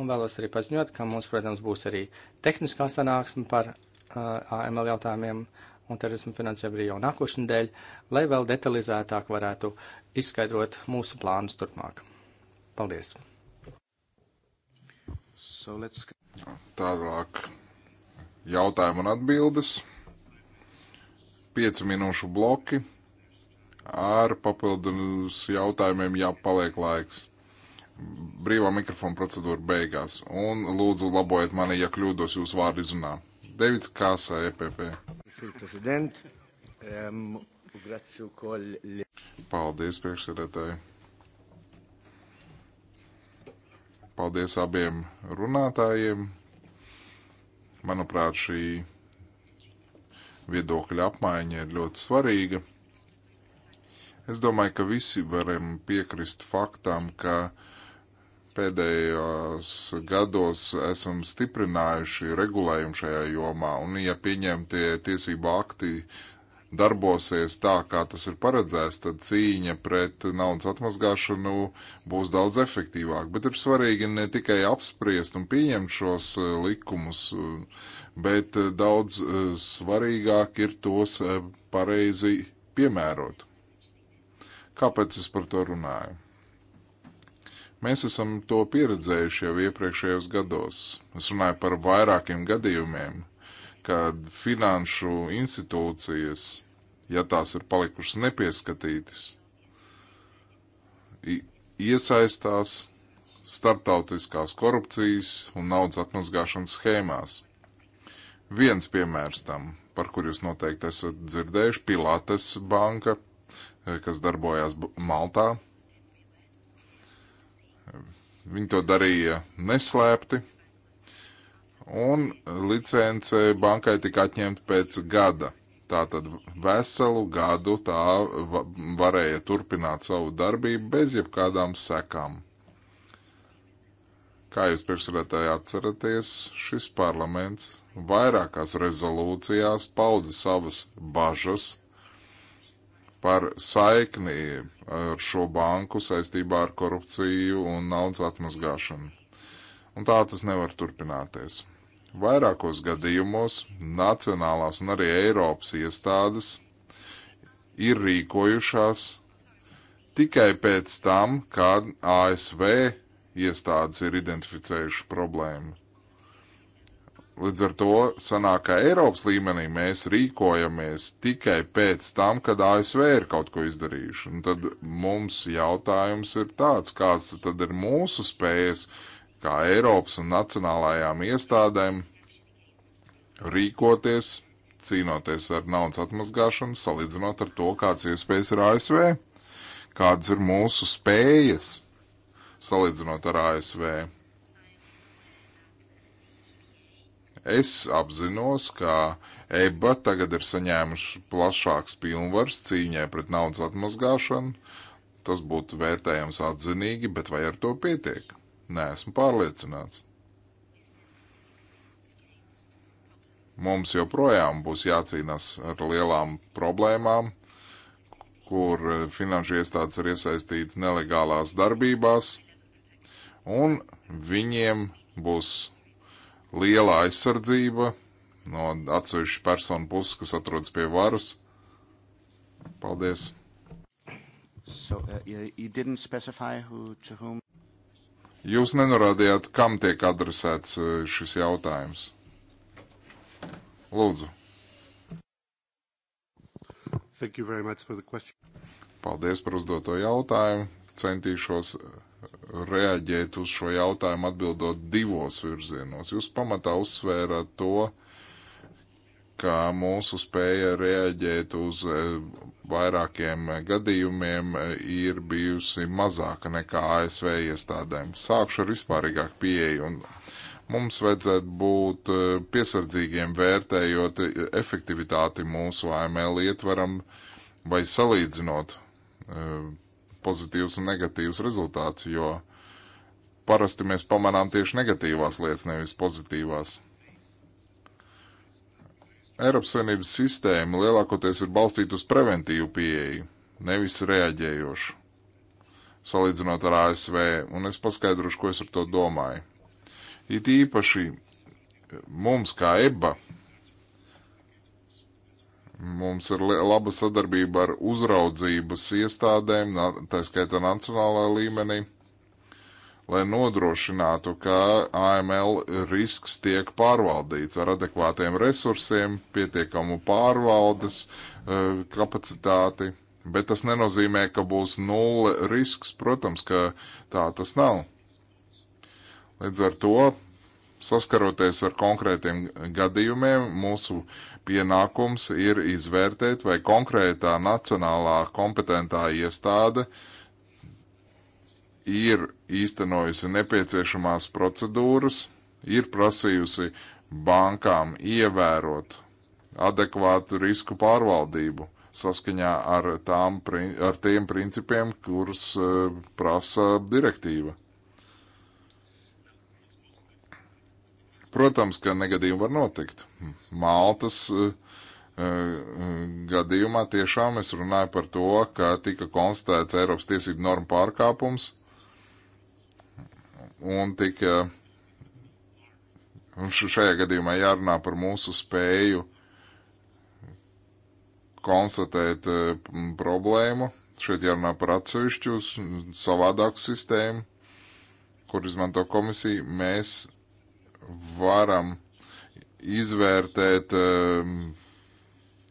A: Un vēlos arī paziņot, ka mums, protams, būs arī tehniskā sanāksme par uh, AML jautājumiem uh, un terorismu finansējumu arī jau nākošanedēļ, lai vēl detalizētāk varētu izskaidrot mūsu plānus
C: turpmāk. Paldies! So let's... Tālāk jautājumu un atbildes. Piecu minūšu bloki ar papildus jautājumiem, ja paliek laiks. Brīvā mikrofona procedūra beigās. Un lūdzu labojiet mani, ja kļūdos jūsu vārdu izrunā. Devits Kāsa, EPP. Sur President.
A: Um, ehm, Grazzi wkoll li.
C: Paldies priekšsēdētāji. Paldies abiem runātājiem. Manuprāt, šī viedokļa apmaiņa ir ļoti svarīga. Es domāju, ka visi varam piekrist faktām, ka uh, pēdējos gados esam stiprinājuši regulējumu šajā jomā, un ja pieņemtie tiesību akti darbosies tā, kā tas ir paredzēts, tad cīņa pret naudas atmazgāšanu būs daudz efektīvāk. Bet ir svarīgi ne tikai apspriest un pieņemt šos e, likumus, e, bet e, daudz svarīgāk ir tos pareizi piemērot. Kāpēc es par to runāju? Mēs esam to pieredzējuši jau iepriekšējos gados. Es runāju par vairākiem gadījumiem, kad finanšu institūcijas, ja tās ir palikušas nepieskatītas, iesaistās starptautiskās korupcijas un naudas atmazgāšanas schēmās. Viens piemērs tam, par kur jūs noteikti esat dzirdējuši, Pilates banka, kas darbojās Maltā, Viņi to darīja neslēpti, un licence bankai tika atņemta pēc gada. Tātad veselu gadu tā varēja turpināt savu darbību bez jebkādām sekām. Kā jūs priekšsēdētāji atceraties, šis parlaments vairākās rezolūcijās pauda savas bažas par saikni ar šo banku saistībā ar korupciju un naudas atmazgāšanu. Un tā tas nevar turpināties. Vairākos gadījumos nacionālās un arī Eiropas iestādes ir rīkojušās tikai pēc tam, kad ASV iestādes ir identificējuši problēmu. Līdz ar to sanāk, ka Eiropas līmenī mēs rīkojamies tikai pēc tam, kad ASV ir kaut ko izdarījuši. Un tad mums jautājums ir tāds, kāds tad ir mūsu spējas, kā Eiropas un nacionālajām iestādēm rīkoties, cīnoties ar naudas atmazgāšanu, salīdzinot ar to, kāds iespējas ir ASV, kādas ir mūsu spējas salīdzinot ar ASV. Es apzinos, ka EBA tagad ir saņēmuši plašāks pilnvars cīņai pret naudas atmazgāšanu. Tas būtu vērtējams atzinīgi, bet vai ar to pietiek? Nē, esmu pārliecināts. Mums joprojām būs jācīnās ar lielām problēmām, kur finanšu iestādes ir iesaistītas nelegālās darbībās, un viņiem būs liela aizsardzība no atsevišķu personu puses, kas atrodas pie varas. Paldies!
B: So, uh, you didn't specify who, to whom?
C: Jūs nenorādījāt, kam tiek adresēts uh, šis jautājums. Lūdzu. Thank you very much for the question. Paldies par uzdoto jautājumu. Centīšos uh, reaģēt uz šo jautājumu, atbildot divos virzienos. Jūs pamatā uzsvērāt to, ka mūsu spēja reaģēt uz e, vairākiem e, gadījumiem e, ir bijusi mazāka nekā ASV iestādēm. Sākšu ar vispārīgāku pieeju un mums vajadzētu būt piesardzīgiem vērtējot efektivitāti mūsu AML ietvaram vai salīdzinot pozitīvs un negatīvs rezultāts, jo parasti mēs pamanām tieši negatīvās lietas, nevis pozitīvās. Eiropas Savienības sistēma lielākoties ir balstīta uz preventīvu pieeju, nevis reaģējošu, salīdzinot ar ASV, un es paskaidrošu, ko es ar to domāju. It īpaši mums, kā EBA, Mums ir laba sadarbība ar uzraudzības iestādēm, tā skaitā nacionālā līmenī, lai nodrošinātu, ka AML risks tiek pārvaldīts ar adekvātiem resursiem, pietiekamu pārvaldes e, kapacitāti. Bet tas nenozīmē, ka būs nulle risks. Protams, ka tā tas nav. Līdz ar to, saskaroties ar konkrētiem gadījumiem, mūsu uh, pienākums ir izvērtēt, vai konkrētā nacionālā kompetentā iestāde ir īstenojusi nepieciešamās procedūras, ir prasījusi bankām ievērot adekvātu risku pārvaldību saskaņā ar, tām, ar tiem principiem, kurus eh, prasa direktīva. Protams, ka negadījumi var notikt. Maltas uh, gadījumā tiešām es runāju par to, ka tika konstatēts Eiropas tiesību norma pārkāpums un tika. Un šajā gadījumā jārunā par mūsu spēju konstatēt problēmu. Šeit jārunā par atsevišķu savādāku sistēmu, kur izmanto komisiju. Mēs varam izvērtēt ehm,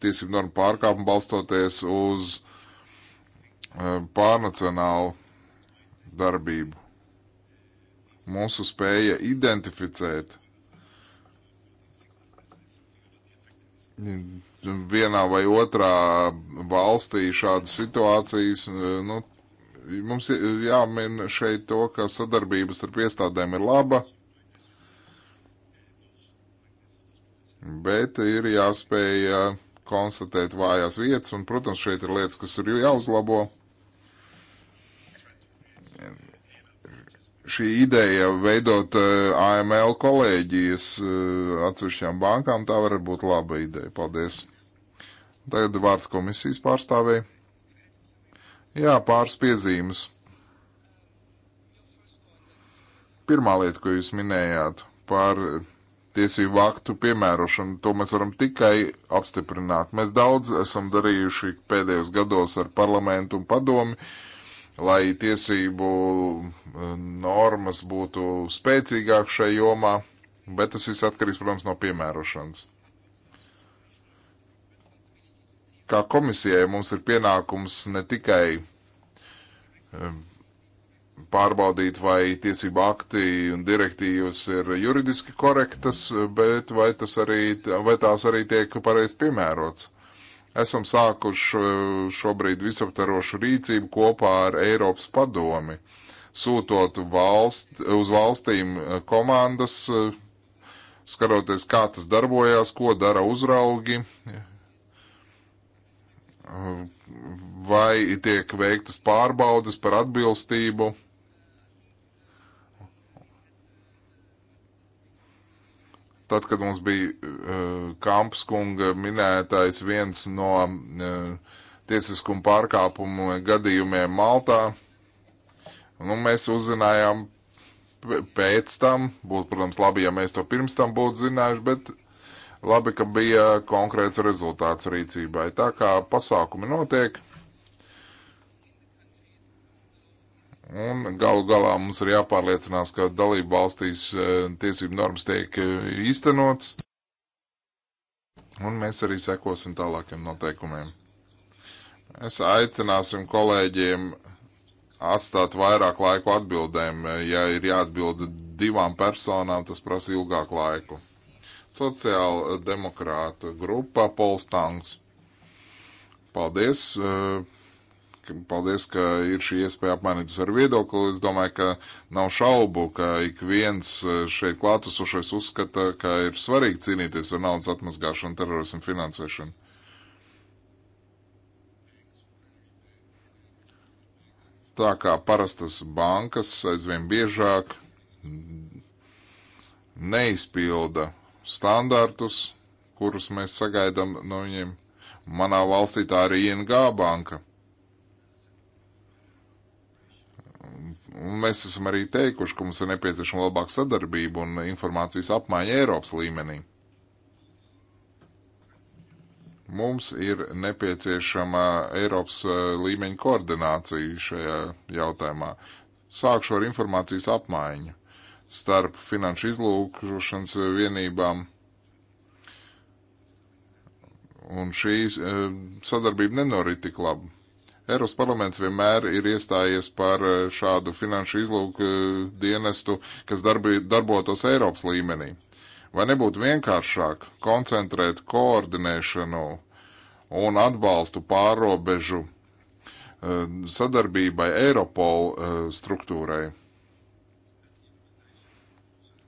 C: tiesību normu pārkāpumu balstoties uz ehm, pārnacionālu darbību. Mūsu spēja identificēt vienā vai otrā valstī šādas situācijas, e, nu, mums jāmin šeit to, ka sadarbības starp iestādēm ir laba bet ir jāspēj konstatēt vājās vietas, un, protams, šeit ir lietas, kas ir jāuzlabo. Šī ideja veidot eh, AML kolēģijas eh, atsevišķām bankām, tā var būt laba ideja. Paldies! Tagad vārds komisijas pārstāvēja. Jā, pāris piezīmes. Pirmā lieta, ko jūs minējāt par tiesību aktu piemērošanu. To mēs varam tikai apstiprināt. Mēs daudz esam darījuši pēdējos gados ar parlamentu un padomi, lai tiesību e, normas būtu spēcīgāk šai jomā, bet tas viss atkarīgs, protams, no piemērošanas. Kā komisijai mums ir pienākums ne tikai e, pārbaudīt, vai tiesība akti un direktīvas ir juridiski korektas, bet vai, tas arī, vai tās arī tiek pareizi piemērots. Esam sākuši uh, šobrīd visaptarošu rīcību kopā ar Eiropas padomi, sūtot valst, uz valstīm uh, komandas, uh, skaroties, kā tas darbojās, ko dara uzraugi, vai tiek veiktas pārbaudas par atbilstību tad, kad mums bija uh, Kampskunga minētais viens no uh, eh, tiesiskuma pārkāpumu gadījumiem Maltā, nu, mēs uzzinājām pēc tam, būtu, protams, labi, ja mēs to pirms tam būtu zinājuši, bet labi, ka bija konkrēts rezultāts rīcībai. Tā kā pasākumi notiek Un galu galā mums ir jāpārliecinās, ka dalību valstīs eh, tiesību normas tiek eh, īstenotas. Un mēs arī sekosim tālākiem noteikumiem. Es aicināsim kolēģiem atstāt vairāk laiku atbildēm. Ja ir jāatbild divām personām, tas prasa ilgāk laiku. Sociāla demokrāta grupa Polstangs. Paldies! Uh, Paldies, ka ir šī iespēja apmainīties ar viedokli. Es domāju, ka nav šaubu, ka ik viens e, šeit klātesošais uzskata, ka ir svarīgi cīnīties ar naudas atmazgāšanu, terorismu finansēšanu. Tā kā parastas bankas aizvien biežāk neizpilda standartus, kurus mēs sagaidām no viņiem. Manā valstī tā ir ING banka Un mēs esam arī teikuši, ka mums ir nepieciešama labāka sadarbība un informācijas apmaiņa Eiropas līmenī. Mums ir nepieciešama Eiropas eh, līmeņa koordinācija šajā jautājumā. Sākšu ar informācijas apmaiņu starp finanšu izlūkošanas vienībām. Un šī eh, sadarbība nenorit tik labi Eiropas parlaments vienmēr ir iestājies par eh, šādu finanšu izlūku eh, dienestu, kas darbi, darbotos Eiropas līmenī. Vai nebūtu vienkāršāk koncentrēt koordinēšanu un atbalstu pārobežu eh, sadarbībai Eiropol struktūrai?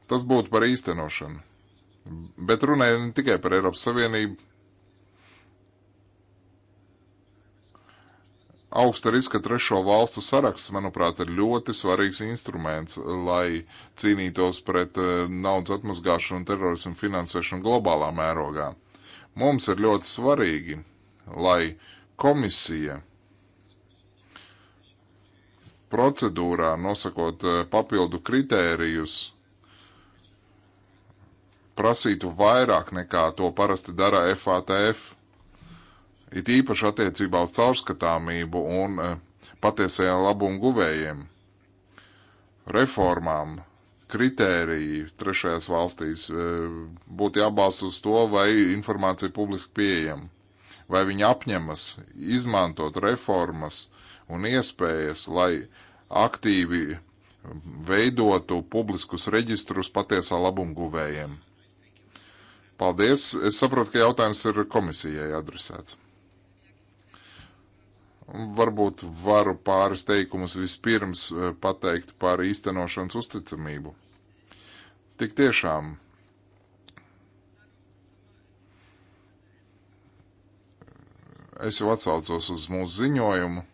C: Tas būtu par īstenošanu. Bet runāja ne tikai par Eiropas Savienību, augsta riska trešo valstu saraksts, manuprāt, ir ļoti svarīgs instruments, lai cīnītos pret eh, naudas atmazgāšanu un terorismu finansēšanu globālā mērogā. Mums ir ļoti svarīgi, lai komisija procedūrā nosakot eh, papildu kritērijus prasītu vairāk nekā to parasti dara FATF it īpaši attiecībā uz caurskatāmību un e, patiesajā labumu guvējiem, reformām, kritēriju trešajās valstīs e, būtu jābalsta uz to, vai informācija ir publiski pieejama, vai viņi apņemas izmantot reformas un iespējas, lai aktīvi veidotu publiskus reģistrus patiesā labumu guvējiem. Paldies! Es saprotu, ka jautājums ir komisijai adresēts. Varbūt varu pāris teikumus vispirms eh, pateikt par īstenošanas uzticamību. Tik tiešām. Es jau atsaucos uz mūsu ziņojumu.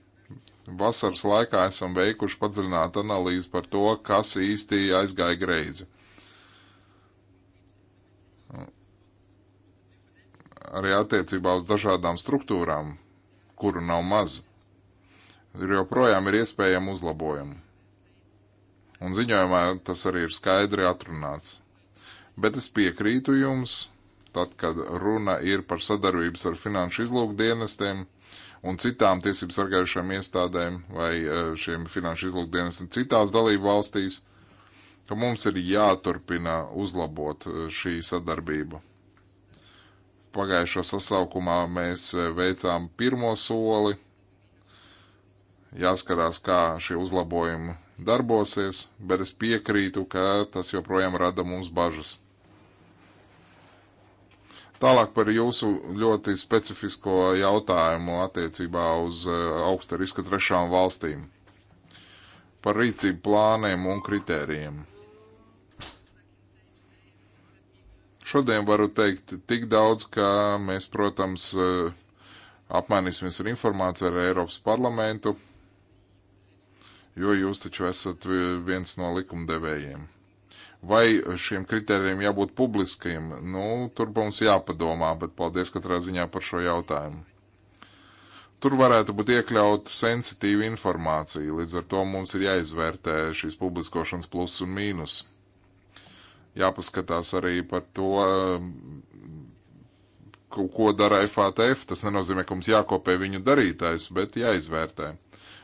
C: Vasaras laikā esam veikuši padziļinātu analīzi par to, kas īsti aizgāja greizi. Arī attiecībā uz dažādām struktūrām kuru nav maz, ir joprojām ir iespējama uzlabojuma. Un ziņojumā tas arī ir skaidri atrunāts. Bet es piekrītu jums, tad, kad runa ir par sadarbības ar finanšu izlūkdienestiem un citām tiesību sargājušām iestādēm vai e, šiem finanšu izlūkdienestiem citās dalību valstīs, ka mums ir jāturpina uzlabot e, šī sadarbība. Pagājušā sasaukumā mēs e, veicām pirmo soli. Jāskarās, kā šie uzlabojumi darbosies, bet es piekrītu, ka tas joprojām rada mums bažas. Tālāk par jūsu ļoti specifisko jautājumu attiecībā uz e, augsta riska trešām valstīm. Par rīcību plāniem un kritērijiem. Šodien varu teikt tik daudz, ka mēs, protams, eh, apmainīsimies ar informāciju ar Eiropas parlamentu, jo jūs taču esat viens no likumdevējiem. Vai šiem kritērijiem jābūt publiskiem? Nu, tur mums jāpadomā, bet paldies katrā ziņā par šo jautājumu. Tur varētu būt iekļauta sensitīva informācija, līdz ar to mums ir jāizvērtē šīs publiskošanas plus un mīnus jāpaskatās arī par to, um, ko, ko dara FATF. Tas nenozīmē, ka mums jākopē viņu darītais, bet jāizvērtē.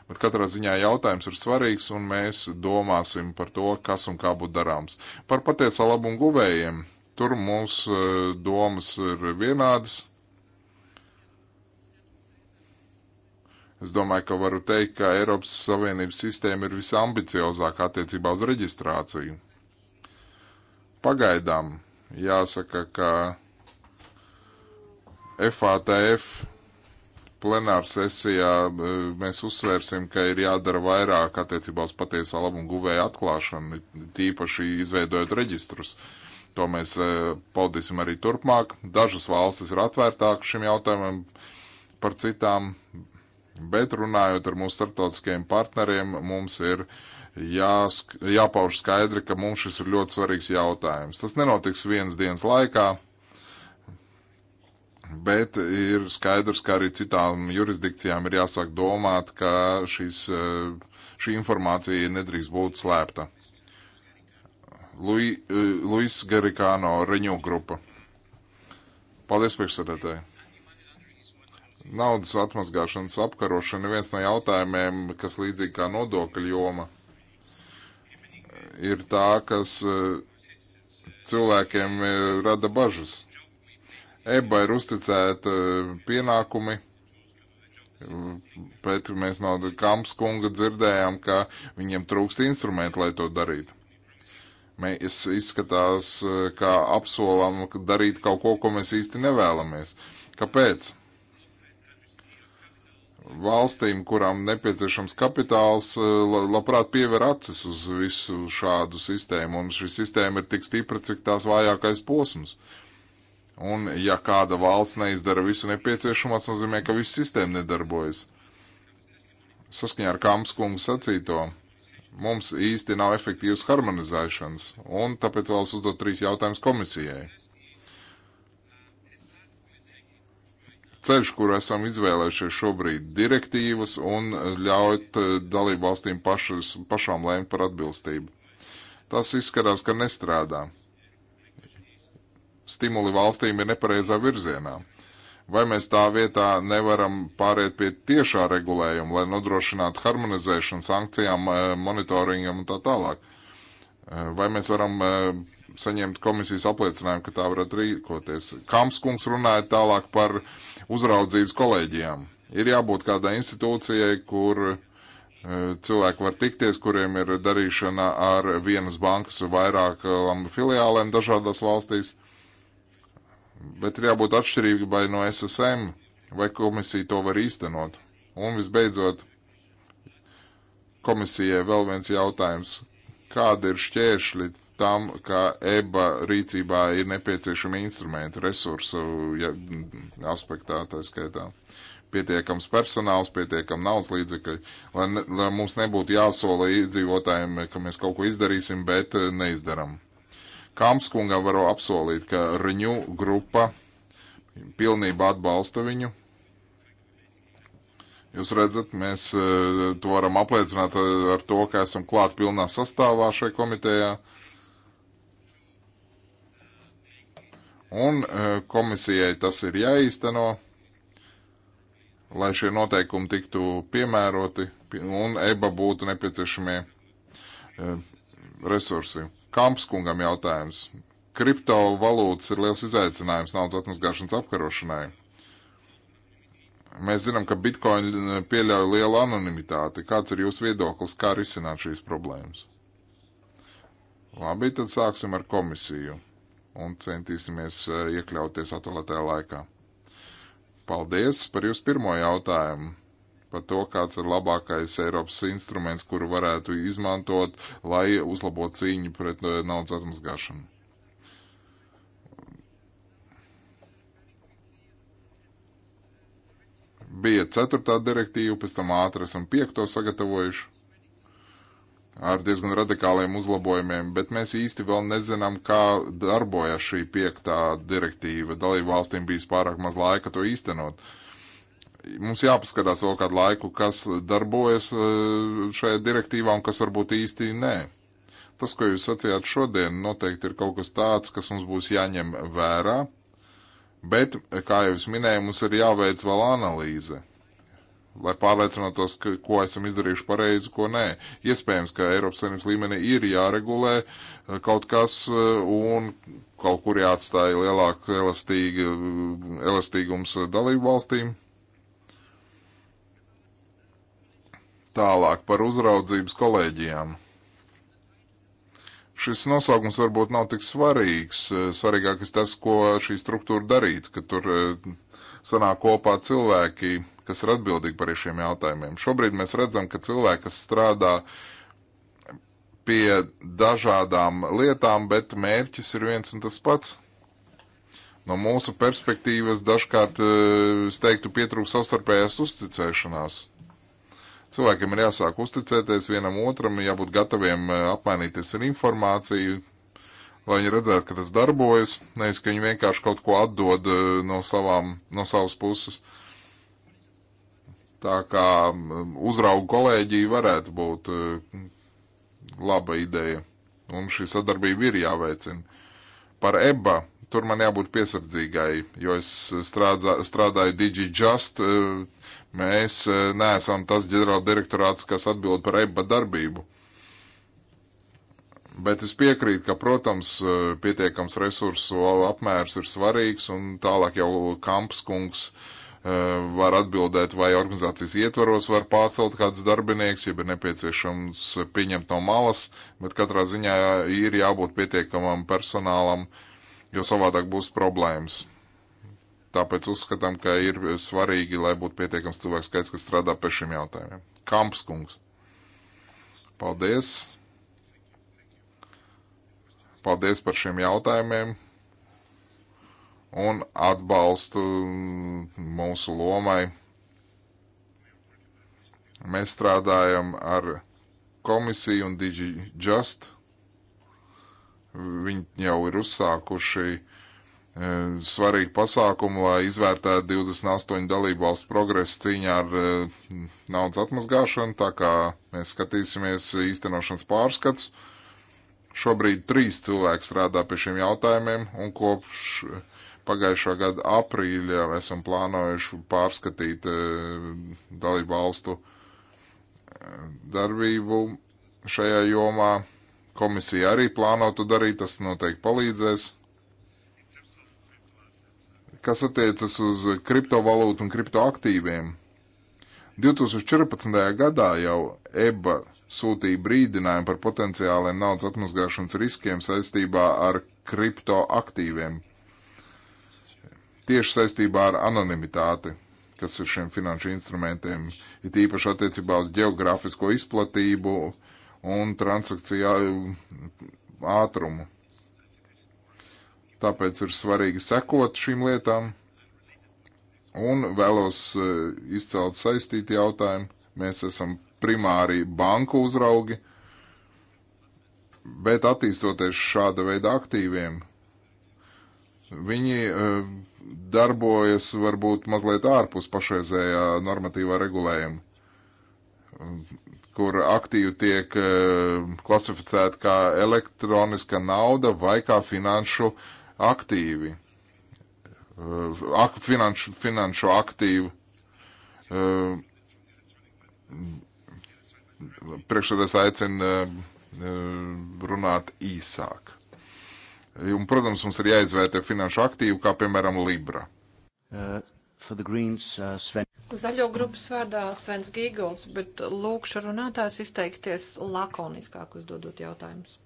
C: Bet katrā ziņā jautājums ir svarīgs, un mēs domāsim par to, kas un kā būtu darāms. Par patiesā labumu guvējiem. Tur mūsu uh, domas ir vienādas. Es domāju, ka varu teikt, ka Eiropas Savienības sistēma ir visambiciozākā attiecībā uz reģistrāciju. Pagaidām jāsaka, ka FATF plenāra sesijā e, mēs uzsvērsim, ka ir jādara vairāk attiecībā uz patiesā labuma guvēja atklāšanu, tīpaši izveidojot reģistrus. To mēs e, paudīsim arī turpmāk. Dažas valstis ir atvērtākas šim jautājumam par citām, bet runājot ar mūsu starptautiskajiem partneriem, mums ir uh, jāsk, jāpauž skaidri, ka mums šis ir ļoti svarīgs jautājums. Tas nenotiks vienas dienas laikā, bet ir skaidrs, ka arī citām jurisdikcijām ir jāsāk domāt, ka šis, šī informācija nedrīkst būt slēpta. Lui, Luis Garikāno, Reņu grupa. Paldies, priekšsēdētāji! Naudas atmazgāšanas apkarošana ir viens no jautājumiem, kas līdzīgi kā nodokļu joma ir tā, kas eh, cilvēkiem eh, rada bažas. EBA ir uzticēta eh, pienākumi, bet mēs no Kamps kunga dzirdējām, ka viņiem trūkst instrumentu, lai to darītu. Mēs izskatās, kā apsolām darīt kaut ko, ko mēs īsti nevēlamies. Kāpēc? valstīm, kurām nepieciešams kapitāls, eh, labprāt piever acis uz visu šādu sistēmu, un šī sistēma ir tik stipra, cik tās vājākais posms. Un ja kāda valsts neizdara visu nepieciešamo, tas nozīmē, ka viss sistēma nedarbojas. Saskaņā ar Kāmskungu sacīto, mums īsti nav efektīvas harmonizēšanas, un tāpēc vēlas uzdot trīs jautājumus komisijai. ceļš, kur esam izvēlējušies šobrīd direktīvas un ļaut eh, dalību valstīm pašas, pašām lēmt par atbilstību. Tas izskatās, ka nestrādā. Stimuli valstīm ir nepareizā virzienā. Vai mēs tā vietā nevaram pāriet pie tiešā regulējuma, lai nodrošinātu harmonizēšanu, sankcijām, eh, monitoringam un tā tālāk? Eh, vai mēs varam saņemt komisijas apliecinājumu, ka tā varētu rīkoties? Kamps kungs runāja tālāk par uh, uzraudzības kolēģijām. Ir jābūt kādai institūcijai, kur e, cilvēki var tikties, kuriem ir darīšana ar vienas bankas vairākām filiālēm dažādās valstīs, bet ir jābūt atšķirībai no SSM, vai komisija to var īstenot. Un visbeidzot, komisijai vēl viens jautājums. Kāda ir šķēršļi tam, ka EBA rīcībā ir nepieciešami instrumenti, resursu ja, mm, aspektā, tā skaitā. Pietiekams personāls, pietiekam naudas līdzekļi, lai, ne, lai mums nebūtu jāsola iedzīvotājiem, ka mēs kaut ko izdarīsim, bet eh, neizdaram. Kampskungam varu apsolīt, ka Riņu grupa pilnībā atbalsta viņu. Jūs redzat, mēs eh, to varam apliecināt eh, ar to, ka esam klāt pilnā sastāvā šai komitejā. Uh, un eh, komisijai tas ir jāīsteno, lai šie noteikumi tiktu piemēroti un EBA būtu nepieciešamie eh, resursi. Kampskungam jautājums. Kriptovalūtas ir liels izaicinājums naudas atmazgāšanas apkarošanai. Mēs zinām, ka bitkoini eh, pieļauj lielu anonimitāti. Kāds ir jūsu viedoklis, kā risināt šīs problēmas? Labi, tad sāksim ar komisiju un centīsimies iekļauties atvēlētajā laikā. Paldies par jūsu pirmo jautājumu, par to, kāds ir labākais Eiropas instruments, kuru varētu izmantot, lai uzlabotu cīņu pret naudas atmazgāšanu. Bija ceturtā direktīva, pēc tam ātri esam piekto sagatavojuši ar diezgan radikāliem uzlabojumiem, bet mēs īsti vēl nezinām, kā darbojas šī piektā direktīva. Dalību valstīm bijis pārāk maz laika to īstenot. Mums jāpaskatās vēl kādu laiku, kas darbojas e, šajā direktīvā un kas varbūt īsti nē. Tas, ko jūs sacījāt šodien, noteikti ir kaut kas tāds, kas mums būs jāņem vērā, bet, kā jau es minēju, mums ir jāveic vēl analīze lai pārliecinātos, ka, ko esam izdarījuši pareizi, ko nē. Iespējams, ka Eiropas Savienības līmenī ir jāregulē eh, kaut kas eh, un kaut kur jāatstāja lielāka elastīga, elastīgums eh, dalību valstīm. Tālāk par uzraudzības kolēģijām. Šis nosaukums varbūt nav tik svarīgs. Svarīgākais tas, ko šī struktūra darītu, ka tur sanāk kopā cilvēki kas ir atbildīgi par šiem jautājumiem. Šobrīd mēs redzam, ka cilvēki, kas strādā pie dažādām lietām, bet mērķis ir viens un tas pats. No mūsu perspektīvas dažkārt, eh, es teiktu, pietrūkst savstarpējās uzticēšanās. Cilvēkiem ir jāsāk uzticēties vienam otram, jābūt gataviem eh, apmainīties ar informāciju, lai viņi redzētu, ka tas darbojas, nevis ka viņi vienkārši kaut ko atdod eh, no, savām, no savas puses. Uh, Tā kā uzraugu kolēģija varētu būt laba ideja, un šī sadarbība ir jāveicina. Par EBA tur man jābūt piesardzīgai, jo es strādā, strādāju DigiJust, mēs e, neesam tas ģenerāldirektorāts, kas atbild par EBA darbību. Bet es piekrītu, ka, protams, e, pietiekams resursu apmērs ir svarīgs, un tālāk jau Kamps kungs uh, Eh, var atbildēt, vai organizācijas ietvaros var pārcelt kāds darbinieks, ja ir nepieciešams pieņemt no malas, bet katrā ziņā ir jābūt pietiekamam personālam, jo savādāk būs problēmas. Tāpēc uzskatām, ka ir svarīgi, lai būtu pietiekams cilvēks skaits, kas strādā pie šiem jautājumiem. Kamps kungs. Paldies. Paldies par šiem jautājumiem un atbalstu mm, mūsu lomai. Mēs strādājam ar komisiju un DigiJust. Viņi jau ir uzsākuši e, svarīgu pasākumu, lai izvērtētu 28 dalībvalstu progresu cīņā ar e, naudas atmazgāšanu, tā kā mēs skatīsimies īstenošanas pārskats. Šobrīd trīs cilvēki strādā pie šiem jautājumiem, un kopš Pagājušā gada aprīļā esam plānojuši pārskatīt e, dalību valstu e, darbību šajā jomā. Komisija arī plāno to darīt, tas noteikti palīdzēs. Kas attiecas uz kriptovalūtu un kriptoaktīviem? 2014. gadā jau EBA sūtīja brīdinājumu par potenciāliem naudas atmazgāšanas riskiem saistībā ar kriptoaktīviem, tieši saistībā ar anonimitāti, kas ir šiem finanšu instrumentiem, it īpaši attiecībā uz geogrāfisko izplatību un transakciju ātrumu. Tāpēc ir svarīgi sekot šīm lietām. Un vēlos e, izcelt saistīti jautājumu. Mēs esam primāri banku uzraugi, bet attīstoties šāda veida aktīviem, viņi uh, darbojas varbūt mazliet ārpus pašreizējā normatīvā regulējuma, kur aktīvi tiek e, klasificēta kā elektroniska nauda vai kā finanšu aktīvi. E, ak, finanšu, finanšu aktīvu. E, priekšsēdētājs aicina runāt īsāk. Un, protams, mums ir jāizvērtē finanšu aktīvu, kā piemēram Libra. Uh, Greens, uh, Sven...
B: Zaļo grupas vārdā Svens Gīgolds, bet lūkšu runātājs izteikties lakoniskāk uzdodot jautājumus.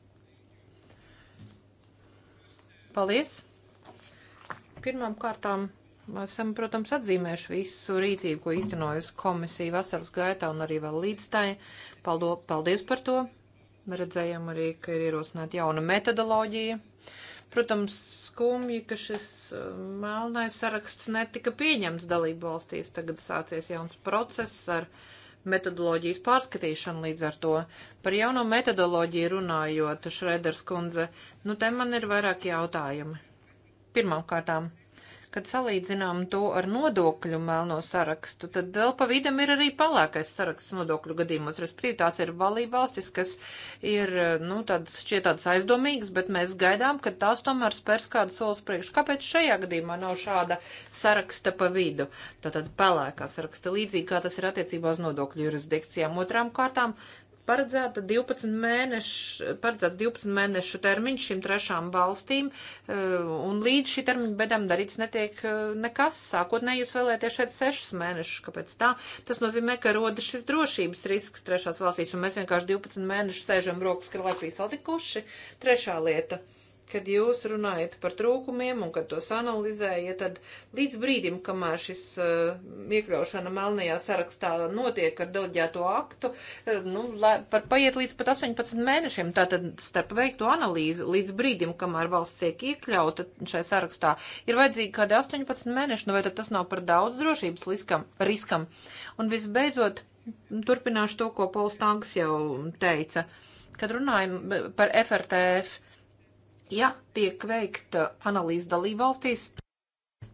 B: Paldies! Pirmām kārtām esam, protams, atzīmējuši visu rīcību, ko īstenojusi komisija vasaras gaitā un arī vēl līdz tai. Paldies par to! Redzējām arī, ka ir ierosināta jauna metodoloģija Protams, skumji, ka šis uh, melnais saraksts netika pieņemts dalību valstīs. Tagad sācies jauns process ar metodoloģijas pārskatīšanu līdz ar to. Par jauno metodoloģiju runājot, Šreders kundze, nu te man ir vairāk jautājumi. Pirmām kārtām. Kad salīdzinām to ar nodokļu melno sarakstu, tad vēl pa vidam ir arī palākais saraksts nodokļu gadījumos. Respektīvi, tās ir valība valstis, kas ir, nu, tādas šķiet tādas aizdomīgas, bet mēs gaidām, ka tās tomēr spērs kādu solis priekš. Kāpēc šajā gadījumā nav šāda saraksta pa vidu? Tātad palākā saraksta līdzīgi, kā tas ir attiecībā uz nodokļu jurisdikcijām. Otrām kārtām. Uh, paredzēta 12 mēnešu, paredzēts 12 mēnešu termiņš šīm trešām valstīm, eh, un līdz šī termiņa bedam darīts netiek eh, nekas. Sākotnēji jūs vēlēties šeit 6 mēnešus, kāpēc tā? Tas nozīmē, ka rodas šis drošības risks trešās valstīs, un mēs vienkārši 12 mēnešus sēžam rokas krāpī salikuši. Trešā lieta. Uh, kad jūs runājat par trūkumiem un kad tos analizējat, tad līdz brīdim, kamēr šis uh, iekļaušana melnajā sarakstā notiek ar deleģēto aktu, uh, nu, lai, par paiet līdz pat 18 mēnešiem, tātad starp veikto analīzi līdz brīdim, kamēr valsts tiek iekļauta šai sarakstā, ir vajadzīgi kādi 18 mēneši, nu vai tad tas nav par daudz drošības riskam? riskam. Un visbeidzot, turpināšu to, ko Pols Tanks jau teica, kad runājam par FRTF Ja tiek veikta analīze dalībvalstīs,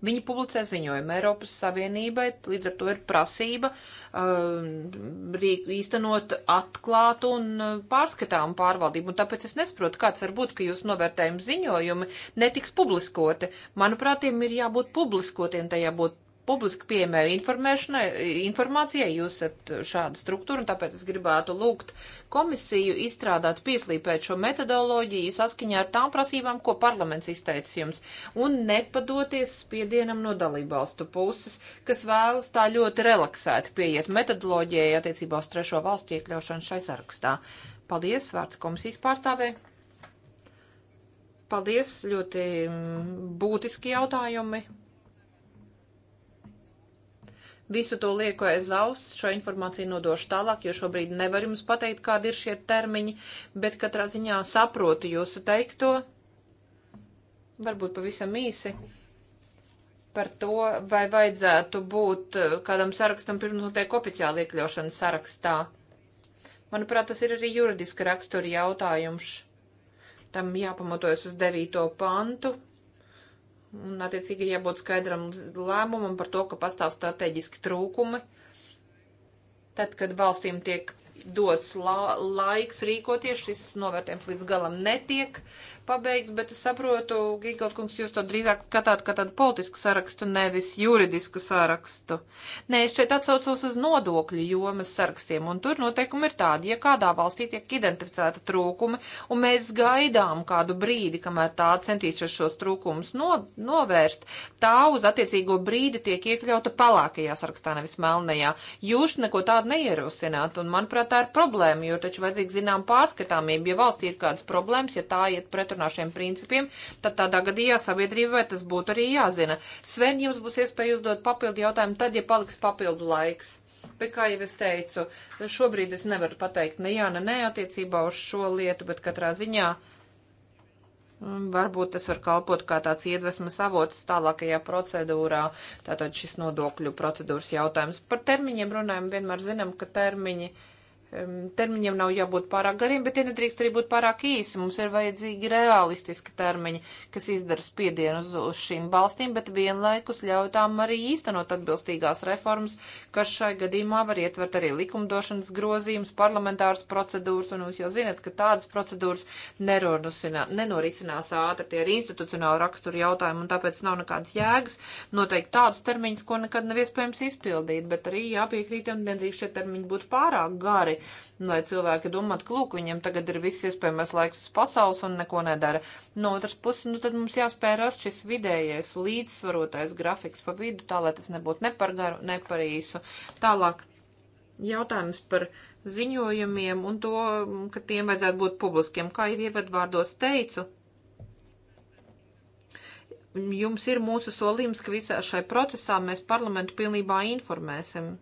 B: viņi publicē ziņojumu Eiropas Savienībai, līdz ar to ir prasība uh, īstenot atklātu un uh, pārskatāmu pārvaldību. Un tāpēc es nesaprotu, kāds var būt, ka jūs novērtējumu ziņojumi netiks publiskoti. Manuprāt, tiem ir jābūt publiskotiem, tajā būt, publiski pieejamai informācijai, jūs esat šāda struktūra, un tāpēc es gribētu lūgt komisiju izstrādāt pieslīpēt šo metodoloģiju saskaņā ar tām prasībām, ko parlaments izteicis jums, un nepadoties spiedienam no dalībvalstu puses, kas vēlas tā ļoti relaksēti pieiet metodoloģijai attiecībā uz trešo valstu iekļaušanu šai sarakstā. Paldies, vārds komisijas pārstāvē. Paldies, ļoti mm, būtiski jautājumi. Visu to lieku aiz auss, šo informāciju nodošu tālāk, jo šobrīd nevar jums pateikt, kādi ir šie termiņi, bet katrā ziņā saprotu jūsu teikto. Varbūt pavisam īsi par to, vai vajadzētu būt eh, kādam sarakstam pirms notiek oficiāli iekļaušana sarakstā. Manuprāt, tas ir arī juridiska rakstura jautājums. Tam jāpamatojas uz devīto pantu, Un, attiecīgi, jābūt skaidram lēmumam par to, ka pastāv strateģiski trūkumi. Tad, kad valstīm tiek dots la laiks rīkoties, šis novērtējums līdz galam netiek pabeigts, bet es saprotu, Gigot kungs, jūs to drīzāk skatāt kā tādu politisku sarakstu, nevis juridisku sarakstu. Nē, es šeit atsaucos uz nodokļu jomas sarakstiem, un tur noteikumi ir tādi, ja kādā valstī tiek identificēta trūkumi, un mēs gaidām kādu brīdi, kamēr tā centīšas šos trūkumus no, novērst, tā uz attiecīgo brīdi tiek iekļauta palākajā sarakstā, nevis melnajā. Jūs neko tādu neierosināt, un manuprāt, tā ir problēma, jo taču vajadzīga zinām pārskatāmība. Ja valstī ir kādas problēmas, ja tā iet pretrunā šiem principiem, tad tādā gadījumā sabiedrībai tas būtu arī jāzina. Sven, jums būs iespēja uzdot papildu jautājumu tad, ja paliks papildu laiks. Bet, kā jau es teicu, šobrīd es nevaru pateikt ne jā, ne nē attiecībā uz šo lietu, bet katrā ziņā mm, varbūt tas var kalpot kā tāds iedvesmas avots tālākajā procedūrā, tātad šis nodokļu procedūras jautājums. Par termiņiem runājam, vienmēr zinām, ka termiņi. Uh, termiņiem nav jābūt pārāk gariem, bet tie nedrīkst arī būt pārāk īsi. Mums ir vajadzīgi realistiski termiņi, kas izdara spiedienu uz, uz šīm valstīm, bet vienlaikus ļauj tām arī īstenot atbilstīgās reformas, kas šai gadījumā var ietvert arī likumdošanas grozījumus, parlamentāras procedūras, un jūs jau zinat, ka tādas procedūras nenorisinās ātri, tie ir institucionāli raksturi jautājumi, un tāpēc nav nekādas jēgas noteikt tādus termiņus, ko nekad nav iespējams izpildīt, bet arī jāpiekrītam, nedrīkst šie termiņi būt pārāk gari lai cilvēki domātu, ka lūk, viņiem tagad ir viss iespējamais laiks uz pasaules un neko nedara. No otras puses, nu tad mums jāspēj rast šis vidējais līdzsvarotais grafiks pa vidu, tā lai tas nebūtu ne par garu, ne par īsu. Tālāk jautājums par ziņojumiem un to, ka tiem vajadzētu būt publiskiem. Kā jau ievadvārdos teicu, jums ir mūsu solījums, ka visā šai procesā mēs parlamentu pilnībā informēsim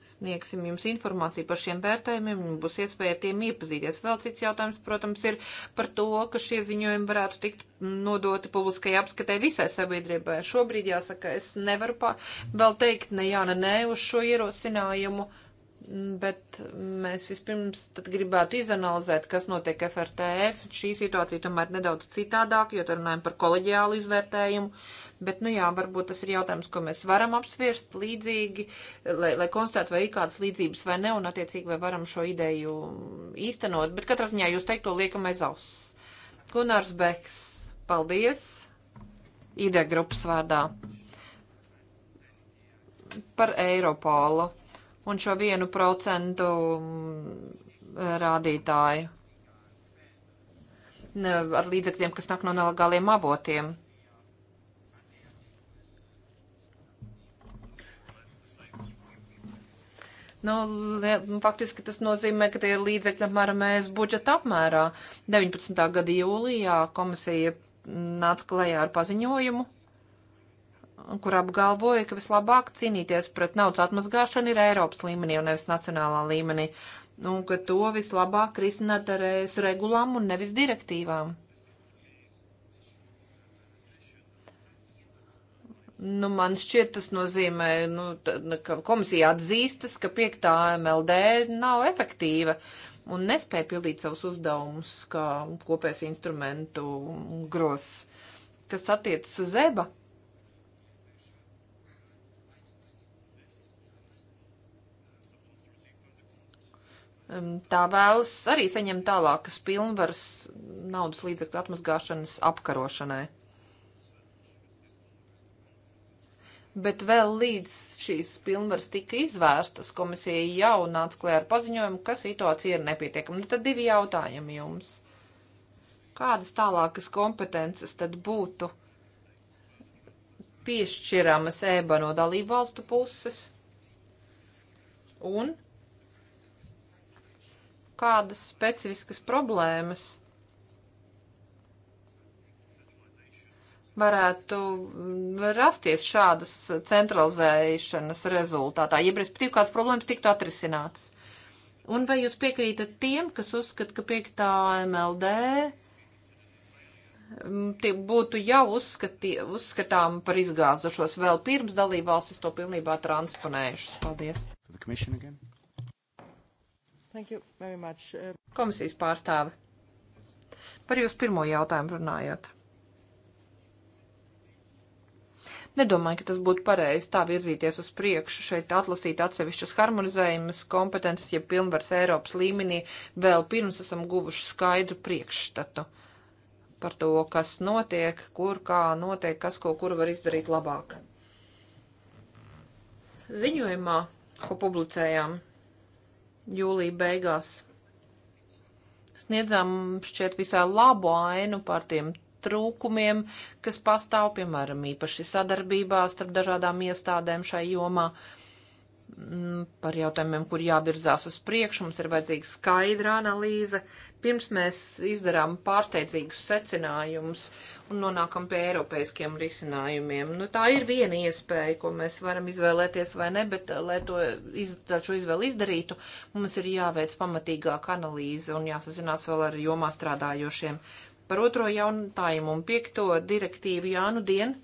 B: sniegsim jums informāciju par šiem vērtējumiem un būs iespēja ar tiem iepazīties. Vēl cits jautājums, protams, ir par to, ka šie ziņojumi varētu tikt nodoti publiskai apskatē visai sabiedrībai. Šobrīd jāsaka, es nevaru pa, vēl teikt ne jā, ne nē uz šo ierosinājumu. Bet mēs vispirms gribētu izanalizēt, kas notiek FRTF. Šī situācija tomēr nedaudz citādāk, jo tur runājam par koleģiālu izvērtējumu Bet, nu jā, varbūt tas ir jautājums, ko mēs varam apsvērst līdzīgi, lai, lai konstatētu, vai ir kādas līdzības vai ne, un attiecīgi, vai varam šo ideju īstenot. Bet katrā ziņā jūs teikto liekam aiz auss. Gunārs Beks, paldies! Ideja grupas vārdā par Eiropolu un šo vienu procentu mm, rādītāju ar līdzekļiem, kas nāk no nelegāliem avotiem. Nu, nu, faktiski tas nozīmē, ka tie ir līdzekļi apmēram mēs budžeta apmērā. 19. gada jūlijā komisija nāca klajā ar paziņojumu, kur apgalvoja, ka vislabāk cīnīties pret naudas atmazgāšanu ir Eiropas līmenī un nevis nacionālā līmenī, un ka to vislabāk risināt ar ES regulām un nevis direktīvām. Nu, man šķiet, tas nozīmē, nu, nu ka komisija atzīstas, ka piektā MLD nav efektīva un nespēja pildīt savus uzdevumus kā kopējas instrumentu gros, kas attiecas uz EBA. Tā vēlas arī saņemt tālākas pilnvaras naudas līdzekļu atmazgāšanas apkarošanai. bet vēl līdz šīs pilnvaras tika izvērstas, komisija jau nāca klē ar paziņojumu, ka situācija ir nepietiekama. Nu, tad divi jautājumi jums. Kādas tālākas kompetences tad būtu piešķiramas ēba no dalību valstu puses? Un kādas specifiskas problēmas? varētu mm, rasties šādas centralizēšanas rezultātā, ja respektīvi kāds problēmas tiktu atrisinātas. Un vai jūs piekrītat tiem, kas uzskata, ka 5. MLD mm, būtu jau uzskatī, uzskatām par izgāzušos vēl pirms dalībvalstis to pilnībā transponējušas? Paldies! Uh, Komisijas pārstāve. Par jūsu pirmo jautājumu runājot. Nedomāju, ka tas būtu pareizi tā virzīties uz priekšu, šeit atlasīt atsevišķas harmonizējumas kompetences, ja pilnvars Eiropas līmenī vēl pirms esam guvuši skaidru priekšstatu par to, kas notiek, kur kā notiek, kas ko kur var izdarīt labāk. Ziņojumā, ko publicējām jūlija beigās, sniedzām šķiet visai labu ainu par tiem trūkumiem, kas pastāv, piemēram, īpaši sadarbībā starp dažādām iestādēm šai jomā. Mm, par jautājumiem, kur jāvirzās uz priekšu, mums ir vajadzīga skaidra analīze. Pirms mēs izdarām pārsteidzīgus secinājumus un nonākam pie eiropeiskiem risinājumiem. Nu, tā ir viena iespēja, ko mēs varam izvēlēties vai ne, bet, lai to iz, šo izvēlu izdarītu, mums ir jāveic pamatīgāka analīze un jāsazinās vēl ar jomā strādājošiem. Uh, Par otro jautājumu un piekto direktīvu Jānu dien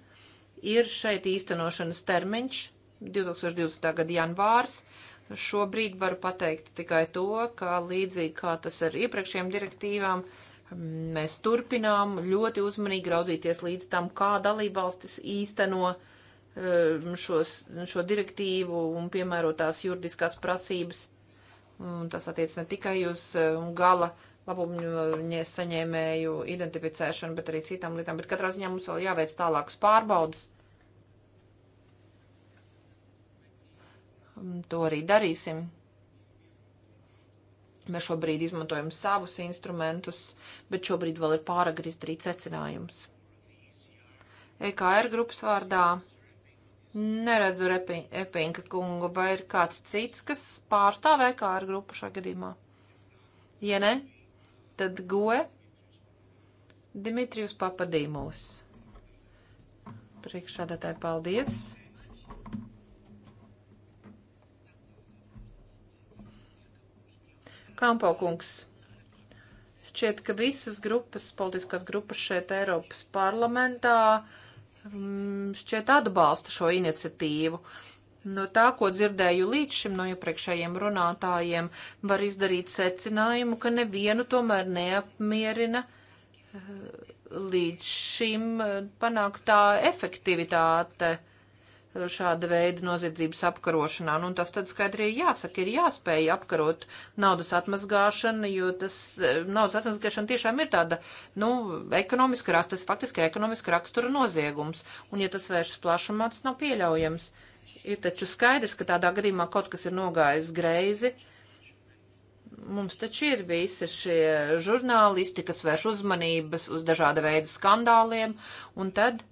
B: ir šeit īstenošanas termiņš 2020. gada janvārs. Šobrīd varu pateikt tikai to, ka līdzīgi kā tas ar iepriekšējām direktīvām, mēs turpinām ļoti uzmanīgi raudzīties līdz tam, kā dalībvalstis īsteno um, šos, šo direktīvu un piemērotās juridiskās prasības. Un tas attiec ne tikai uz um, gala labumu saņēmēju identificēšanu, bet arī citām lietām. Bet katrā ziņā mums vēl jāveic tālākas pārbaudas. Mm, to arī darīsim. Mēs šobrīd izmantojam savus instrumentus, bet šobrīd vēl ir pāragri izdarīt secinājumus. EKR grupas vārdā neredzu repi, Epinka kungu, vai ir kāds cits, kas pārstāv EKR grupu šā gadījumā? Ja ne, Tad goe Dimitrijus Papadīmūs. Priekšādātāji, paldies! Kampaukungs, šķiet, ka visas grupas, politiskās grupas šeit Eiropas parlamentā mm, šķiet atbalsta šo iniciatīvu. Uh, No nu, tā, ko dzirdēju līdz šim no iepriekšējiem runātājiem, var izdarīt secinājumu, ka nevienu tomēr neapmierina eh, līdz šim eh, panāktā efektivitāte šāda veida noziedzības apkarošanā. Nu, tas tad skaidri ir jāsaka, ir jāspēj apkarot naudas atmazgāšanu, jo tas eh, naudas atmazgāšana tiešām ir tāda, nu, ekonomiska rakstura, faktiski ekonomiska rakstura noziegums. Un ja tas vēršas plašumā, tas nav pieļaujams. Uh, Ir taču skaidrs, ka tādā gadījumā kaut kas ir nogājis greizi. Mums taču ir visi šie žurnālisti, kas vērš uzmanības uz dažāda veida skandāliem, un tad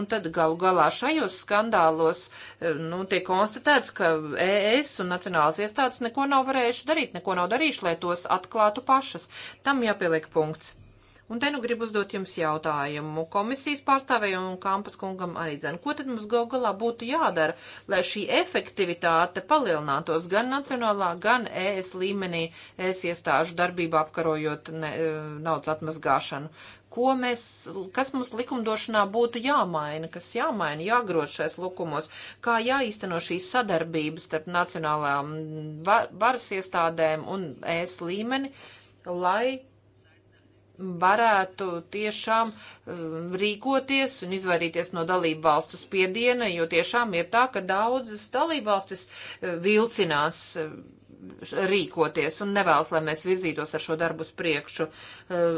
B: Un tad galu galā šajos skandālos e, nu, tiek konstatēts, ka ES un nacionālas iestādes neko nav varējuši darīt, neko nav darījuši, lai tos atklātu pašas. Tam jāpieliek punkts. Un te nu gribu uzdot jums jautājumu komisijas pārstāvēju un kampus kungam arī dzēn. Ko tad mums gal galā būtu jādara, lai šī efektivitāte palielinātos gan nacionālā, gan ES līmenī, ES iestāžu darbībā apkarojot ne, e, naudas atmazgāšanu? ko mēs, kas mums likumdošanā būtu jāmaina, kas jāmaina, jāgrož šais likumos, kā jāīsteno šīs sadarbības starp nacionālām var, varas iestādēm un ES līmeni, lai varētu tiešām eh, rīkoties un izvairīties no dalību valstu spiediena, jo tiešām ir tā, ka daudzas dalību valstis eh, vilcinās eh, rīkoties un nevēlas, lai mēs virzītos ar šo darbu uz priekšu.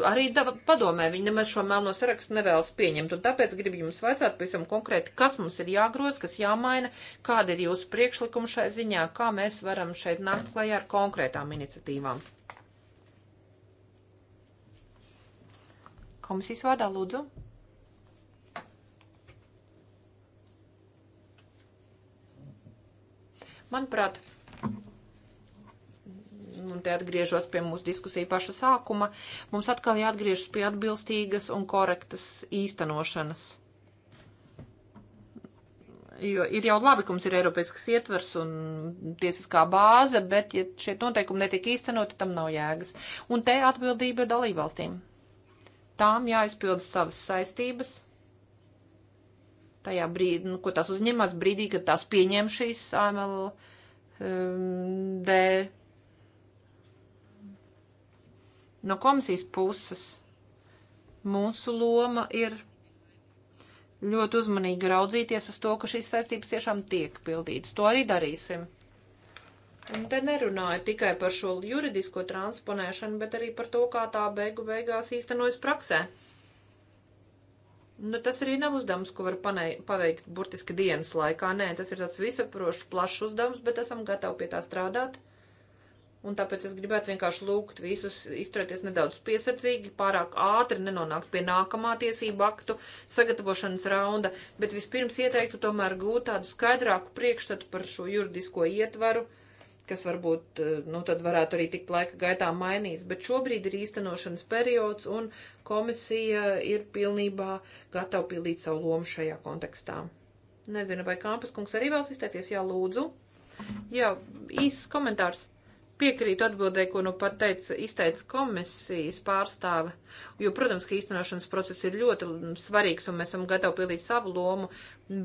B: Arī da, padomē viņi nemaz šo melno sarakstu nevēlas pieņemt, un tāpēc gribu jums vaicāt pavisam konkrēti, kas mums ir jāgroz, kas jāmaina, kāda ir jūsu priekšlikuma šai ziņā, kā mēs varam šeit nākt klajā ar konkrētām iniciatīvām. Komisijas vārdā lūdzu. Manuprāt, un te atgriežos pie mūsu diskusija paša sākuma, mums atkal jāatgriežas pie atbilstīgas un korektas īstenošanas. Jo ir jau labi, ka mums ir Eiropiskas ietvers un tiesiskā bāze, bet ja šie noteikumi netiek īstenoti, tam nav jēgas. Un te atbildība ir dalībvalstīm. valstīm tām jāizpilda savas saistības tajā brīdī, nu, ko tās uzņemās brīdī, kad tās pieņem šīs AML um, D. No komisijas puses mūsu loma ir ļoti uzmanīgi raudzīties uz to, ka šīs saistības tiešām tiek pildītas. To arī darīsim. Un te nerunāju tikai par šo juridisko transponēšanu, bet arī par to, kā tā beigu beigās īstenojas praksē. Nu, tas arī nav uzdevums, ko var panei, paveikt burtiski dienas laikā. Nē, tas ir tāds visaprošs, plašs uzdevums, bet esam gatavi pie tā strādāt. Un tāpēc es gribētu vienkārši lūgt visus izturēties nedaudz piesardzīgi, pārāk ātri nenonākt pie nākamā tiesību aktu sagatavošanas raunda, bet vispirms ieteiktu tomēr gūt tādu skaidrāku priekšstatu par šo juridisko ietvaru kas varbūt, eh, nu, tad varētu arī tikt laika gaitā mainīts, bet šobrīd ir īstenošanas periods un komisija ir pilnībā gatava pildīt savu lomu šajā kontekstā. Nezinu, vai Kāmpas kungs arī vēlas izteikties, jā, lūdzu. Jā, īsts komentārs. Piekrītu atbildēji, ko nu pat teica, izteica komisijas pārstāve, jo, protams, ka īstenošanas process ir ļoti svarīgs un mēs esam gatavi pildīt savu lomu,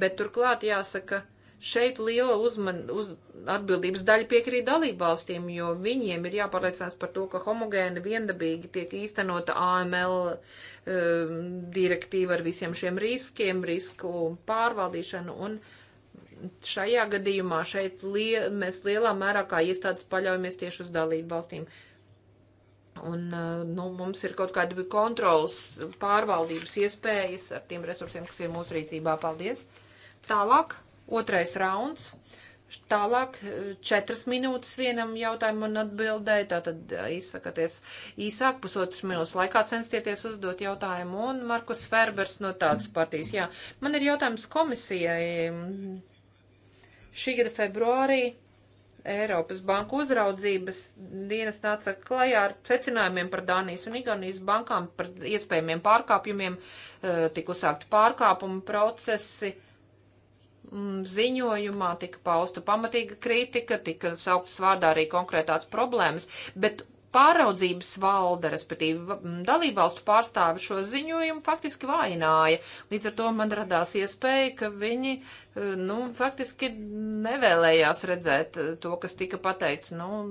B: bet turklāt jāsaka, ka Šeit liela uzman, uz, atbildības daļa piekrīt dalībvalstīm, jo viņiem ir jāpārliecinās par to, ka homogēni viendabīgi tiek īstenota AML um, direktīva ar visiem šiem riskiem, risku pārvaldīšanu un šajā gadījumā šeit lie, mēs lielā mērā kā iestādes paļaujamies tieši uz dalību valstīm. Un, uh, nu, mums ir kaut kāda kontrolas pārvaldības iespējas ar tiem resursiem, kas ir mūsu rīcībā. Paldies! Tālāk! Otrais rauns. Tālāk eh, četras minūtes vienam jautājumam un atbildēji, tātad eh, izsakaties īsāk, pusotras minūtes laikā censties uzdot jautājumu. Un Markus Ferbers no tādas partijas. Jā, man ir jautājums komisijai. Šī gada februārī Eiropas Banku uzraudzības dienas nāca klajā ar secinājumiem par Dānijas un Igaunijas bankām par iespējamiem pārkāpumiem, eh, tik uzsākti pārkāpumu procesi. Mm, ziņojumā tika pausta pamatīga kritika, tika sauktas vārdā arī konkrētās problēmas, bet pāraudzības valde, respektīvi mm, dalībvalstu pārstāvi šo ziņojumu faktiski vājināja. Līdz ar to man radās iespēja, ka viņi, eh, nu, faktiski nevēlējās redzēt eh, to, kas tika pateikts, nu,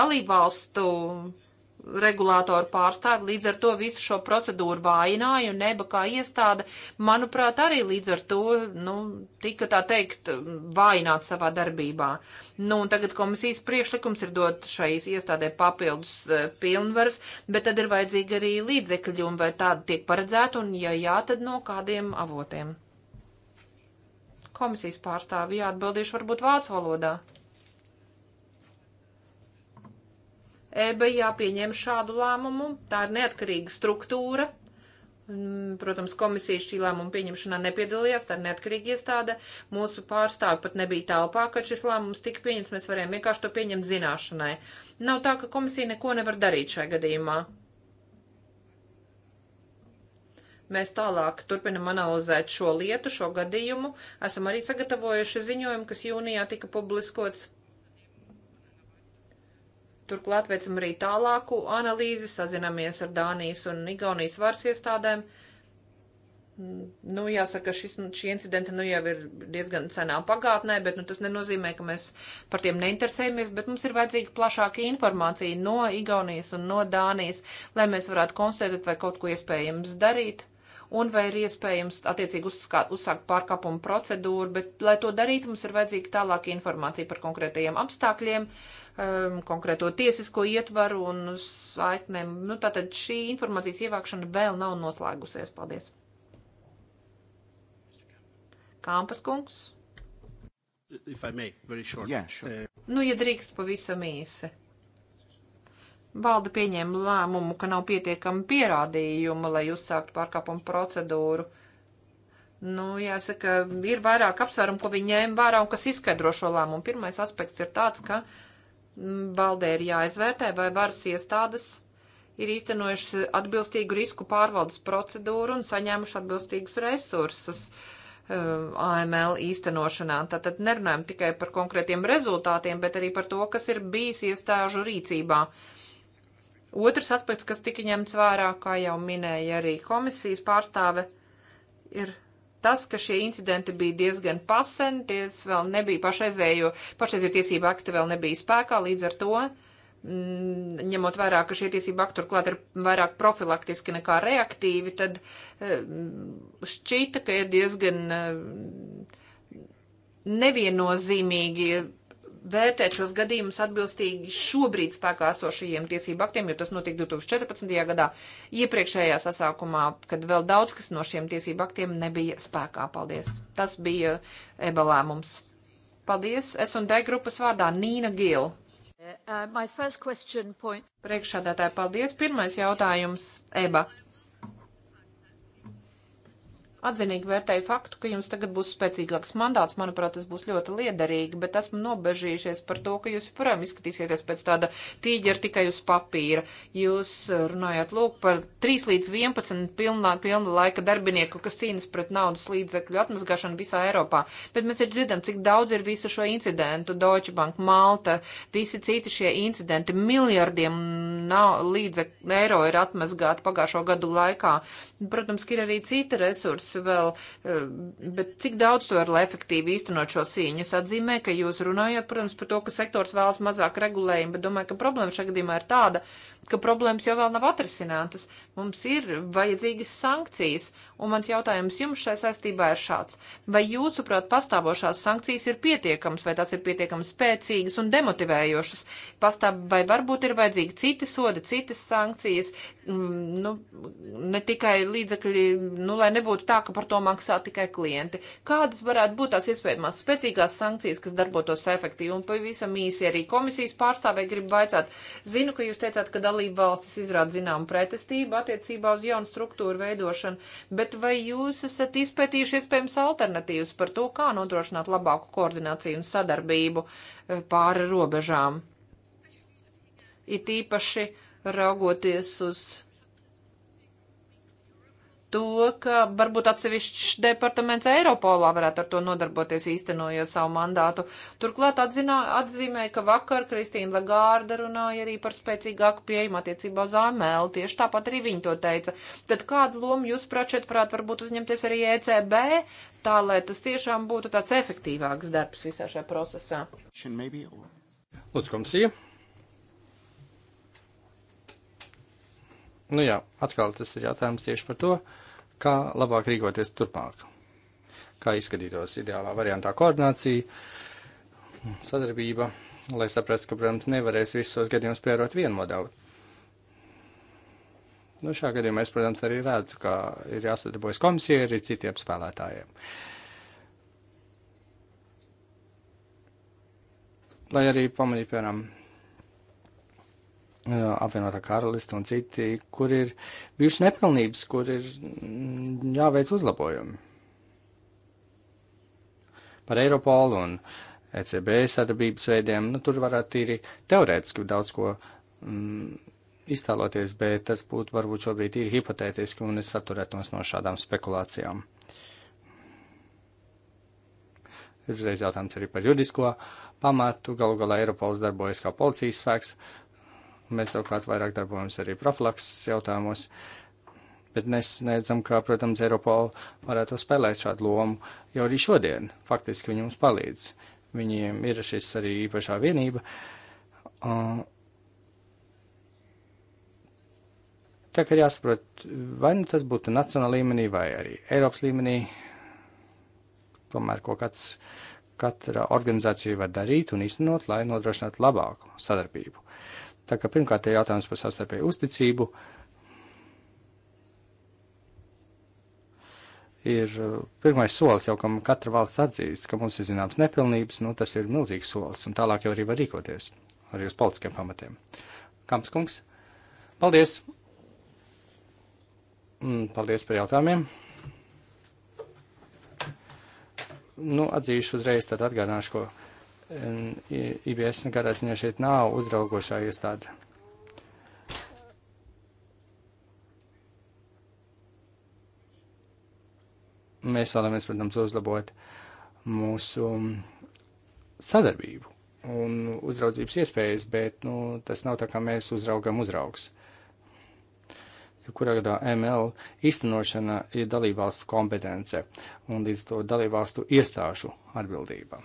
B: dalībvalstu regulātoru pārstāvi, līdz ar to visu šo procedūru vājināja, un neba kā iestāde, manuprāt, arī līdz ar to, nu, tika tā teikt, vājināt savā darbībā. Nu, un tagad komisijas priešlikums ir dot šai iestādē papildus uh, pilnvaras, bet tad ir vajadzīgi arī līdzekļi, un vai tāda tiek paredzēta, un ja jā, tad no kādiem avotiem. Komisijas pārstāvi jāatbildīšu varbūt vācu valodā. EBA jāpieņem šādu lēmumu. Tā ir neatkarīga struktūra. Protams, komisija šī lēmuma pieņemšanā nepiedalījās, tā ir neatkarīga iestāde. Mūsu pārstāvi pat nebija telpā, kad šis lēmums tika pieņemts. Mēs varējām vienkārši to pieņemt zināšanai. Nav tā, ka komisija neko nevar darīt šajā gadījumā. Mēs tālāk turpinam analizēt šo lietu, šo gadījumu. Esam arī sagatavojuši ziņojumu, kas jūnijā tika publiskots Turklāt veicam arī tālāku analīzi, sazinamies ar Dānijas un Igaunijas varas iestādēm. Nu, jāsaka, šis, nu, šī incidenta nu, jau ir diezgan senā pagātnē, bet nu, tas nenozīmē, ka mēs par tiem neinteresējamies, bet mums ir vajadzīga plašāka informācija no Igaunijas un no Dānijas, lai mēs varētu konstatēt, vai kaut ko iespējams darīt, un vai ir iespējams attiecīgi uzskā, uzsākt pārkāpumu procedūru, bet, lai to darītu, mums ir vajadzīga tālāka informācija par konkrētajiem apstākļiem, uh, um, konkrēto tiesisko ietvaru un saiknēm. Nu, tātad šī informācijas ievākšana vēl nav noslēgusies. Paldies! Kāmpas kungs.
C: If I may, very short. Yeah, sure. Uh,
B: nu, ja drīkst pavisam īsi. Valde pieņēma lēmumu, ka nav pietiekami pierādījuma, lai uzsākt pārkāpumu procedūru. Nu, jāsaka, ir vairāk apsvērumu, ko viņi ņēma vērā un kas izskaidro šo lēmumu. Pirmais aspekts ir tāds, ka uh, Valdē ir jāizvērtē, vai varas iestādes ir īstenojuši atbilstīgu risku pārvaldes procedūru un saņēmuši atbilstīgus resursus um, eh, AML īstenošanā. Tātad nerunājam tikai par konkrētiem rezultātiem, bet arī par to, kas ir bijis iestāžu rīcībā. Otrs aspekts, kas tika ņemts vērā, kā jau minēja arī komisijas pārstāve, ir tas, ka šie incidenti bija diezgan paseni, ties vēl nebija pašreizējo, pašreizie tiesība akti vēl nebija spēkā, līdz ar to mm, ņemot vērā, ka šie tiesība akti turklāt ir vairāk profilaktiski nekā reaktīvi, tad eh, šķīta, ka ir diezgan eh, neviennozīmīgi vērtēt šos gadījumus atbilstīgi šobrīd spēkā esošajiem tiesību aktiem, jo tas notika 2014. gadā, iepriekšējā sasākumā, kad vēl daudz kas no šiem tiesību aktiem nebija spēkā. Paldies! Tas bija EBA lēmums. Paldies! Es un D grupas vārdā Nīna Gila. Uh, Priekšādātāji, paldies! Pirmais jautājums EBA. Atzinīgi vērtēju faktu, ka jums tagad būs spēcīgāks mandāts. Manuprāt, tas būs ļoti liederīgi, bet esmu nobežījušies par to, ka jūs joprojām izskatīsieties pēc tāda tīģera tikai uz papīra. Jūs eh, runājāt, lūk, par 3 līdz 11 pilnā, pilna laika darbinieku, kas cīnas pret naudas līdzekļu atmazgāšanu visā Eiropā. Bet mēs ir dzirdam, cik daudz ir visu šo incidentu. Deutsche Bank, Malta, visi citi šie incidenti. Miljardiem līdzekļu eiro ir atmazgāti pagājušo gadu laikā. Protams, ka ir arī citi resursi vēl, eh, bet cik daudz to var lai efektīvi īstenot šo cīņu? Es atzīmēju, ka jūs runājat, protams, par to, ka sektors vēlas mazāk regulējumu, bet domāju, ka problēma šajā gadījumā ir tāda, ka ka problēmas jau vēl nav atrisinātas. Mums ir vajadzīgas sankcijas, un mans jautājums jums šai saistībā ir šāds. Vai jūsuprāt pastāvošās sankcijas ir pietiekams, vai tās ir pietiekami spēcīgas un demotivējošas? Pastāv, vai varbūt ir vajadzīgi citi sodi, citas sankcijas, mm, nu, ne tikai līdzekļi, nu, lai nebūtu tā, ka par to maksā tikai klienti. Kādas varētu būt tās iespējamās spēcīgās sankcijas, kas darbotos efektīvi? Un pavisam īsi arī komisijas pārstāvē grib vaicāt. Zinu, ka jūs teicāt, ka dalība valstis izrāda zinām pretestību attiecībā uz jaunu struktūru veidošanu, bet vai jūs esat izpētījuši iespējams alternatīvas par to, kā nodrošināt labāku koordināciju un sadarbību e, pāri robežām? It īpaši raugoties uz to, ka varbūt atsevišķs departaments Eiropolā varētu ar to nodarboties, īstenojot savu mandātu. Turklāt atzinā, atzīmē, ka vakar Kristīna Lagārda runāja arī par spēcīgāku pieejumu attiecībā uz AML. Tieši tāpat arī viņa to teica. Tad kādu lomu jūs pračet varētu varbūt uzņemties arī ECB, tā lai tas tiešām būtu tāds efektīvāks darbs visā šajā procesā?
A: Lūdzu, komisija. Nu jā, atkal tas ir jautājums tieši par to, kā labāk rīkoties turpmāk. Kā izskatītos ideālā variantā koordinācija, sadarbība, lai saprastu, ka, protams, nevarēs visos gadījumos pierot vienu modeli. Nu, šā gadījumā es, protams, arī redzu, ka ir jāsadarbojas komisija arī citiem spēlētājiem. Lai arī pamanītu, piemēram, apvienotā karalista un citi, kur ir bijušas nepilnības, kur ir mm, jāveic uzlabojumi. Par Eiropolu un ECB sadarbības veidiem, nu, tur varētu tīri teorētiski daudz ko mm, iztēloties, bet tas būtu varbūt šobrīd tīri hipotētiski un es saturētos no šādām spekulācijām. Uzreiz jautājums arī par juridisko pamatu. Galu galā Eiropols darbojas kā policijas spēks, uh, Mēs savukārt vairāk darbojamies arī profilakses jautājumos, bet mēs needzam, ka, protams, Eiropola varētu spēlēt šādu lomu jau arī šodien. Faktiski viņi mums palīdz. Viņiem ir šis arī īpašā vienība. Uh, tā kā ir jāsaprot, vai nu tas būtu nacionāla līmenī vai arī Eiropas līmenī, tomēr kaut kāds katra organizācija var darīt un īstenot, lai nodrošinātu labāku sadarbību. Tā kā pirmkārt ir jautājums par savstarpēju uzticību. Ir uh, pirmais solis jau, kam katra valsts atzīst, ka mums ir zināms nepilnības, nu tas ir milzīgs solis, un tālāk jau arī var rīkoties, arī uz politiskiem pamatiem. Kamps kungs, paldies! Mm, paldies par jautājumiem! Nu, atzīšu uzreiz, tad atgādināšu, ko IBS nekādā ziņā šeit nav uzraugošā iestāde. Mēs vēlamies, protams, uzlabot mūsu sadarbību un uzraudzības iespējas, bet nu, tas nav tā, kā mēs uzraugam uzraugs. Kurā gadā ML īstenošana ir dalībvalstu kompetence un līdz to dalībvalstu iestāžu atbildība.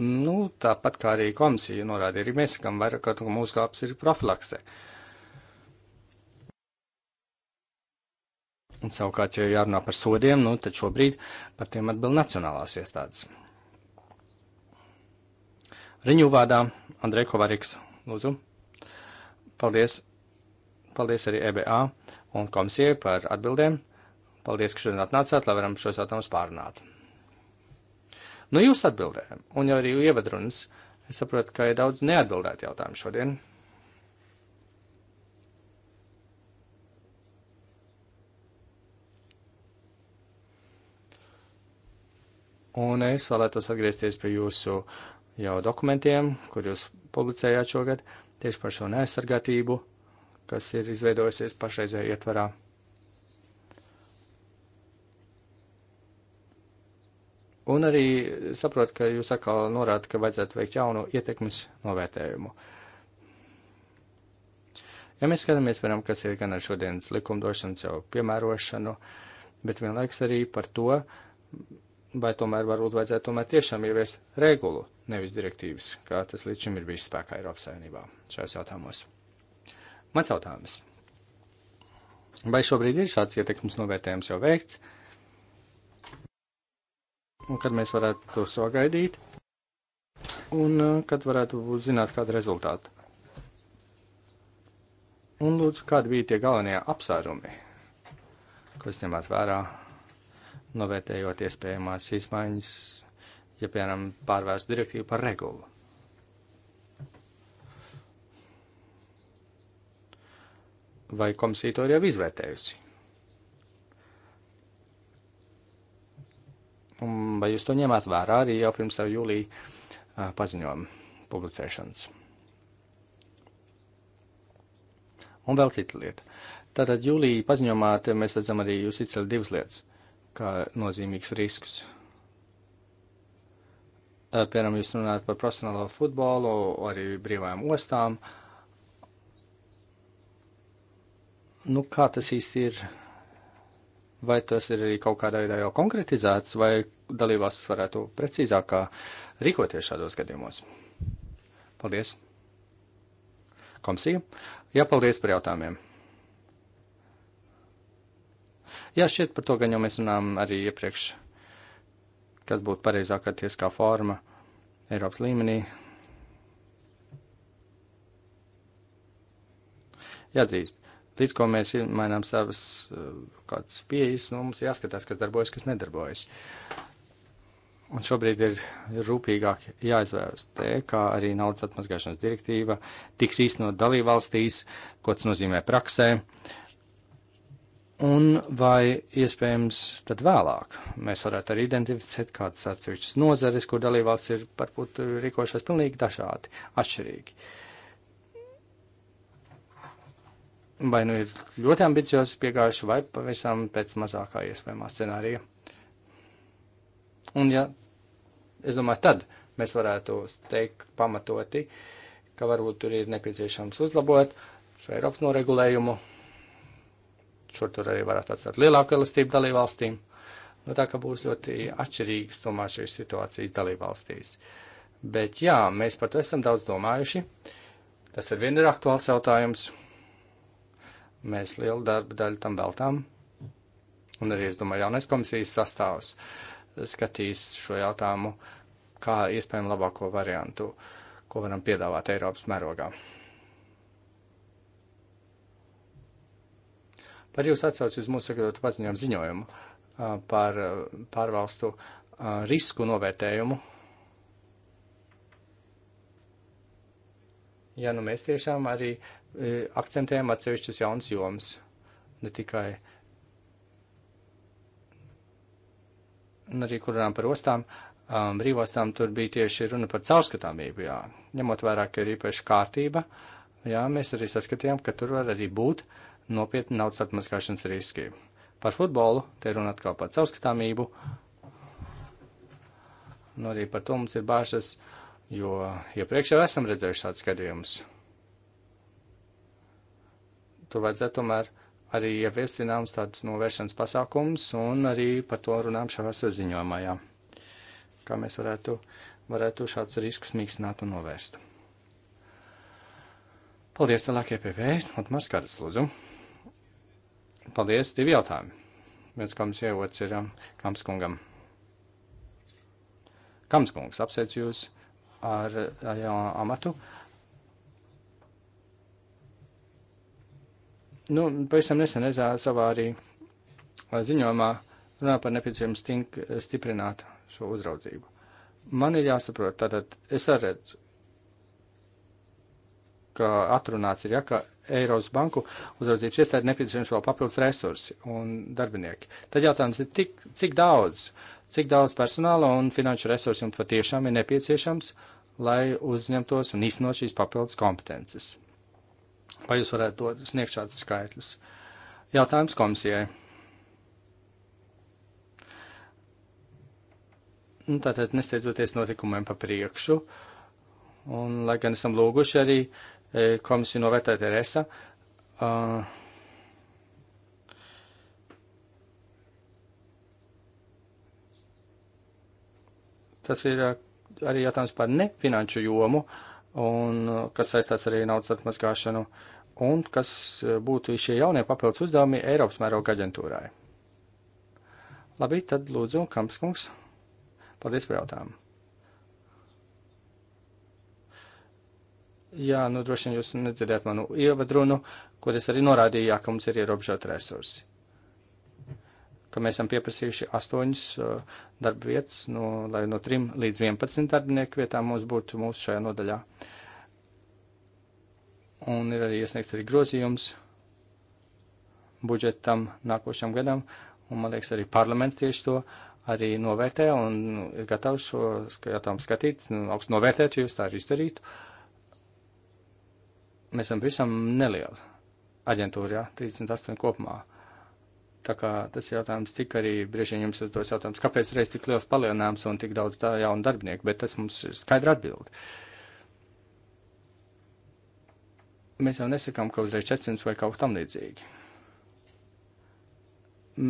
A: Nu, tāpat kā arī komisija norādīja, arī mēs sakam vairāk, ka mūsu kāps ir profilakse. Un savukārt, ja jārunā par sodiem, nu, tad šobrīd par tiem atbild nacionālās iestādes. Riņu vārdā Andrei Kovariks, lūdzu. Paldies. Paldies arī EBA un komisijai par atbildēm. Paldies, ka šodien atnācāt, lai varam šos jautājumus pārunāt. Nu, jūs atbildējat, un jau arī ievadrunas. Es saprotu, ka ir daudz neatbildētu jautājumu šodien. Un es vēlētos atgriezties pie jūsu jau dokumentiem, kur jūs publicējāt šogad, tieši par šo neaizsargātību, kas ir izveidojusies pašreizējā ietvarā. Un arī saprot, ka jūs atkal norādat, ka vajadzētu veikt jaunu ietekmes novērtējumu. Ja mēs skatāmies, piemēram, kas ir gan ar šodienas likumdošanas jau piemērošanu, bet vienlaiks arī par to, vai tomēr varbūt vajadzētu tomēr tiešām ieviest regulu, nevis direktīvas, kā tas līdz šim ir bijis spēkā Eiropas Savienībā šajos jautājumos. Mans jautājums. Vai šobrīd ir šāds ietekmes novērtējums jau veikts? Uh, un kad mēs varētu to sagaidīt, un uh, kad varētu zināt kādu rezultātu. Un lūdzu, kādi bija tie galvenie apsvērumi, kas ņemāt vērā, novērtējot iespējamās izmaiņas, ja, piemēram, pārvērst direktīvu par regulu? Vai komisija to ir jau izvērtējusi? Un vai jūs to ņēmāt vērā arī jau pirms savu jūlija paziņojumu publicēšanas? Un vēl cita lieta. Tātad jūlija paziņojumā mēs redzam arī jūs izceļ divas lietas, kā nozīmīgs risks. Piemēram, jūs runājat par profesionālo futbolu, arī brīvajām ostām. Nu, kā tas īsti ir? Vai tas ir arī kaut kādā veidā jau konkretizēts, vai dalībvalstis varētu precīzāk uh, rīkoties šādos gadījumos? Paldies! Komisija? Jā, paldies par jautājumiem! Jā, šķiet par to gan jau mēs runājām arī iepriekš, kas būtu pareizākā tieskā forma Eiropas līmenī. Jāatzīst, Līdz ko mēs mainām savas eh, kādas pieejas, nu, mums jāskatās, kas darbojas, kas nedarbojas. Un šobrīd ir rūpīgāk jāizvērst te, kā arī naudas atmazgāšanas direktīva tiks īstenot dalībvalstīs, ko tas nozīmē praksē. Un vai iespējams tad vēlāk mēs varētu arī identificēt kādas atsevišķas nozares, kur dalībvalsts ir varbūt rīkojušās pilnīgi dažādi, atšķirīgi. Uh, vai nu ir ļoti ambiciozi piegājuši, vai pavisam pēc mazākā iespējamā scenārija. Un, ja es domāju, tad mēs varētu teikt pamatoti, ka varbūt tur ir nepieciešams uzlabot šo Eiropas noregulējumu. Šur tur arī varētu atstāt lielāku elastību dalībvalstīm. Nu, tā kā būs ļoti atšķirīgas tomēr šīs situācijas dalībvalstīs. Bet jā, mēs par to esam daudz domājuši. Tas ir vien ir aktuāls jautājums. Mēs lielu darbu daļu tam veltām, un arī, es domāju, jaunais komisijas sastāvs skatīs šo jautājumu kā iespējami labāko variantu, ko varam piedāvāt Eiropas mērogā. Par jūsu atsauci uz mūsu sagatavotu paziņojumu ziņojumu par pārvalstu risku novērtējumu. Ja nu mēs tiešām arī Eh, akcentējam atsevišķas jaunas jomas, ne tikai un arī, kur runājam par ostām, um, brīvostām, tur bija tieši runa par caurskatāmību, jā, ņemot vairāk, ka ir īpaši kārtība, jā, mēs arī saskatījām, ka tur var arī būt nopietni naudas atmaskāšanas riski. Par futbolu, te runa atkal par caurskatāmību, un nu, arī par to mums ir bāžas, jo iepriekš jau esam redzējuši šādus gadījumus tur vajadzētu tomēr arī ieviest zināms tādus novēršanas pasākumus, un arī par to runām šajā saziņojumā, jā. kā mēs varētu, varētu šādus riskus mīkstināt un novērst. Paldies, tālāk EPP, Otmars Karas, lūdzu. Paldies, divi jautājumi. Viens komisija, otrs ir um, Kamskungam. Kamskungs, apsveicu jūs ar, ar, ar amatu. Uh, Nu, pavisam nesen ezā savā arī ziņojumā runā par nepieciešamību stink, stiprināt šo uzraudzību. Man ir jāsaprot, tātad es arī redzu, ka atrunāts ir, ja, ka Eiropas banku uzraudzības iestādi nepieciešams vēl papildus resursi un darbinieki. Tad jautājums ir, tik, cik daudz, cik daudz personāla un finanšu resursu jums patiešām ir nepieciešams, lai uzņemtos un īstenot šīs papildus kompetences. Vai jūs varētu dot, sniegt šādus skaitļus? Jautājums komisijai. Nu, tātad nesteidzoties notikumiem pa priekšu, un lai gan esam lūguši arī e, komisiju novērtēt RSA, uh, tas ir arī jautājums par nefinanšu jomu. Uh, un uh, kas saistās arī naudas atmazgāšanu, un kas uh, būtu šie jaunie papildus uzdevumi Eiropas mēroga aģentūrai. Labi, tad lūdzu, Kampskungs, paldies par jautājumu. Jā, nu droši vien jūs nedzirdējāt manu ievadrunu, kur es arī norādīju, jā, ka mums ir ierobežot resursi ka mēs esam pieprasījuši astoņas uh, darba vietas, no, lai no 3 līdz 11 darbinieku vietām mums būtu mūsu šajā nodaļā. Un ir arī iesniegts arī grozījums budžetam nākošam gadam, un man liekas arī parlaments tieši to arī novērtē un ir gatavs šo jautājumu skatīt, nu, augstu novērtēt, jo jūs tā arī izdarītu. Mēs esam visam nelieli aģentūri, jā, ja, 38 kopumā. Uh, Tā kā tas jautājums, cik arī brieži jums ir tos jautājums, kāpēc reiz tik liels palielinājums un tik daudz tā jaunu darbinieku, bet tas mums ir skaidra atbildi. Mēs jau nesakām, ka uzreiz 400 vai kaut tam līdzīgi.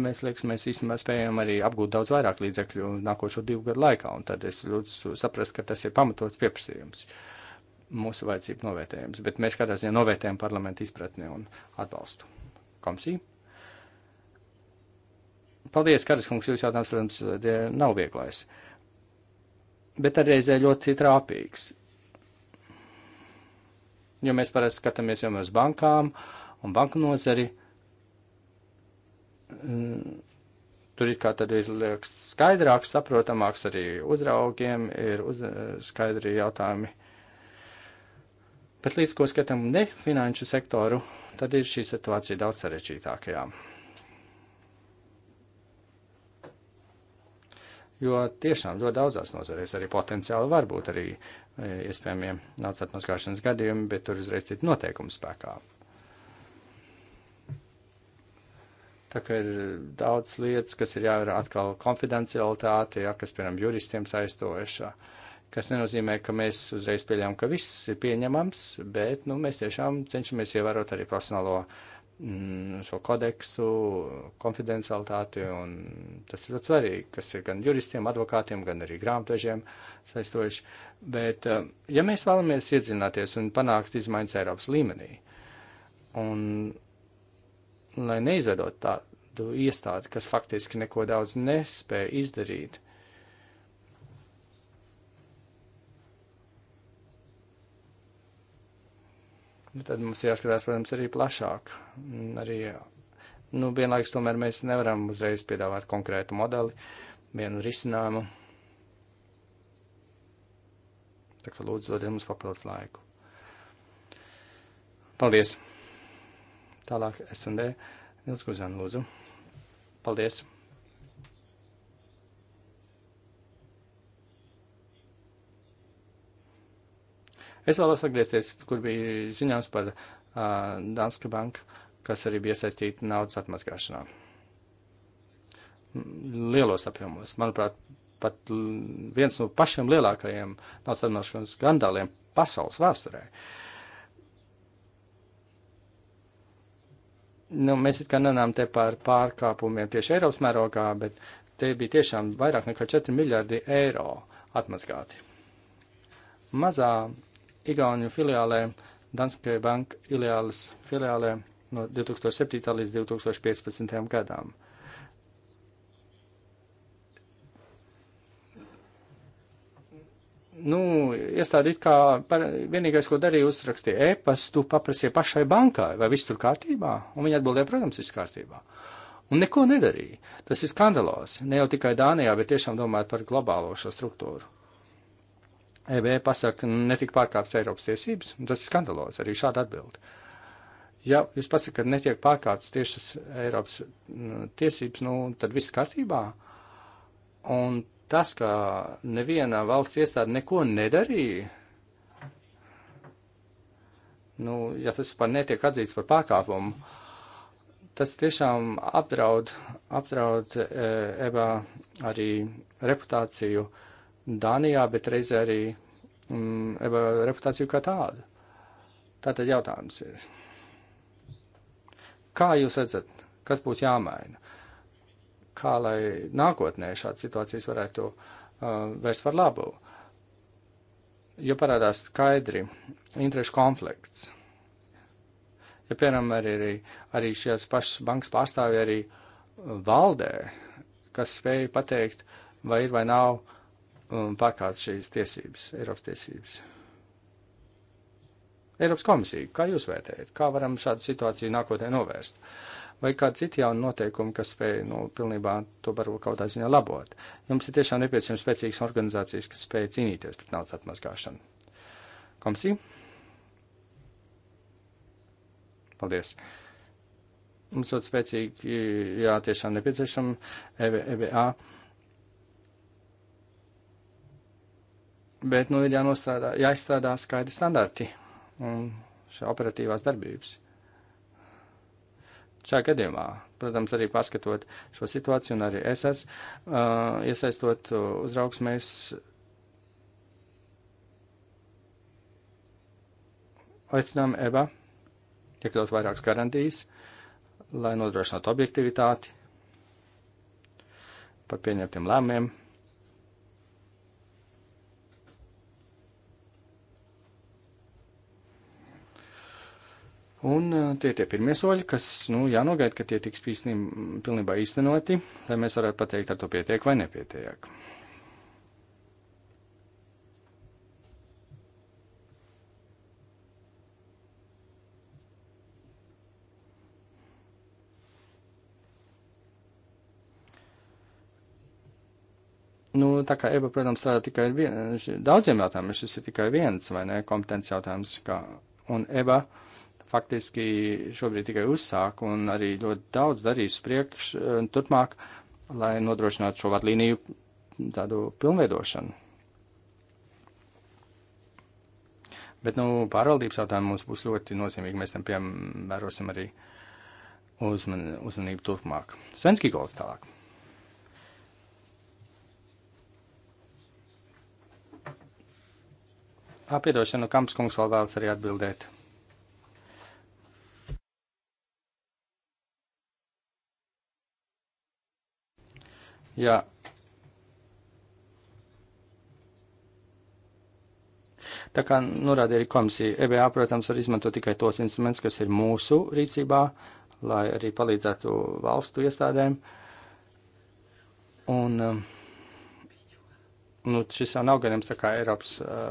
A: Mēs liekas, mēs īstenībā spējam arī apgūt daudz vairāk līdzekļu nākošo divu gadu laikā, un tad es lūdzu saprast, ka tas ir pamatots pieprasījums, mūsu vajadzību novērtējums, bet mēs kādās, ja novērtējam parlamentu izpratni un atbalstu. Komisija? Paldies, Karas kungs, jūs jautājums, protams, nav vieglais, bet arī reizē ļoti trāpīgs. Jo mēs parasti skatāmies jau uz bankām un banku nozari. Tur ir kā tad izlieks skaidrāks, saprotamāks arī uzraugiem, ir uz, skaidri jautājumi. Bet līdz ko skatām nefinanšu sektoru, tad ir šī situācija daudz sarežģītākajām. Ja jo tiešām ļoti daudzās nozarēs arī potenciāli var būt arī e, iespējamie naudas atmaskāšanas gadījumi, bet tur uzreiz citi noteikumi spēkā. Tā kā ir daudz lietas, kas ir jāvērā atkal konfidencialitāte, ja, kas, piemēram, juristiem saistoša, kas nenozīmē, ka mēs uzreiz pieļām, ka viss ir pieņemams, bet, nu, mēs tiešām cenšamies ievērot arī profesionālo uh, Mm, šo kodeksu, konfidencialitāti, un tas ir ļoti svarīgi, kas ir gan juristiem, advokātiem, gan arī grāmatvežiem saistoši. Bet, eh, ja mēs vēlamies iedzināties un panākt izmaiņas Eiropas līmenī, un lai neizvedot tādu iestādi, kas faktiski neko daudz nespēja izdarīt, Nu, tad mums jāskatās, protams, arī plašāk. Arī, nu, vienlaiks tomēr mēs nevaram uzreiz piedāvāt konkrētu modeli, vienu risinājumu. Tā kā lūdzu, dodiet mums papildus laiku. Paldies! Tālāk S&D. Nils Guzan, lūdzu. Paldies! Es vēlos atgriezties, kur bija ziņojums par uh, Danske banku, kas arī bija iesaistīta naudas atmazgāšanā. Lielos apjomos, manuprāt, pat viens no pašiem lielākajiem naudas atmazgāšanas skandāliem pasaules vēsturē. Nu, mēs it kā nenām te par pārkāpumiem tieši Eiropas mērogā, bet te bija tiešām vairāk nekā 4 miljardi eiro atmazgāti. Mazā Igauniju filiālē, Danske Bank Iliāles filiālē no 2007. līdz 2015. gadām. Nu, iestādi it kā par, vienīgais, ko darīja, uzrakstīja e-pastu, paprasīja pašai bankai, vai viss tur kārtībā, un viņa atbildēja, protams, viss kārtībā. Un neko nedarīja. Tas ir skandalos, ne jau tikai Dānijā, bet tiešām domājot par globālo šo struktūru. EB pasaka, netika pārkāptas Eiropas tiesības, tas ir skandalozi, arī šāda atbilde. Ja jūs pasakāt, ka netiek pārkāptas tiešas Eiropas mm, tiesības, nu, tad viss kārtībā. Un tas, ka neviena valsts iestāde neko nedarīja, nu, ja tas par netiek atzīts par pārkāpumu, tas tiešām apdraud, apdraud e, EBA arī reputāciju. E, Dānijā, bet reizē arī mm, e, reputāciju kā tādu. Tātad jautājums ir, kā jūs redzat, kas būtu jāmaina? Kā lai nākotnē šādas situācijas varētu uh, vērst par labu? Ja parādās skaidri interešu konflikts, ja piemēram arī, arī, arī šīs pašas bankas pārstāvja arī valdē, kas spēja pateikt, vai ir vai nav uh, um, pārkāpt šīs tiesības, Eiropas tiesības. Eiropas komisija, kā jūs vērtējat, kā varam šādu situāciju nākotnē novērst? Vai kādi citi jauni noteikumi, kas spēj, nu, pilnībā to varbūt kaut kādā ziņā labot? Jums ir tiešām nepieciešams spēcīgas organizācijas, kas spēj cīnīties pret naudas atmazgāšanu. Komisija? Paldies! Mums ļoti spēcīgi, jā, tiešām nepieciešama EBA. E, e Bet, nu, ir jānostrādā, jāizstrādā skaidri standarti un šī operatīvās darbības. Šajā gadījumā, protams, arī paskatot šo situāciju un arī es esmu, uh, iesaistot uzraugs, mēs aicinām EBA iekļaut vairākas garantijas, lai nodrošinātu objektivitāti par pieņemtiem lēmumiem. Un tie tie pirmie soļi, kas, nu, jānogaida, ka tie tiks pīsnīm pilnībā īstenoti, lai mēs varētu pateikt, ar to pietiek vai nepietiek. Nu, tā kā EBA, protams, strādā tikai ar vienu, daudziem jautājumiem, šis ir tikai viens, vai ne, kompetenci jautājums, kā, un EBA. Uh, faktiski šobrīd tikai uzsāk un arī ļoti daudz darīs priekš eh, turpmāk, lai nodrošinātu šo vadlīniju tādu pilnveidošanu. Bet, nu, pārvaldības jautājumi mums būs ļoti nozīmīgi. Mēs tam piemērosim arī uzman, uzmanību turpmāk. Svenskī golds tālāk. Apiedošanu, nu, Kamps kungs vēl vēlas arī atbildēt. Ja Tā kā norādīja arī komisija, EBA, protams, var izmantot tikai tos instrumentus, kas ir mūsu rīcībā, lai arī palīdzētu valstu iestādēm. Un, um, nu, šis jau nav gadījums tā kā Eiropas uh,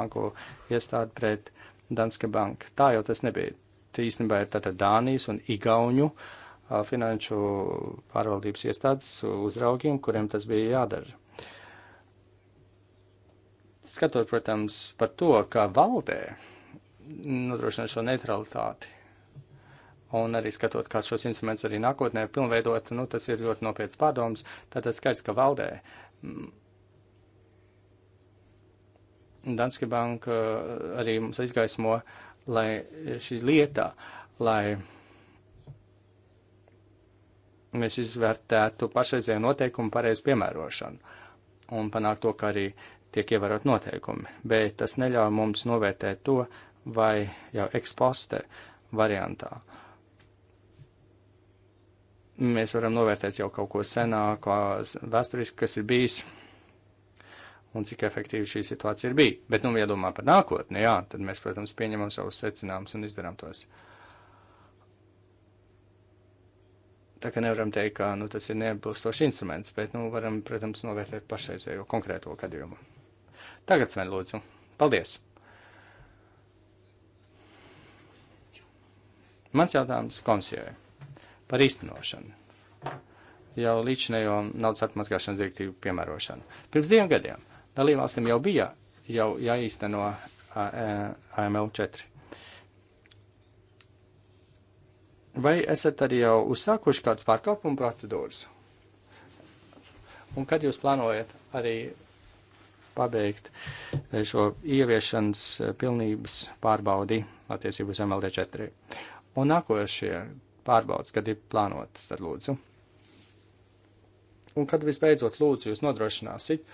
A: banku iestāde pret Danske banku. Tā jau tas nebija. Tā īstenībā ir tātad Dānijas un Igauņu uh, finanšu pārvaldības iestādes uzraugiem, kuriem tas bija jādara. Skatot, protams, par to, kā valdē nodrošina šo neutralitāti, un arī skatot, kā šos instrumentus arī nākotnē pilnveidot, nu, tas ir ļoti nopietns pārdoms, tātad skaidrs, ka valdē. Mm, Danske Banka arī mums aizgaismo, lai šī lietā, lai mēs izvērtētu pašreizēju noteikumu pareizu piemērošanu un panākt to, ka arī tiek ievērot noteikumi. Bet tas neļauj mums novērtēt to, vai jau eksposte variantā. Mēs varam novērtēt jau kaut ko senāko, vēsturiski, kas ir bijis un cik efektīvi šī situācija ir bijusi. Bet, nu, ja domā par nākotni, jā, tad mēs, protams, pieņemam savus secinājumus un izdarām tos. Uh, tā kā nevaram teikt, ka nu, tas ir neatbilstošs instruments, bet nu, varam, protams, novērtēt pašreizējo konkrēto gadījumu. Tagad, Sven, lūdzu, paldies! Mans jautājums komisijai par īstenošanu. Jau līdzinējo naudas atmazgāšanas direktīvu piemērošanu. Pirms diviem gadiem dalībvalstīm jau bija jau jāīsteno AML e, 4 Vai esat arī jau uzsākuši kādas pārkāpuma procedūras? Un kad jūs plānojat arī pabeigt eh, šo ieviešanas eh, pilnības pārbaudi attiecību uz MLD 4? Un nākošie pārbaudas, kad ir plānotas, tad lūdzu. Un kad visbeidzot lūdzu jūs nodrošināsit,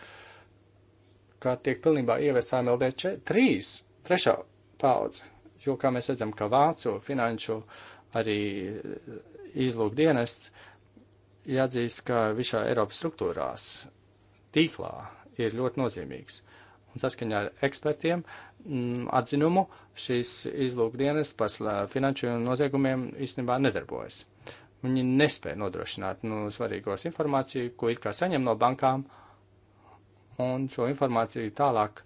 A: ka tiek pilnībā ieviests AMLD 3, trešā paudze, jo, kā mēs redzam, ka vācu finanšu uh, arī eh, izlūk dienests, jāatzīst, ka visā Eiropas struktūrās tīklā ir ļoti nozīmīgs. Un saskaņā ar ekspertiem m, mm, atzinumu šīs izlūk dienas par finanšu noziegumiem īstenībā nedarbojas. Viņi nespēja nodrošināt nu, svarīgos informāciju, ko it kā saņem no bankām, un šo informāciju tālāk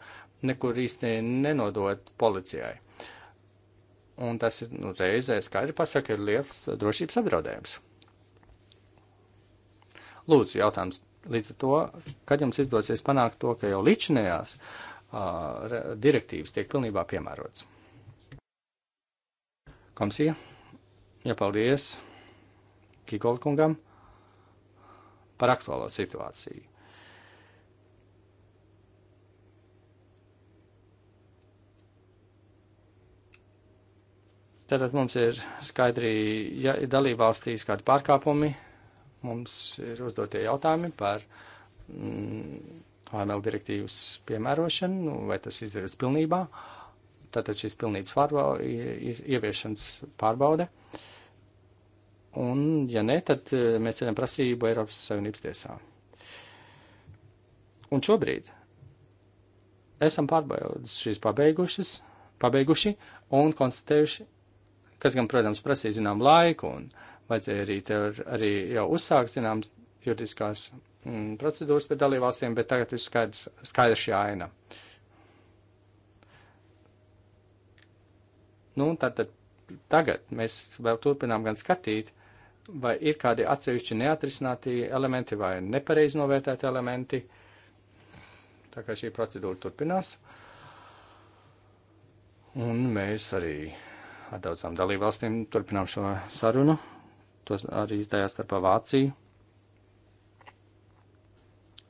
A: nekur īsti nenodot policijai. Un tas ir nu, reizē skaidri pasaka, ir liels drošības apdraudējums. Lūdzu, jautājums līdz ar to, kad jums izdosies panākt to, ka jau līdšanējās uh, direktīvas tiek pilnībā piemērots? Komisija, jāpaldies Kigolkungam par aktuālo situāciju. Tātad mums ir skaidri, ja ir dalībvalstīs kādi pārkāpumi, mums ir uzdotie jautājumi par mm, AML direktīvas piemērošanu, nu, vai tas izdarīts pilnībā. Tātad šīs pilnības pārbaude, ieviešanas pārbaude. Un, ja nē, tad e, mēs ceļam prasību Eiropas Savienības tiesā. Un šobrīd esam pārbaudas šīs pabeigušas, pabeiguši un konstatējuši kas gan, protams, prasīja zinām laiku un vajadzēja arī, tev, arī jau uzsākt zināmas juridiskās mm, procedūras pie dalībvalstīm, bet tagad ir skaidrs, skaidrs šī aina. Nu, tātad tagad mēs vēl turpinām gan skatīt, vai ir kādi atsevišķi neatrisināti elementi vai nepareiz novērtēti elementi. Tā kā šī procedūra turpinās. Un mēs arī ar daudzām dalībvalstīm turpinām šo sarunu, tos arī tajā starpā Vāciju,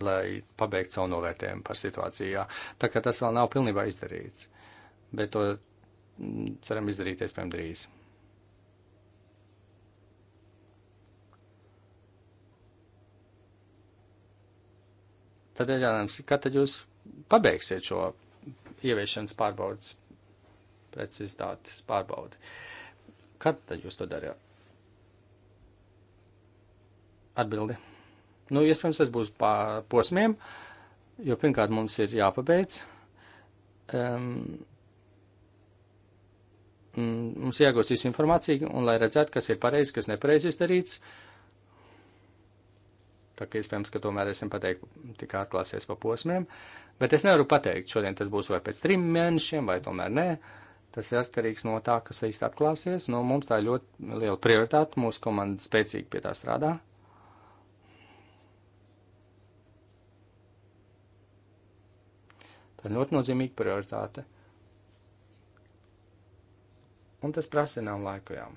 A: lai pabeigtu savu novērtējumu par situācijā. Tā kā tas vēl nav pilnībā izdarīts, bet to mm, ceram izdarīt iespējami drīz. Tad jautājums, kad tad jūs pabeigsiet šo ieviešanas pārbaudas precizitātes pārbaudi. Kad tad jūs to darījāt? Atbildi. Nu, iespējams, tas būs pa posmiem, jo pirmkārt mums ir jāpabeidz. Um, mums jāgūst visu informāciju, un lai redzētu, kas ir pareizi, kas nepareizi izdarīts. Tā kā iespējams, ka tomēr esam pateikt, tikai atklāsies pa posmiem. Bet es nevaru pateikt, šodien tas būs vai pēc trim mēnešiem, vai tomēr nē. Uh, Tas ir atkarīgs no tā, kas īsti atklāsies. Nu, mums tā ir ļoti liela prioritāte. Mūsu komanda spēcīgi pie tā strādā. Tā ir ļoti nozīmīga prioritāte. Un tas prasa nav laiku jām.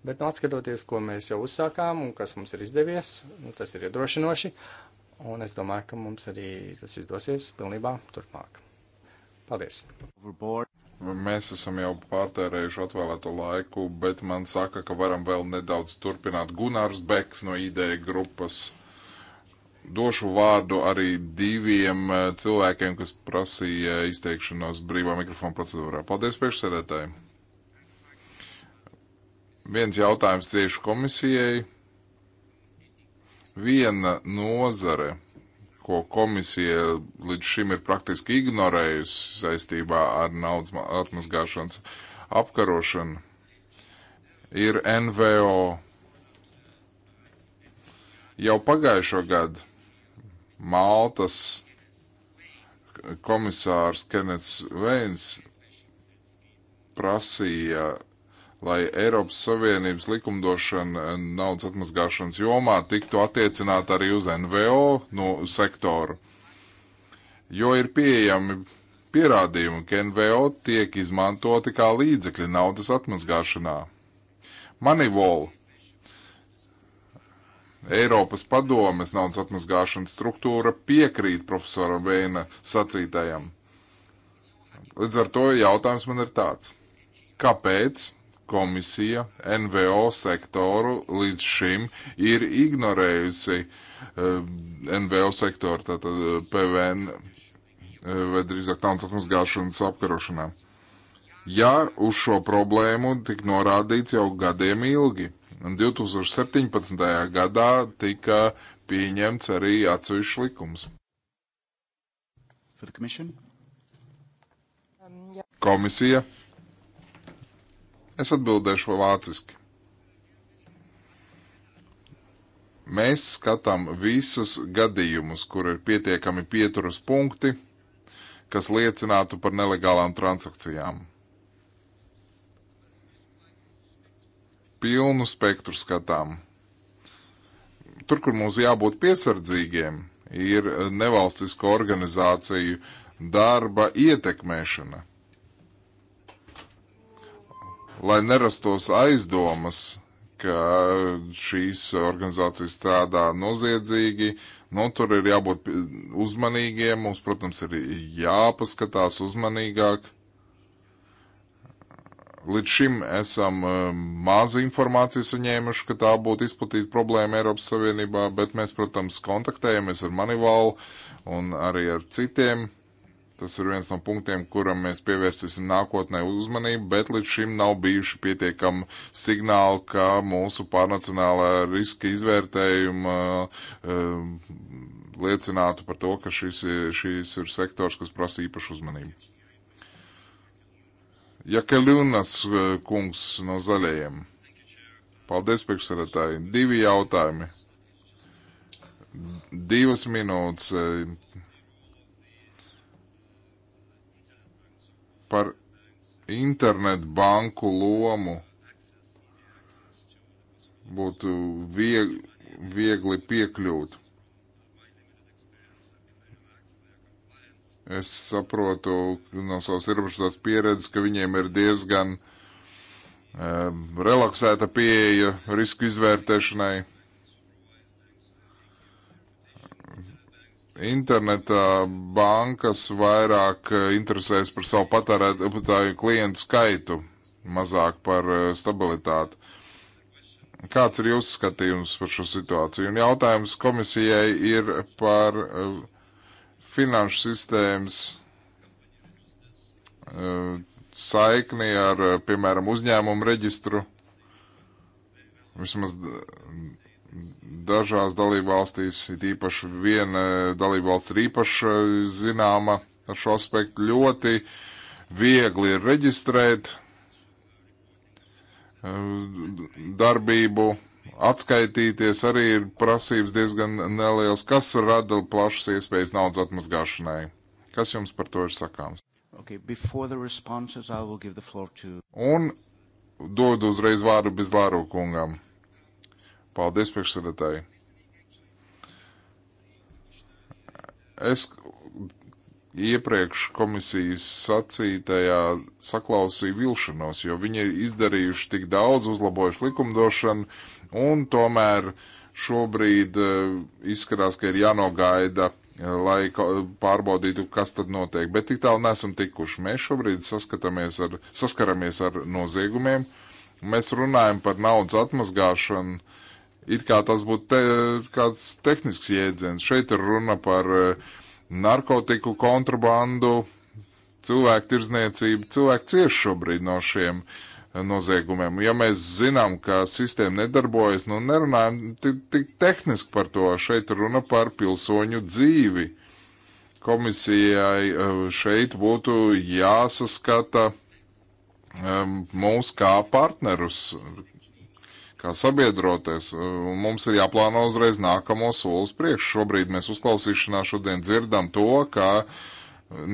A: Bet, nu, atskatoties, ko mēs jau uzsākām un kas mums ir izdevies, nu, tas ir iedrošinoši. Uh, un es domāju, ka mums arī tas izdosies pilnībā
C: turpmāk. Paldies! Mēs esam jau pārtērējuši atvēlēto laiku, bet man saka, ka varam vēl nedaudz turpināt. Gunārs Beks no ideja grupas. Došu vārdu arī diviem eh, cilvēkiem, kas prasīja izteikšanos brīvā mikrofona procedūrā. Paldies priekšsēdētājiem! Viens jautājums tieši komisijai Viena nozare, ko komisija līdz šim ir praktiski ignorējusi saistībā ar naudas atmazgāšanas apkarošanu, ir NVO. Jau pagājušo gadu Maltas komisārs Kenets Veins prasīja lai Eiropas Savienības likumdošana eh, naudas atmazgāšanas jomā tiktu attiecināta arī uz NVO no sektoru. Jo ir pieejami pierādījumi, ka NVO tiek izmantoti kā līdzekļi naudas atmazgāšanā. Manivol Eiropas padomes naudas atmazgāšanas struktūra piekrīt profesora Veina sacītajam. Līdz ar to jautājums man ir tāds. Kāpēc komisija NVO sektoru līdz šim ir ignorējusi uh, eh, NVO sektoru, tātad eh, PVN eh, vai drīzāk naudas atmazgāšanas apkarošanā. Ja uz šo problēmu tik norādīts jau gadiem ilgi, un 2017. gadā tika pieņemts arī atsevišķs likums. Um, komisija. Es atbildēšu vāciski. Mēs skatām visus gadījumus, kur ir pietiekami pieturas punkti, kas liecinātu par nelegālām transakcijām. Pilnu spektru skatām. Tur, kur mums jābūt piesardzīgiem, ir nevalstisko organizāciju darba ietekmēšana lai nerastos aizdomas, ka šīs organizācijas strādā noziedzīgi, nu, tur ir jābūt uzmanīgiem, mums, protams, ir jāpaskatās uzmanīgāk. Līdz šim esam eh, maz informācijas saņēmuši, ka tā būtu izplatīta problēma Eiropas Savienībā, bet mēs, protams, kontaktējamies ar Manivālu un arī ar citiem Tas ir viens no punktiem, kuram mēs pievērsīsim nākotnē uzmanību, bet līdz šim nav bijuši pietiekami signāli, ka mūsu pārnacionālā riska izvērtējuma uh, liecinātu par to, ka šis, šis ir sektors, kas prasa īpašu uzmanību. Jakeļunas eh, kungs no zaļajiem. Paldies, priekšsarētāji. Divi jautājumi. Divas minūtes eh, par internetu banku lomu būtu viegli, viegli piekļūt. Es saprotu no savas ierobežotās pieredzes, ka viņiem ir diezgan um, relaksēta pieeja risku izvērtēšanai. Internetā bankas vairāk eh, interesēs par savu patērētāju klientu skaitu, mazāk par eh, stabilitāti. Kāds ir jūsu skatījums par šo situāciju? Un jautājums komisijai ir par eh, finanšu sistēmas saikni ar, piemēram, uzņēmumu reģistru. Vismaz Dažās dalībvalstīs, īpaši viena dalībvalsts ir īpaši eh, zināma ar šo aspektu, ļoti viegli ir reģistrēt eh, darbību, atskaitīties arī ir prasības diezgan nelielas, kas rada plašas iespējas naudas atmazgāšanai. Kas jums par to ir sakāms? Okay, responses, to... Un dodu uzreiz vārdu Bizlāru kungam. Paldies, priekšsēdētāji. Es iepriekš komisijas sacītajā saklausīju vilšanos, jo viņi ir izdarījuši tik daudz, uzlabojuši likumdošanu, un tomēr šobrīd eh, izskatās, ka ir jānogaida, eh, lai pārbaudītu, kas tad notiek. Bet tik tālu nesam tikuši. Mēs šobrīd ar, saskaramies ar noziegumiem. Mēs runājam par naudas atmazgāšanu it kā tas būtu te, kāds tehnisks jēdziens. Šeit ir runa par e, narkotiku kontrabandu, cilvēku tirzniecību, cilvēku cieši šobrīd no šiem e, noziegumiem. Ja mēs zinām, ka sistēma nedarbojas, nu nerunājam tik, tik tehniski par to. Šeit runa par pilsoņu dzīvi. Komisijai e, šeit būtu jāsaskata mūs kā partnerus, kā sabiedroties. Uh, mums ir jāplāno uzreiz nākamo solis priekš. Šobrīd mēs uzklausīšanā šodien dzirdam to, ka uh,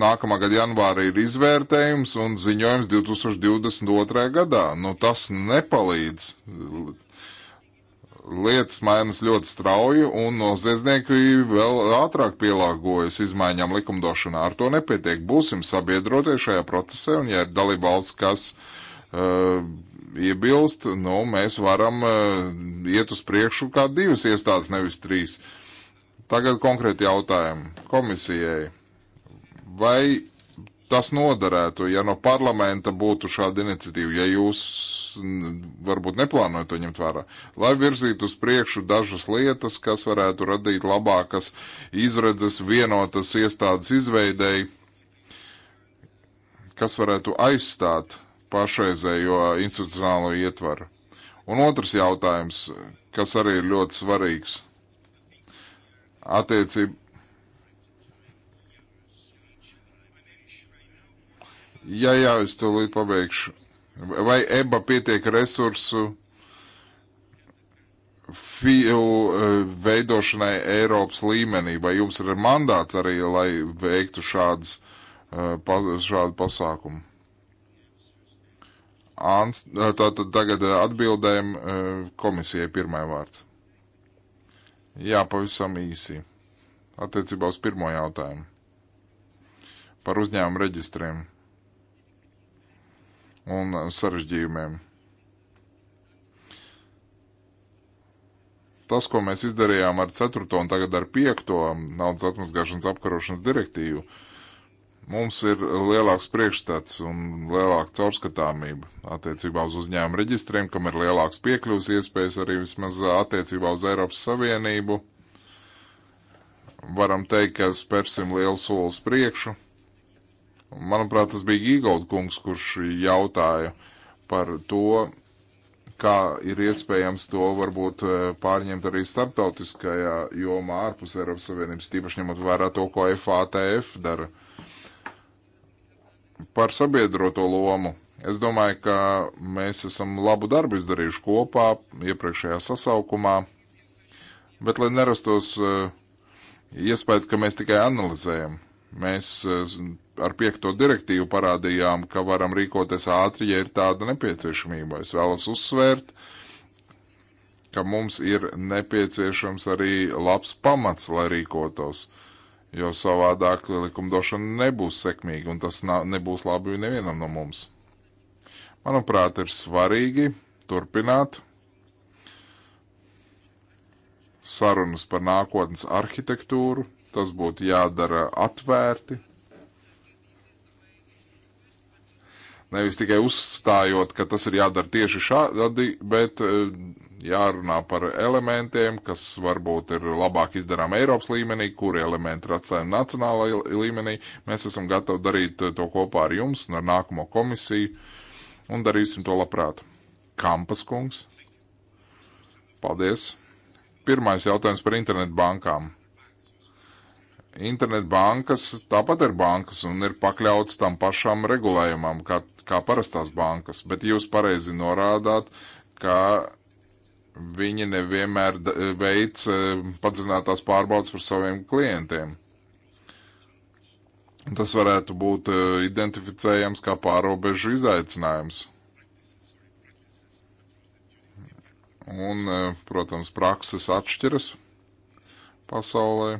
C: nākamā gada janvārī ir izvērtējums un ziņojums 2022. gadā. Nu, tas nepalīdz. Lietas mainas ļoti strauji un noziedznieki vēl ātrāk pielāgojas izmaiņām likumdošanā. Ar to nepietiek. Būsim sabiedrotie šajā procesē un ja ir dalībvalsts, kas uh, iebilst, nu, mēs varam eh, iet uz priekšu kā divas iestādes, nevis trīs. Tagad konkrēti jautājumi komisijai. Vai tas noderētu, ja no parlamenta būtu šāda iniciatīva, ja jūs varbūt neplānojat to ņemt vērā, lai virzītu uz priekšu dažas lietas, kas varētu radīt labākas izredzes vienotas iestādes izveidēji, kas varētu aizstāt pašreizējo institucionālo ietvaru. Un otrs jautājums, kas arī ir ļoti svarīgs, attiecība. Jā, jā, es to līdz pabeigšu. Vai EBA pietiek resursu FIU eh, veidošanai Eiropas līmenī, vai jums ir mandāts arī, lai veiktu šādas, eh, šādu pasākumu? Ants, tātad tagad atbildēm komisijai pirmai vārds. Jā, pavisam īsi. Attiecībā uz pirmo jautājumu. Par uzņēmumu reģistriem un sarežģījumiem. Tas, ko mēs izdarījām ar 4. un tagad ar 5. naudas atmazgāšanas apkarošanas direktīvu, uh, mums ir lielāks priekšstats un lielāka caurskatāmība attiecībā uz uzņēmumu reģistriem, kam ir lielāks piekļuvs iespējas arī vismaz attiecībā uz Eiropas Savienību. Varam teikt, ka spērsim lielu solis priekšu. Manuprāt, tas bija Gīgold kungs, kurš jautāja par to, kā ir iespējams to varbūt pārņemt arī starptautiskajā jomā ārpus Eiropas Savienības, tīpaši ņemot vērā to, ko FATF dara. Uh, Par sabiedroto lomu. Es domāju, ka mēs esam labu darbu izdarījuši kopā iepriekšējā sasaukumā, bet lai nerastos eh, iespējas, ka mēs tikai analizējam. Mēs eh, ar piekto direktīvu parādījām, ka varam rīkoties ātri, ja ir tāda nepieciešamība. Es vēlos uzsvērt, ka mums ir nepieciešams arī labs pamats, lai rīkotos jo savādāk likumdošana nebūs sekmīga, un tas nebūs labi nevienam no mums. Manuprāt, ir svarīgi turpināt sarunas par nākotnes arhitektūru. Tas būtu jādara atvērti. Nevis tikai uzstājot, ka tas ir jādara tieši šādi, bet uh, jārunā par elementiem, kas varbūt ir labāk izdarām Eiropas līmenī, kuri elementi ir atstājami nacionālajā līmenī. Mēs esam gatavi darīt eh, to kopā ar jums un ar nākamo komisiju un darīsim to labprāt. Kampas kungs. Paldies. Pirmais jautājums par internetu bankām. Internetu bankas tāpat ir bankas un ir pakļauts tam pašam regulējumam, kā, kā parastās bankas, bet jūs pareizi norādāt, ka viņi nevienmēr eh, veic eh, padzinātās pārbaudas par saviem klientiem. Tas varētu būt eh, identificējams kā pārobežu izaicinājums. Un, protams, prakses atšķiras pasaulē.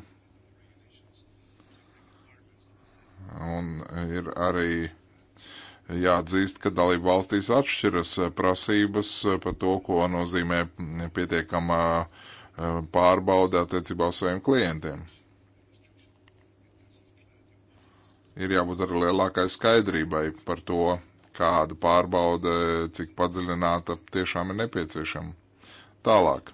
C: Un ir arī uh, Jāatzīst, ka dalību valstīs atšķiras eh, prasības eh, par to, ko nozīmē mm, pietiekama eh, pārbauda attiecībā uz saviem klientiem. Ir jābūt arī lielākai skaidrībai par to, kāda pārbauda, cik padziļināta tiešām ir nepieciešama. Tālāk.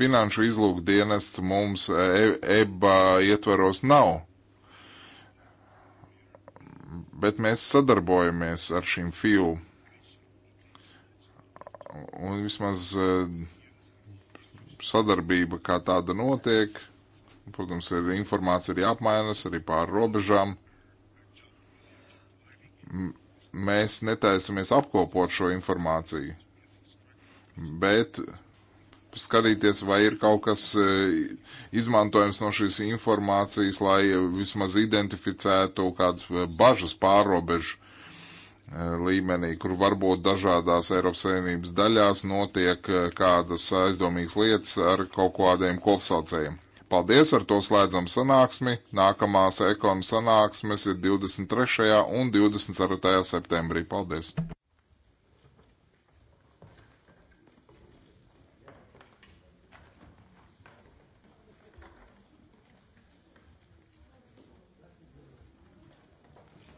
C: Finanšu izlūkdienests mums EBA e-, e ietvaros nav bet mēs sadarbojamies ar šīm FIU. Un vismaz eh, sadarbība kā tāda notiek. Protams, ir informācija ir jāapmainas arī pār robežām. Mēs netaisamies apkopot šo informāciju, bet skatīties, vai ir kaut kas e, izmantojams no šīs informācijas, lai vismaz identificētu kādas e, bažas pārobežu e, līmenī, kur varbūt dažādās Eiropas Savienības daļās notiek kādas aizdomīgas lietas ar kaut kādiem kopsaucējiem. Paldies, ar to slēdzam sanāksmi. Nākamās ekonomas sanāksmes ir 23. un 24. septembrī. Paldies!